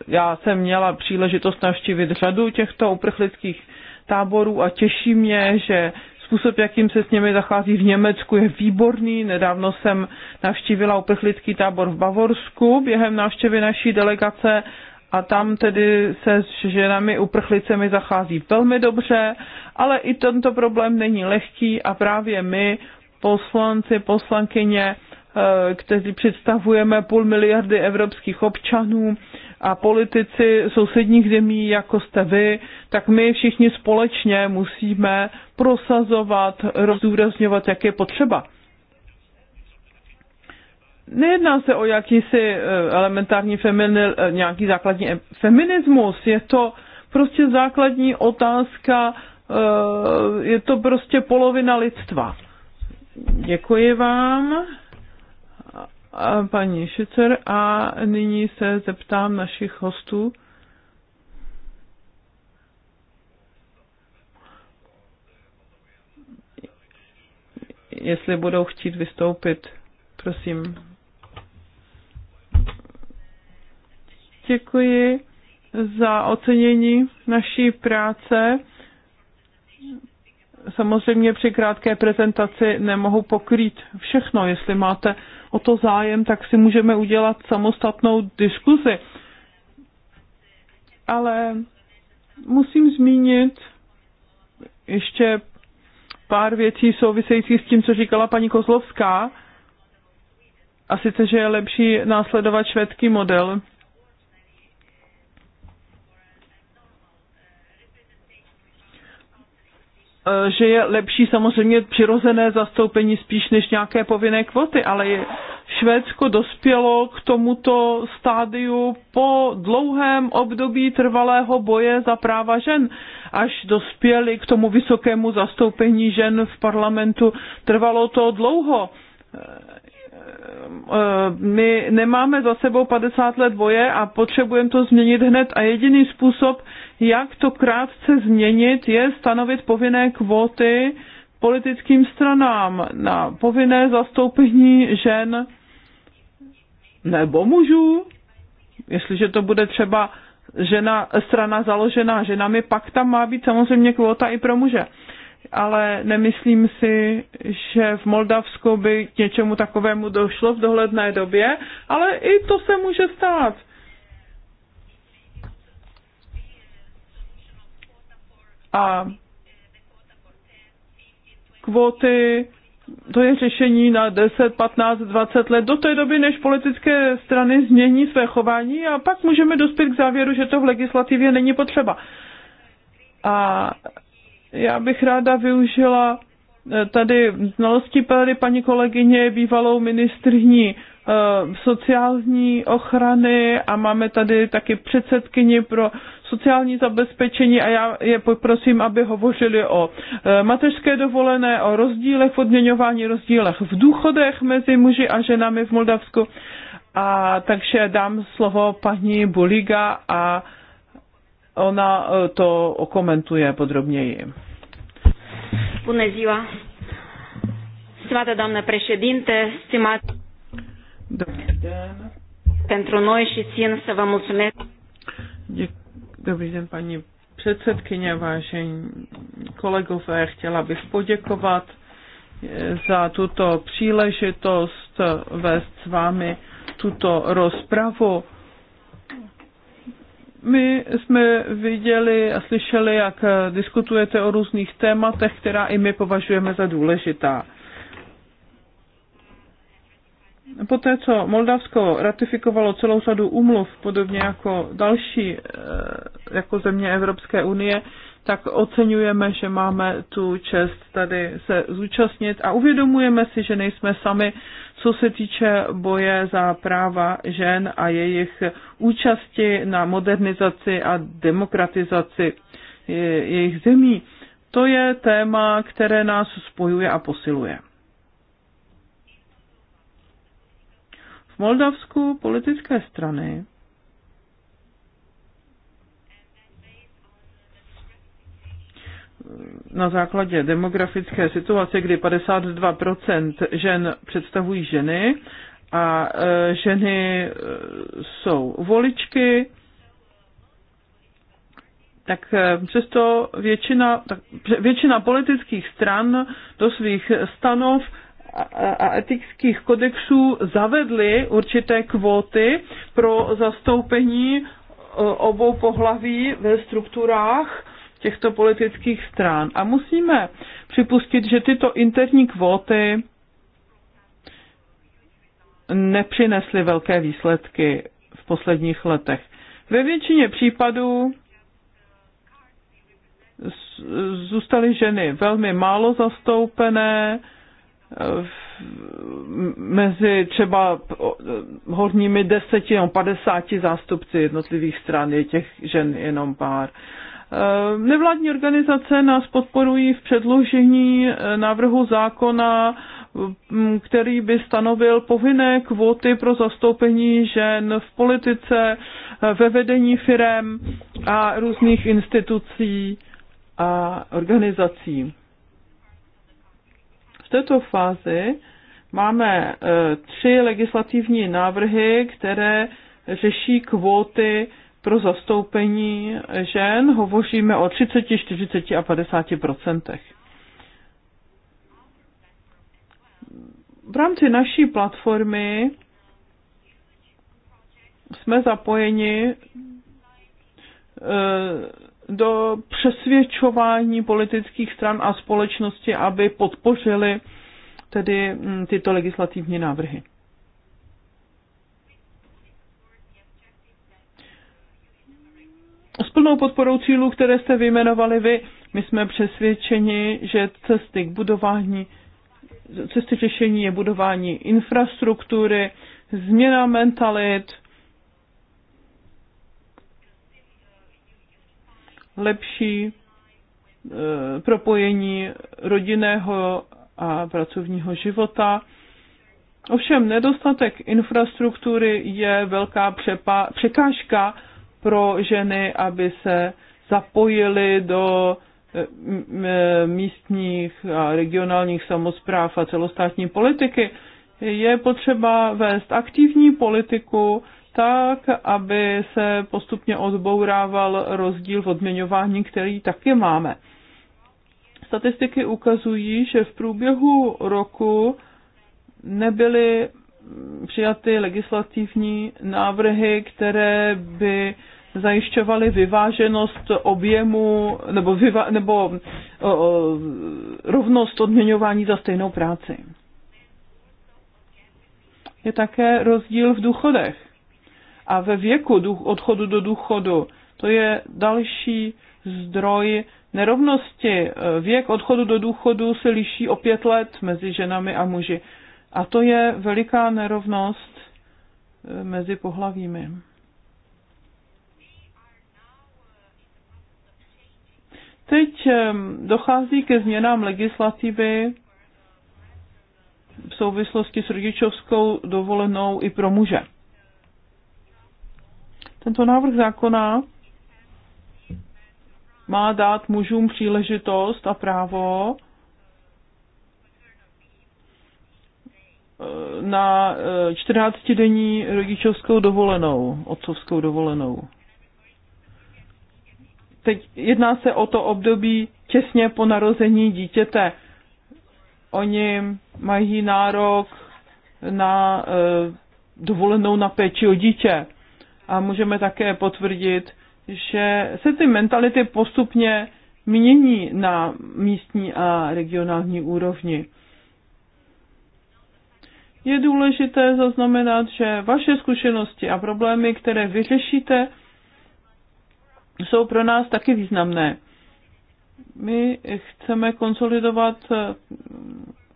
já jsem měla příležitost navštívit řadu těchto uprchlických táborů a těší mě, že způsob, jakým se s nimi zachází v Německu, je výborný. Nedávno jsem navštívila uprchlický tábor v Bavorsku během návštěvy naší delegace a tam tedy se s ženami uprchlicemi zachází velmi dobře, ale i tento problém není lehký a právě my, poslanci, poslankyně, Eh, kteří představujeme půl miliardy evropských občanů a politici sousedních zemí, jako jste vy, tak my všichni společně musíme prosazovat, rozdůrazňovat, jak je potřeba. Nejedná se o jakýsi eh, elementární feminil, eh, nějaký základní feminismus, je to prostě základní otázka, je to prostě polovina lidstva. Děkuji vám paní Šicer a nyní se zeptám našich hostů. Jestli budou chtít vystoupit, prosím. Děkuji za ocenění naší práce samozřejmě při krátké prezentaci nemohu pokrýt všechno. Jestli máte o to zájem, tak si můžeme udělat samostatnou diskuzi. Ale musím zmínit ještě pár věcí souvisejících s tím, co říkala paní Kozlovská. A sice, že je lepší následovat švédský model, Eh, že je lepší samozřejmě přirozené zastoupení spíš než nějaké povinné kvoty, ale je, Švédsko dospělo k tomuto stádiu po dlouhém období trvalého boje za práva žen, až dospěli k tomu vysokému zastoupení žen v parlamentu. Trvalo to dlouho. Eh, Eh, my nemáme za sebou 50 let boje a potřebujeme to změnit hned a jediný způsob, jak to krátce změnit, je stanovit povinné kvóty politickým stranám na povinné zastoupení žen nebo mužů, jestliže to bude třeba žena, strana založená ženami, pak tam má být samozřejmě kvóta i pro muže ale nemyslím si, že v Moldavsku by k něčemu takovému došlo v dohledné době, ale i to se může stát. A kvóty, to je řešení na 10, 15, 20 let, do té doby, než politické strany změní své chování a pak můžeme dospět k závěru, že to v legislativě není potřeba. A já bych ráda využila eh, tady znalosti tady paní kolegyně bývalou ministrní eh, sociální ochrany a máme tady taky předsedkyni pro sociální zabezpečení a já je poprosím, aby hovořili o eh, mateřské dovolené, o rozdílech v odměňování, rozdílech v důchodech mezi muži a ženami v Moldavsku. A takže dám slovo paní Buliga a Ona e, to okomentuje podrobněji. Bună ziua! Stimată doamnă președinte, stimat pentru noi și țin să vă mulțumesc. Dobrý den, paní předsedkyně, vážení kolegové, chtěla bych poděkovat e, za tuto příležitost e, vést s vámi tuto rozpravu my jsme viděli a slyšeli, jak diskutujete o různých tématech, která i my považujeme za důležitá. Poté, co Moldavsko ratifikovalo celou sadu úmluv, podobně jako další eh, jako země Evropské unie, tak oceňujeme, že máme tu čest tady se zúčastnit a uvědomujeme si, že nejsme sami, co se týče boje za práva žen a jejich účasti na modernizaci a demokratizaci jejich zemí. To je téma, které nás spojuje a posiluje. V Moldavsku politické strany na základě demografické situace, kdy 52% žen představují ženy a e, ženy e, jsou voličky, tak e, přesto většina, tak většina politických stran do svých stanov a etických kodexů zavedly určité kvóty pro zastoupení obou pohlaví ve strukturách těchto politických stran. A musíme připustit, že tyto interní kvóty nepřinesly velké výsledky v posledních letech. Ve většině případů zůstaly ženy velmi málo zastoupené mezi třeba horními deseti nebo padesáti zástupci jednotlivých stran je těch žen jenom pár. Eh, nevládní organizace nás podporují v předložení eh, návrhu zákona, mm, který by stanovil povinné kvóty pro zastoupení žen v politice, eh, ve vedení firem a různých institucí a organizací. V této fázi máme tři legislativní návrhy, které řeší kvóty pro zastoupení žen hovoříme o 30, 40 a 50 procentech. V rámci naší platformy jsme zapojeni e, do přesvědčování politických stran a společnosti, aby podpořili tedy tyto legislativní návrhy. s plnou podporou cílů, které jste vyjmenovali vy, my jsme přesvědčeni, že cesty k budování, cesty řešení je budování infrastruktury, změna mentalit, lepší e, propojení rodinného a pracovního života. Ovšem nedostatek infrastruktury je velká přepa, překážka pro ženy, aby se zapojili do eh, místních a regionálních samozpráv a celostátní politiky. Je potřeba vést aktivní politiku tak, aby se postupně odbourával rozdíl v odměňování, který taky máme. Statistiky ukazují, že v průběhu roku nebyly přijaty legislativní návrhy, které by zajišťovali vyváženost objemu nebo, vyva, nebo o, o, rovnost odměňování za stejnou práci. Je také rozdíl v důchodech a ve věku duch, odchodu do důchodu. To je další zdroj nerovnosti. Věk odchodu do důchodu se liší o pět let mezi ženami a muži. A to je veliká nerovnost e, mezi pohlavími. Teď dochází ke změnám legislativy v souvislosti s rodičovskou dovolenou i pro muže. Tento návrh zákona má dát mužům příležitost a právo eh, na 14-denní eh, rodičovskou dovolenou, otcovskou dovolenou teď jedná se o to období těsně po narození dítěte. Oni mají nárok na e, dovolenou na péči o dítě. A můžeme také potvrdit, že se ty mentality postupně mění na místní a regionální úrovni. Je důležité zaznamenat, že vaše zkušenosti a problémy, které vyřešíte, jsou pro nás taky významné. My chceme konsolidovat eh,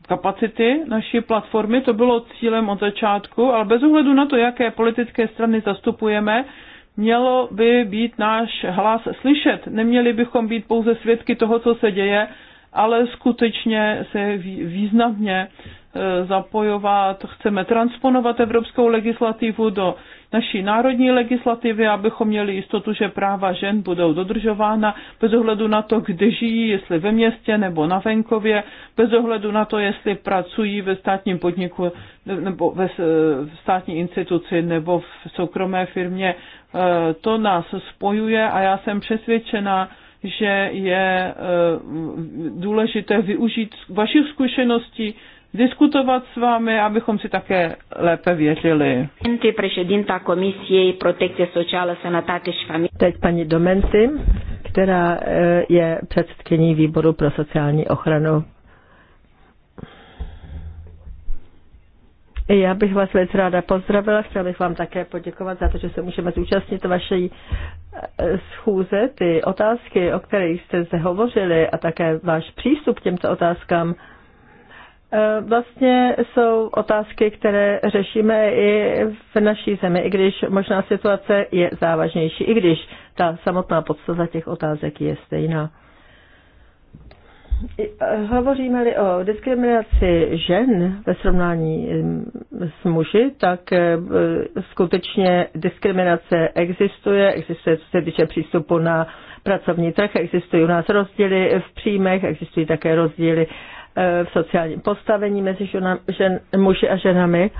kapacity naší platformy, to bylo cílem od začátku, ale bez ohledu na to, jaké politické strany zastupujeme, mělo by být náš hlas slyšet. Neměli bychom být pouze svědky toho, co se děje, ale skutečně se významně eh, zapojovat. Chceme transponovat evropskou legislativu do naší národní legislativy, abychom měli jistotu, že práva žen budou dodržována bez ohledu na to, kde žijí, jestli ve městě nebo na venkově, bez ohledu na to, jestli pracují ve státním podniku nebo ve státní instituci nebo v soukromé firmě. E, to nás spojuje a já jsem přesvědčená, že je e, důležité využít vašich zkušeností diskutovat s vámi, abychom si také lépe věřili. Teď paní Domenty, která e, je předsedkyní výboru pro sociální ochranu. Já bych vás velice ráda pozdravila, chtěla bych vám také poděkovat za to, že se můžeme zúčastnit vaší e, schůze. Ty otázky, o kterých jste zde hovořili a také váš přístup k těmto otázkám, Eh, vlastně jsou otázky, které řešíme i v naší zemi, i když možná situace je závažnější, i když ta samotná podstata těch otázek je stejná. Eh, hovoříme-li o diskriminaci žen ve srovnání hm, s muži, tak eh, skutečně diskriminace existuje. Existuje, co se týče přístupu na pracovní trh, existují u nás rozdíly v příjmech, existují také rozdíly v sociálním postavení mezi žena, žen, muži a ženami.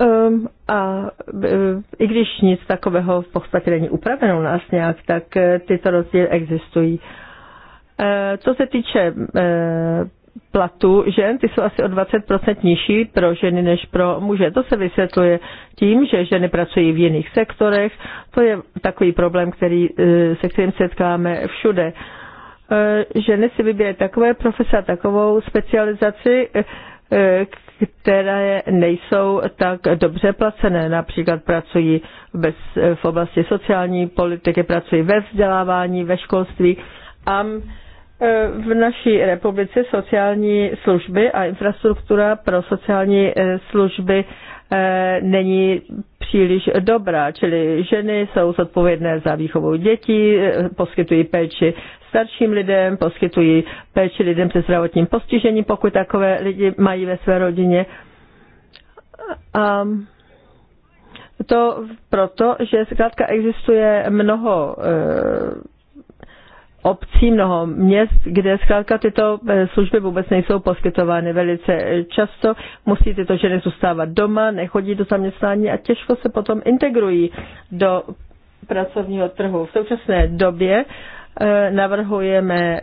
Um, a um, i když nic takového v podstatě není upraveno u nás nějak, tak uh, tyto rozdíly existují. Uh, co se týče uh, platu žen, ty jsou asi o 20% nižší pro ženy než pro muže. To se vysvětluje tím, že ženy pracují v jiných sektorech. To je takový problém, který, e, se kterým setkáme všude. E, ženy si vybírají takové profese a takovou specializaci, e, které nejsou tak dobře placené. Například pracují bez, v oblasti sociální politiky, pracují ve vzdělávání, ve školství. A E, v naší republice sociální služby a infrastruktura pro sociální e, služby e, není příliš dobrá, čili ženy jsou zodpovědné za výchovu dětí, poskytují péči starším lidem, poskytují péči lidem se zdravotním postižením, pokud takové lidi mají ve své rodině. A to proto, že zkrátka existuje mnoho obcí, mnoho měst, kde zkrátka tyto eh, služby vůbec nejsou poskytovány velice eh, často. Musí tyto ženy zůstávat doma, nechodí do zaměstnání a těžko se potom integrují do pracovního trhu. V současné době eh, navrhujeme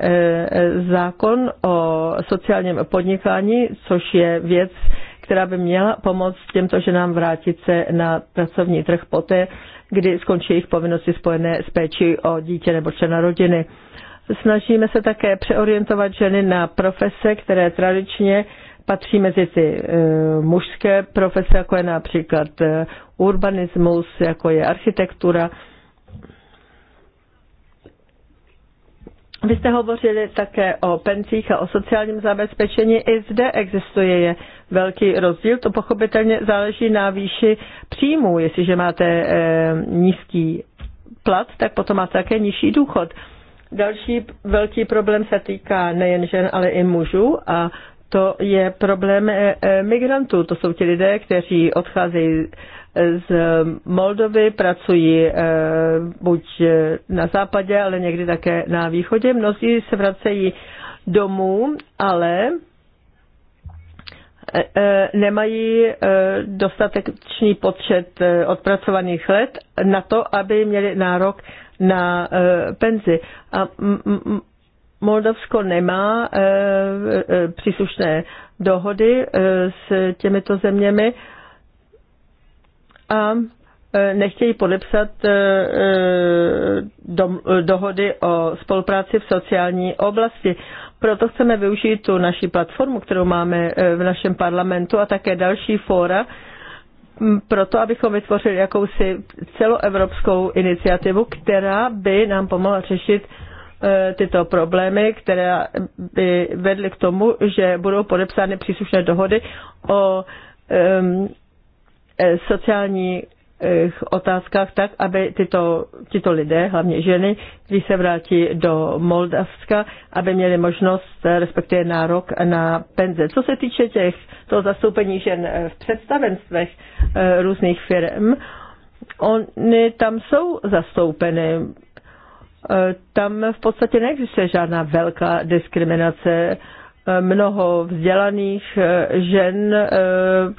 zákon o sociálním podnikání, což je věc, která by měla pomoct těmto ženám vrátit se na pracovní trh poté, kdy skončí jejich povinnosti spojené s péčí o dítě nebo člena rodiny. Snažíme se také přeorientovat ženy na profese, které tradičně patří mezi ty e, mužské profese, jako je například e, urbanismus, jako je architektura. Vy jste hovořili také o pencích a o sociálním zabezpečení. I zde existuje velký rozdíl. To pochopitelně záleží na výši příjmu. Jestliže máte eh, nízký plat, tak potom máte také nižší důchod. Další velký problém se týká nejen žen, ale i mužů a to je problém eh, eh, migrantů. To jsou ti lidé, kteří odcházejí z Moldovy, pracují buď na západě, ale někdy také na východě. Mnozí se vracejí domů, ale E, e, nemají e, dostatečný počet odpracovaných let na to, aby měli nárok na penzi. A Moldavsko nemá příslušné dohody s těmito zeměmi a nechtějí podepsat dohody o spolupráci v sociální oblasti. Proto chceme využít tu naši platformu, kterou máme eh, v našem parlamentu a také další fóra, proto, abychom vytvořili jakousi celoevropskou iniciativu, která by nám pomohla řešit eh, tyto problémy, které by vedly k tomu, že budou podepsány příslušné dohody o eh, sociální Eh, otázkách tak, aby tyto, tyto lidé, hlavně ženy, když se vrátí do Moldavska, aby měli možnost, eh, respektive nárok na penze. Co se týče těch, toho zastoupení žen eh, v představenstvech různých firm, oni tam jsou zastoupeny. Tam v podstatě neexistuje žádná velká diskriminace mnoho vzdělaných eh, žen, eh,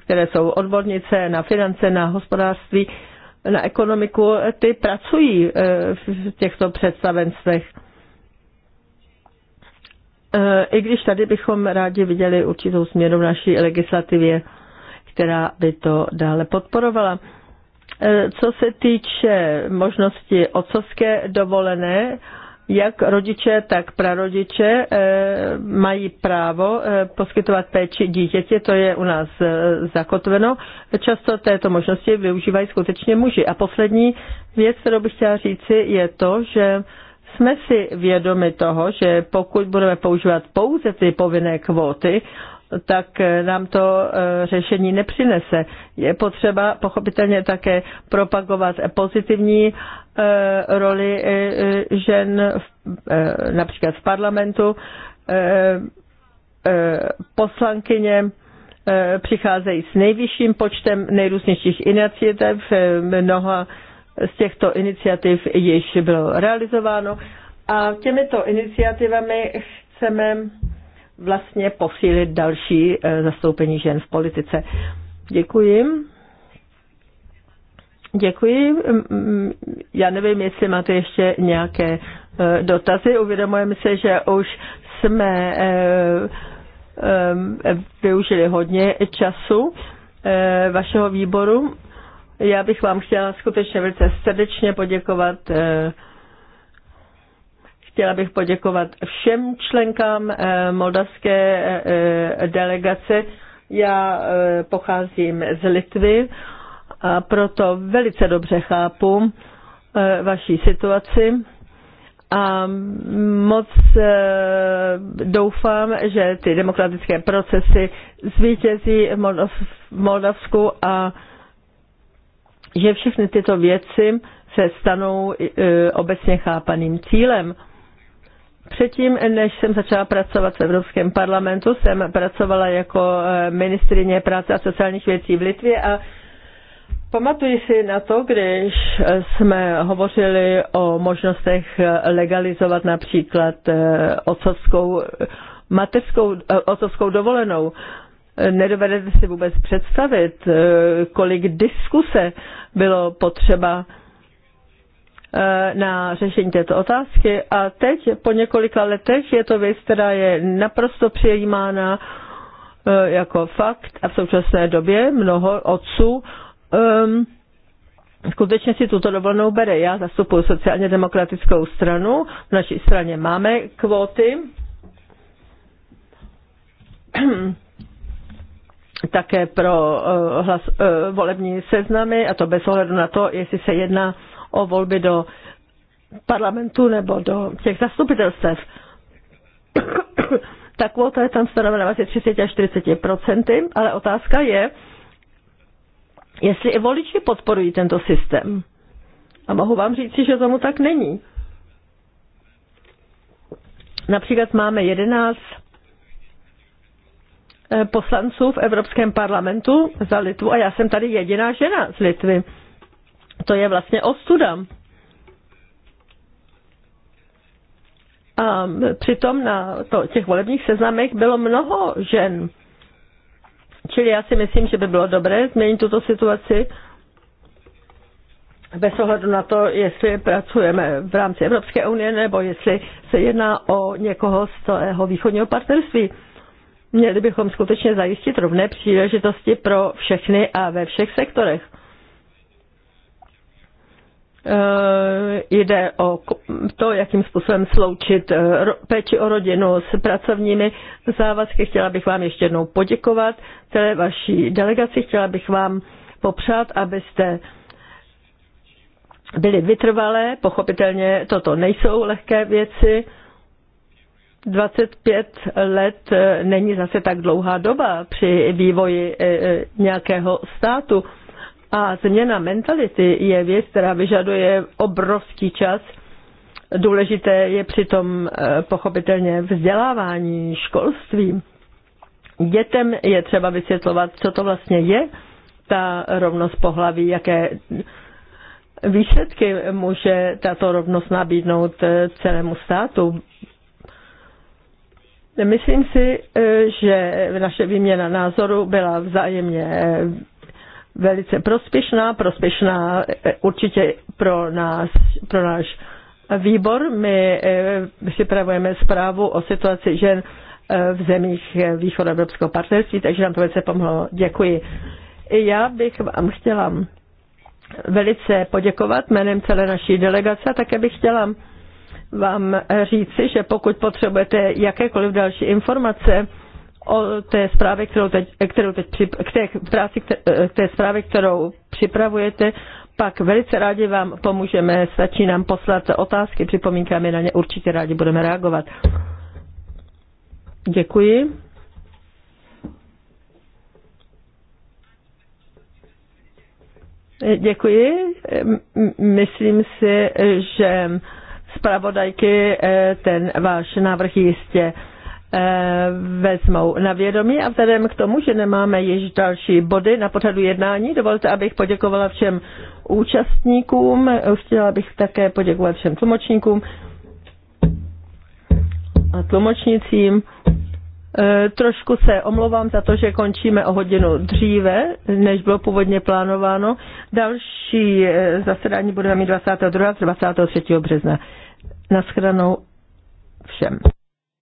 které jsou odbornice na finance, na hospodářství, na ekonomiku, ty pracují eh, v těchto představenstvech. I když tady bychom rádi viděli určitou směru v naší legislativě, která by to dále podporovala. Co se týče možnosti otcovské dovolené, jak rodiče, tak prarodiče eh, mají právo eh, poskytovat péči dítěti, to je u nás eh, zakotveno. Často této možnosti využívají skutečně muži. A poslední věc, kterou bych chtěla říci, je to, že jsme si vědomi toho, že pokud budeme používat pouze ty povinné kvóty, tak nám to řešení nepřinese. Je potřeba pochopitelně také propagovat pozitivní Eh, roli eh, eh, žen například v parlamentu. Poslankyně přicházejí s nejvyšším počtem nejrůznějších iniciativ. Mnoha z těchto iniciativ již bylo realizováno. A těmito iniciativami chceme vlastně posílit další zastoupení žen v politice. Děkuji. Děkuji. Já nevím, jestli máte ještě nějaké e, dotazy. Uvědomujeme se, že už jsme e, e, využili hodně času vašeho výboru. Já bych vám chtěla skutečně velice srdečně poděkovat. Chtěla bych poděkovat všem členkám moldavské delegace. Já pocházím z Litvy a proto velice dobře chápu eh, vaší situaci a moc eh, doufám, že ty demokratické procesy zvítězí v Moldavsku a že všechny tyto věci se stanou eh, obecně chápaným cílem. Předtím, než jsem začala pracovat v Evropském parlamentu, jsem pracovala jako ministrině práce a sociálních věcí v Litvě a Pamatuji si na to, když jsme hovořili o možnostech legalizovat například eh, otcovskou, mateřskou, eh, otcovskou dovolenou. Nedovedete si vůbec představit, eh, kolik diskuse bylo potřeba na řešení této otázky a teď po několika letech je to věc, která je naprosto přijímána jako fakt a v současné době mnoho otců um, skutečně si tuto dovolenou bere. Já zastupuji sociálně demokratickou stranu, v naší straně máme kvóty. také pro uh, hlas, uh, volební seznamy, a to bez ohledu na to, jestli se jedná o volby do parlamentu nebo do těch zastupitelstev. Ta kvota je tam stanovena asi 30 až 40 ale otázka je, jestli i voliči podporují tento systém. A mohu vám říct, že tomu tak není. Například máme 11 eh, poslanců v Evropském parlamentu za Litvu a já jsem tady jediná žena z Litvy. To je vlastně ostuda. A přitom na to, těch volebních seznamech bylo mnoho žen. Čili já si myslím, že by bylo dobré změnit tuto situaci bez ohledu na to, jestli pracujeme v rámci Evropské unie nebo jestli se jedná o někoho z toho východního partnerství. Měli bychom skutečně zajistit rovné příležitosti pro všechny a ve všech sektorech. Eh, jde o to, jakým způsobem sloučit eh, péči o rodinu s pracovními závazky. Chtěla bych vám ještě jednou poděkovat celé vaší delegaci. Chtěla bych vám popřát, abyste byli vytrvalé. Pochopitelně toto nejsou lehké věci. 25 let eh, není zase tak dlouhá doba při vývoji nějakého státu. A změna mentality je věc, která vyžaduje obrovský čas. Důležité je přitom eh, pochopitelně vzdělávání, školství. Dětem je třeba vysvětlovat, co to vlastně je ta rovnost pohlaví, jaké výsledky může tato rovnost nabídnout eh, celému státu. Myslím si, eh, že naše výměna názoru byla vzájemně velice prospěšná, prospěšná eh, určitě pro nás, pro náš výbor. My eh, připravujeme zprávu o situaci žen eh, v zemích východoevropského partnerství, takže nám to velice pomohlo. Děkuji. Já bych vám chtěla velice poděkovat jménem celé naší delegace a také bych chtěla vám říci, že pokud potřebujete jakékoliv další informace, o té zprávě, kterou teď, kterou teď k té práci, eh, k té zprávě, kterou připravujete, pak velice rádi vám pomůžeme, stačí nám poslat otázky, připomínkáme na ně určitě rádi budeme reagovat. Děkuji. Eh, děkuji. Myslím si, že zpravodajky eh, ten váš návrh jistě Eh, vezmou na vědomí a vzhledem k tomu, že nemáme již další body na pořadu jednání, dovolte, abych poděkovala všem účastníkům, chtěla bych také poděkovat všem tlumočníkům a tlumočnicím. Eh, trošku se omlouvám za to, že končíme o hodinu dříve, než bylo původně plánováno. Další eh, zasedání budeme mít 22. a 23. března. Naschranou všem.